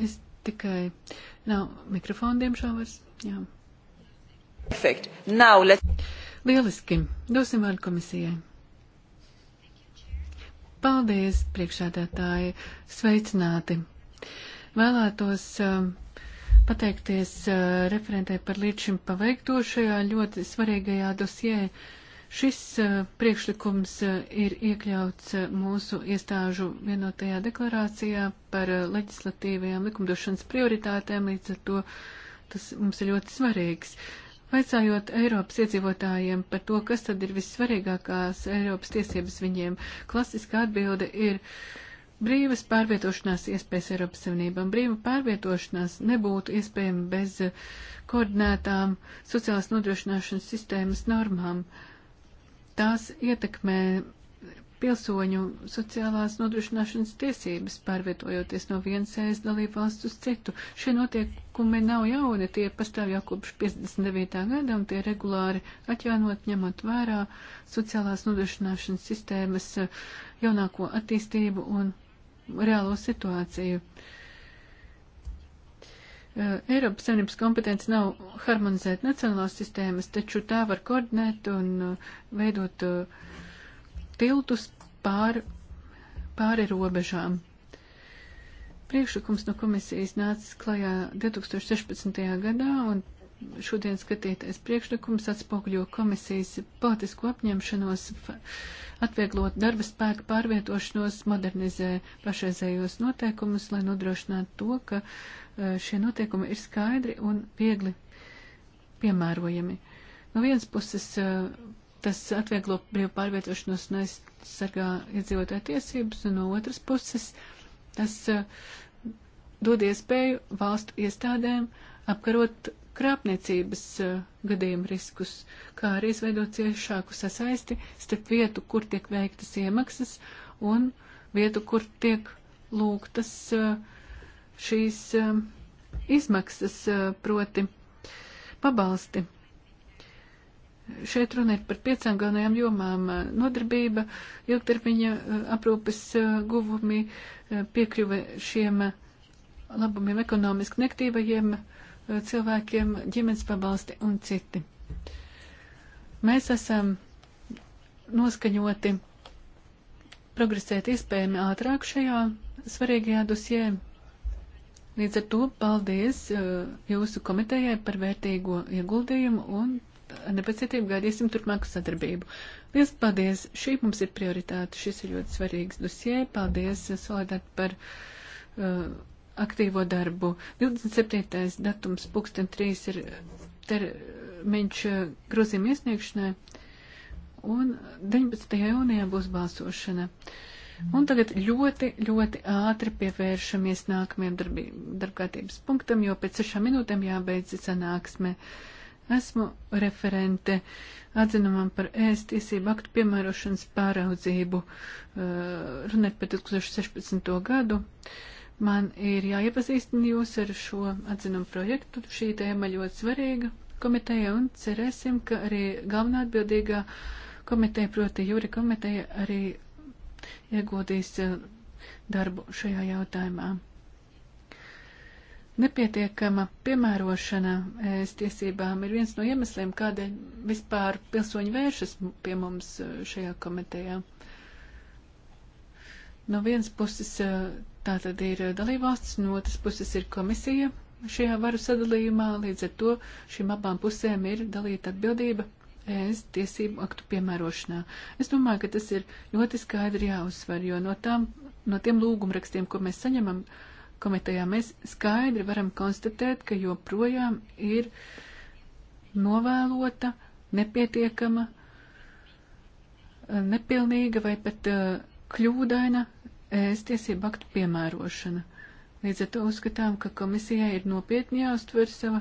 es tikai. Nav mikrofona, diemžēl, vairs. Jā. Perfect. Now let's. Lieliski. Dosim vārdu komisijai. Paldies, priekšādātāji. Sveicināti. Vēlētos uh, pateikties uh, referentē par līdz šim paveikto šajā ļoti svarīgajā dosijā. Uh, Šis eh, priekšlikums eh, ir iekļauts eh, mūsu iestāžu vienotajā deklarācijā par leģislatīvajām likumdošanas prioritātēm, līdz ar to tas mums ir ļoti svarīgs. Vaicājot Eiropas iedzīvotājiem par to, kas tad ir vissvarīgākās Eiropas tiesības viņiem, klasiskā atbilde ir brīvas pārvietošanās iespējas Eiropas Savienībām. Brīva pārvietošanās nebūtu iespējama bez koordinētām sociālās nodrošināšanas sistēmas normām. Uh, tās ietekmē pilsoņu sociālās nodrošināšanas tiesības, pārvietojoties no vienas ēst dalību valsts uz citu. Šie notiekumi nav jauni, tie pastāv jau kopš 59. gada un tie regulāri atjaunot, ņemot vērā sociālās nodrošināšanas sistēmas uh, jaunāko attīstību un reālo situāciju. Uh, Eh, Eiropas Savienības kompetence nav harmonizēt nacionālās sistēmas, taču tā var koordinēt un eh, veidot eh, tiltus pāri, pāri robežām. Priekšlikums no komisijas nāca klajā 2016. gadā, un šodien skatītais priekšlikums atspoguļo komisijas politisko apņemšanos atvieglot darba spēka pārvietošanos, modernizē pašreizējos noteikumus, lai nodrošinātu to, ka uh, šie noteikumi ir skaidri un viegli piemērojami. No vienas puses tas atvieglo brīvu pārvietošanos un aizsargā iedzīvotāju tiesības, un no otras puses tas dod iespēju valstu iestādēm apkarot krāpniecības gadījumu riskus, kā arī izveidot ciešāku sasaisti starp vietu, kur tiek veiktas iemaksas, un vietu, kur tiek lūgtas uh, šīs um, izmaksas, uh, proti pabalsti. Šeit runa ir par piecām galvenajām jomām - nodarbība, ilgtermiņa uh, aprūpes uh, guvumi, piekļuve šiem labumiem ekonomiski nektīvajiem cilvēkiem, ģimenes pabalsti un citi. Mēs esam noskaņoti progresēt iespējami ātrāk šajā svarīgajā dosjē, Līdz ar to paldies uh, jūsu komitejai par vērtīgo ieguldījumu un nepacietību gaidīsim turpmāku sadarbību. Liels paldies! Šī mums ir prioritāte, šis ir ļoti svarīgs dosie. Paldies, uh, Solidāt, par uh, aktīvo darbu. 27. datums pulksten 3 ir termiņš uh, grozījuma iesniegšanai un 19. jūnijā būs balsošana. Uh, Un tagad ļoti, ļoti ātri pievēršamies nākamajam darbkārtības punktam, jo pēc sešām minūtēm jābeidz sanāksme. Esmu referente atzinumam par ēst tiesību aktu piemērošanas pāraudzību eh, runāt par 2016. gadu. Man ir jāiepazīstina jūs ar šo atzinumu projektu. Šī tēma ļoti svarīga komiteja un cerēsim, ka arī galvenā atbildīgā komiteja, proti jūri komiteja, arī ieguldījis eh, darbu šajā jautājumā. Nepietiekama piemērošana ēst eh, tiesībām ir viens no iemesliem, kādēļ vispār pilsoņi vēršas pie mums eh, šajā komitejā. No vienas puses tā tad ir dalībvalsts, no otras puses ir komisija šajā varu sadalījumā, līdz ar to šīm abām pusēm ir dalīta atbildība ES tiesību aktu piemērošanā. Es domāju, ka tas ir ļoti skaidri jāuzsver, jo no, tām, no tiem lūgumrakstiem, ko mēs saņemam komitejā, mēs skaidri varam konstatēt, ka joprojām ir novēlota, nepietiekama, nepilnīga vai pat uh, kļūdaina ES tiesību aktu piemērošana. Līdz ar to uzskatām, ka komisijai ir nopietni jāuztver sava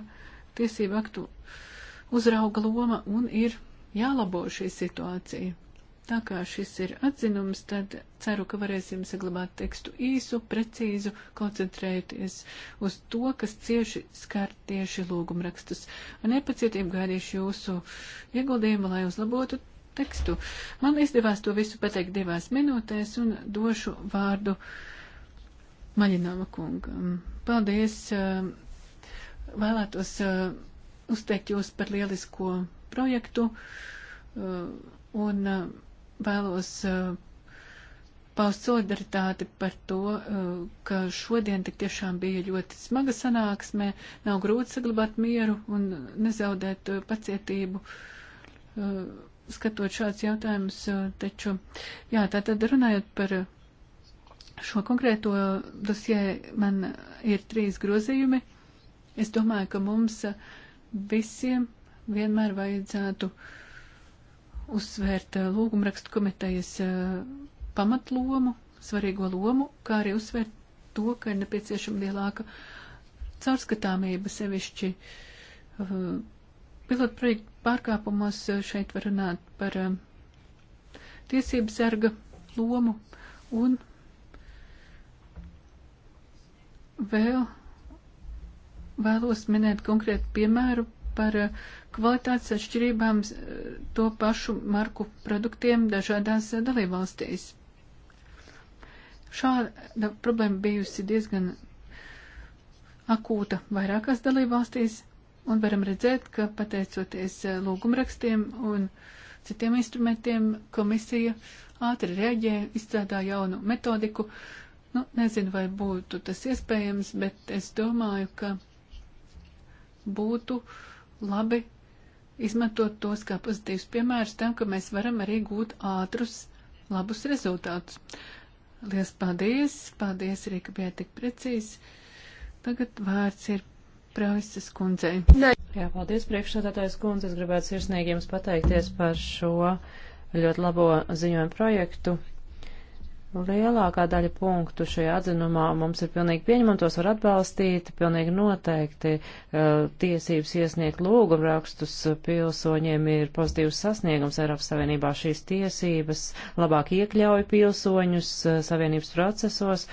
tiesību aktu uh, uzrauga loma un ir jālabo šī situācija. Tā kā šis ir atzinums, tad ceru, ka varēsim saglabāt tekstu īsu, precīzu, koncentrēties uz to, kas cieši skar tieši lūgumrakstus. Ar nepacietību gaidīšu jūsu ieguldījumu, lai uzlabotu tekstu. Man izdevās to visu pateikt divās minūtēs un došu vārdu Maļinama kungam. Paldies! Eh, vēlētos eh, uzteikt jūs par lielisko projektu uh, un uh, vēlos uh, paust solidaritāti par to, ka šodien tik tiešām bija ļoti smaga sanāksme, nav grūti saglabāt mieru un nezaudēt pacietību, skatot šāds jautājums, taču, jā, tātad runājot par šo konkrēto dosie, man ir trīs grozījumi. Es domāju, ka mums uh, visiem vienmēr vajadzētu uzsvērt eh, lūgumrakstu komitejas eh, pamatlomu, svarīgo lomu, kā arī uzsvērt to, ka ir nepieciešama lielāka caurskatāmība sevišķi eh, pilotprojektu pārkāpumos. Šeit var runāt par tiesību sarga lomu un vēl vēlos minēt konkrētu piemēru par eh, kvalitātes atšķirībām eh, to pašu marku produktiem dažādās eh, dalībvalstīs. Šāda problēma bijusi diezgan akūta vairākās dalībvalstīs, un varam redzēt, ka pateicoties lūgumrakstiem un citiem instrumentiem, komisija ātri reaģē, izstrādā jaunu metodiku. Nu, nezinu, vai būtu tas iespējams, bet es domāju, ka būtu labi izmantot tos kā pozitīvs piemērs tam, ka mēs varam arī gūt ātrus, labus rezultātus. Lielas paldies! Paldies arī, ka bijāt tik precīzi. Tagad vārds ir Pravisas kundzei. Jā, paldies priekšsādātājs kundze. Es gribētu sirsnīgi jums pateikties par šo ļoti labo ziņojumu projektu. Lielākā daļa punktu šajā atzinumā mums ir pilnīgi pieņemama, tos var atbalstīt, pilnīgi noteikti eh, tiesības iesniegt lūgumrakstus pilsoņiem ir pozitīvs sasniegums Eiropas Savienībā. Šīs tiesības labāk iekļauj pilsoņus eh, Savienības procesos,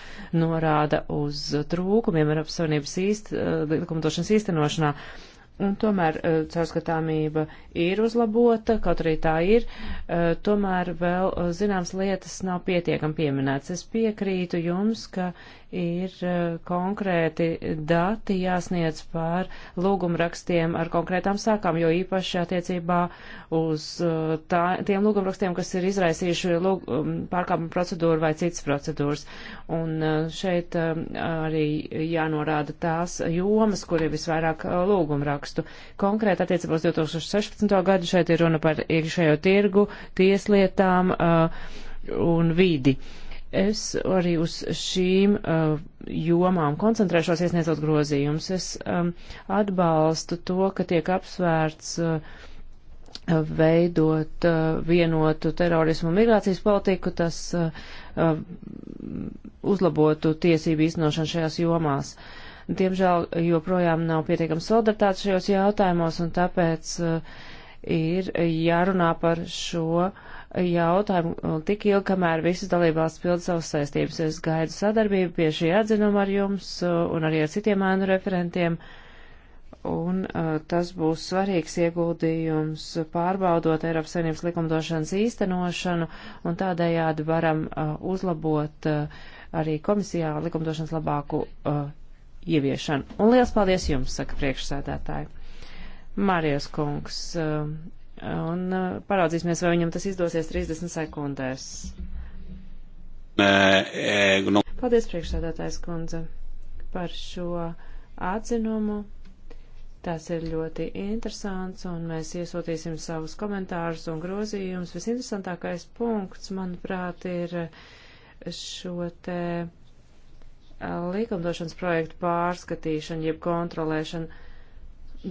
norāda uz trūkumiem Eiropas Savienības īst, eh, likumdošanas īstenošanā. Uh, Nu, tomēr eh, caurskatāmība ir uzlabota, kaut arī tā ir, eh, tomēr vēl eh, zināms lietas nav pietiekami pieminētas. Es piekrītu jums, ka ir eh, konkrēti dati jāsniedz par lūgumrakstiem ar konkrētām sākām, jo īpaši attiecībā uz eh, tā, tiem lūgumrakstiem, kas ir izraisījuši lūg, um, pārkāpuma procedūru vai citas procedūras. Un eh, šeit arī jānorāda tās jomas, kur ir visvairāk lūgumrakstu. Konkrēti attiecībā uz 2016. gadu šeit ir runa par iekšējo tirgu, tieslietām un vidi. Uh, Es arī uz šīm uh, jomām koncentrēšos, iesniedzot grozījumus. Es um, atbalstu to, ka tiek apsvērts uh, veidot uh, vienotu terorismu un migrācijas politiku, tas uh, uh uzlabotu tiesību īstenošanu šajās jomās. Diemžēl joprojām nav pietiekama solidaritāte šajos jautājumos, un tāpēc uh, ir jārunā par šo uh, jautājumu uh, tik ilgi, kamēr visas dalībvalsts pild savas saistības. Es gaidu sadarbību pie šī atzinuma ar jums uh, un arī ar citiem ēnu referentiem. Un uh, tas būs svarīgs ieguldījums pārbaudot Eiropas Savienības likumdošanas īstenošanu un tādējādi varam uh, uzlabot uh, arī komisijā likumdošanas labāku uh, ieviešanu. Un liels paldies jums, saka priekšsēdētāji. Marijas kungs. Uh, Un eh, paraudzīsimies, vai viņam tas izdosies 30 sekundēs. Paldies, priekšsādātājs kundze, par šo atzinumu. Tas ir ļoti interesants, un mēs iesūtīsim savus komentārus un grozījumus. Visinteresantākais punkts, manuprāt, ir šo te eh, likumdošanas projektu pārskatīšana, jeb kontrolēšana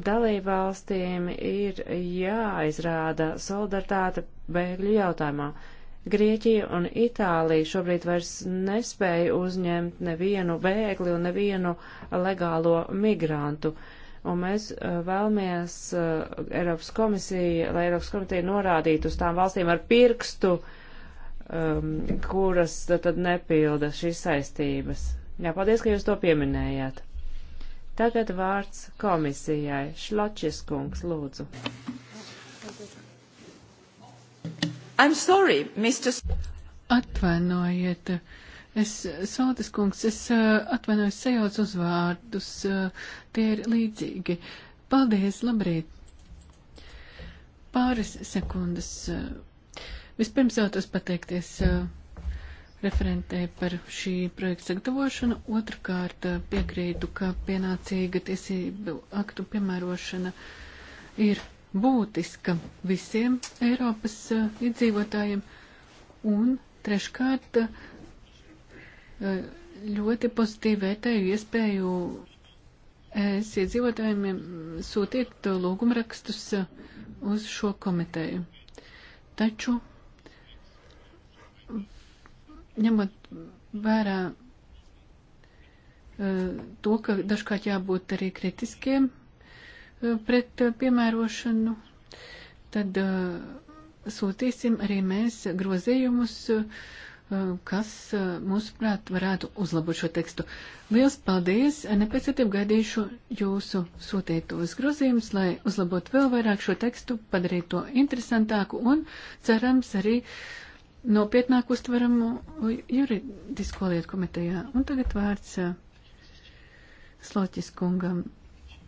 Dalībvalstīm ir jāizrāda solidaritāte bēgļu jautājumā. Grieķija un Itālija šobrīd vairs nespēja uzņemt nevienu bēgli un nevienu legālo migrantu. Un mēs uh, vēlamies uh, Eiropas komisiju, lai Eiropas komisija norādītu uz tām valstīm ar pirkstu, um, kuras tad nepilda šīs saistības. Jā, paldies, ka jūs to pieminējāt. Tagad vārds komisijai. Šločis kungs, lūdzu. I'm sorry, Mr. Atvainojiet. Es, Soltis kungs, es eh, atvainojos sajauc uzvārdus. Eh, tie ir līdzīgi. Paldies, labrīt. Pāris sekundes. Eh. Vispirms vēlos pateikties. Uh, referentē par šī projekta sagatavošanu. Otrakārt, piekrītu, ka pienācīga tiesību aktu piemērošana ir būtiska visiem Eiropas uh, iedzīvotājiem. Un treškārt, uh, ļoti pozitīvi vērtēju iespēju es iedzīvotājiem sūtiet lūgumrakstus uz šo komiteju. Taču ņemot vērā eh, to, ka dažkārt jābūt arī kritiskiem eh, pret eh, piemērošanu, tad sūtīsim arī mēs grozījumus, kas, mūsuprāt, varētu uzlabot šo tekstu. Liels paldies! Nepēcietību gaidīšu jūsu sūtītos grozījumus, lai uzlabotu vēl vairāk šo tekstu, padarītu to interesantāku un, cerams, arī uh, nopietnāk uztveramu juridisko lietu komitejā. Un tagad vārds Sloķis kungam.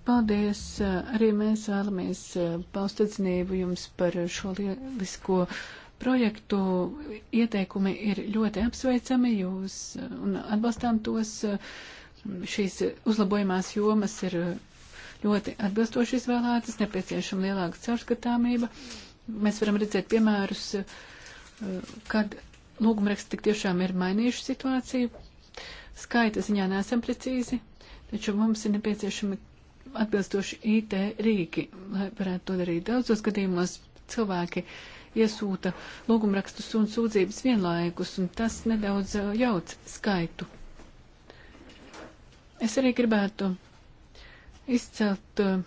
Paldies! Arī mēs vēlamies paust atzinību jums par šo lielisko projektu. Ieteikumi ir ļoti apsveicami jūs un atbalstām tos. Šīs uzlabojumās jomas ir ļoti atbilstoši izvēlētas, nepieciešama lielāka caurskatāmība. Mēs varam redzēt piemērus uh, kad lūgumraksti tik tiešām ir mainījuši situāciju. Skaita ziņā nesam precīzi, taču mums ir nepieciešami atbilstoši IT rīki, lai varētu to darīt. Daudzos gadījumos cilvēki iesūta lūgumrakstus un sūdzības vienlaikus, un tas nedaudz uh, jauc skaitu. Es arī gribētu izcelt uh,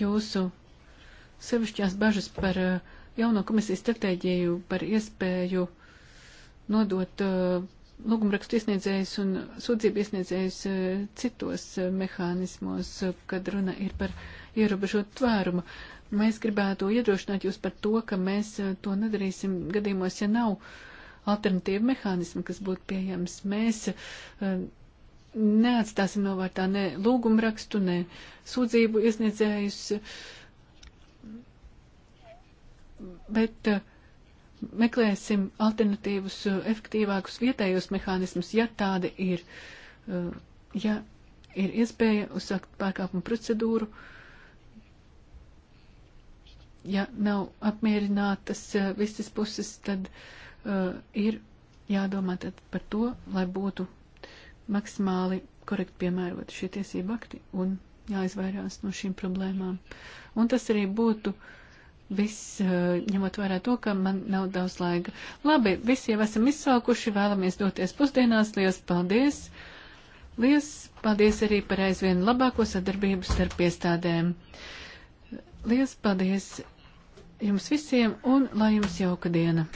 jūsu sevišķās bažas par uh, jauno komisijas stratēģiju par iespēju nodot uh, lūgumrakstu iesniedzējus un sūdzību iesniedzējus uh, citos uh, mehānismos, uh, kad runa ir par ierobežotu tvērumu. Mēs gribētu iedrošināt jūs par to, ka mēs uh, to nedarīsim gadījumos, ja nav alternatīva mehānisma, kas būtu pieejams. Mēs uh, neatstāsim novārtā ne lūgumrakstu, ne sūdzību iesniedzējus. Uh, bet eh, meklēsim alternatīvus, eh, efektīvākus vietējos mehānismus, ja tādi ir. Eh, ja ir iespēja uzsākt pārkāpumu procedūru, ja nav apmierinātas visas puses, tad uh, ir jādomā tad par to, lai būtu maksimāli korekti piemērot šie tiesību akti un jāizvairās no šīm problēmām. Un tas arī būtu uh, Viss eh, ņemot vērā to, ka man nav daudz laika. Labi, visi jau esam izsaukuši, vēlamies doties pusdienās. Lielas paldies! Lielas paldies arī par aizvien labāko sadarbību starp iestādēm. Lielas paldies jums visiem un lai jums jauka diena!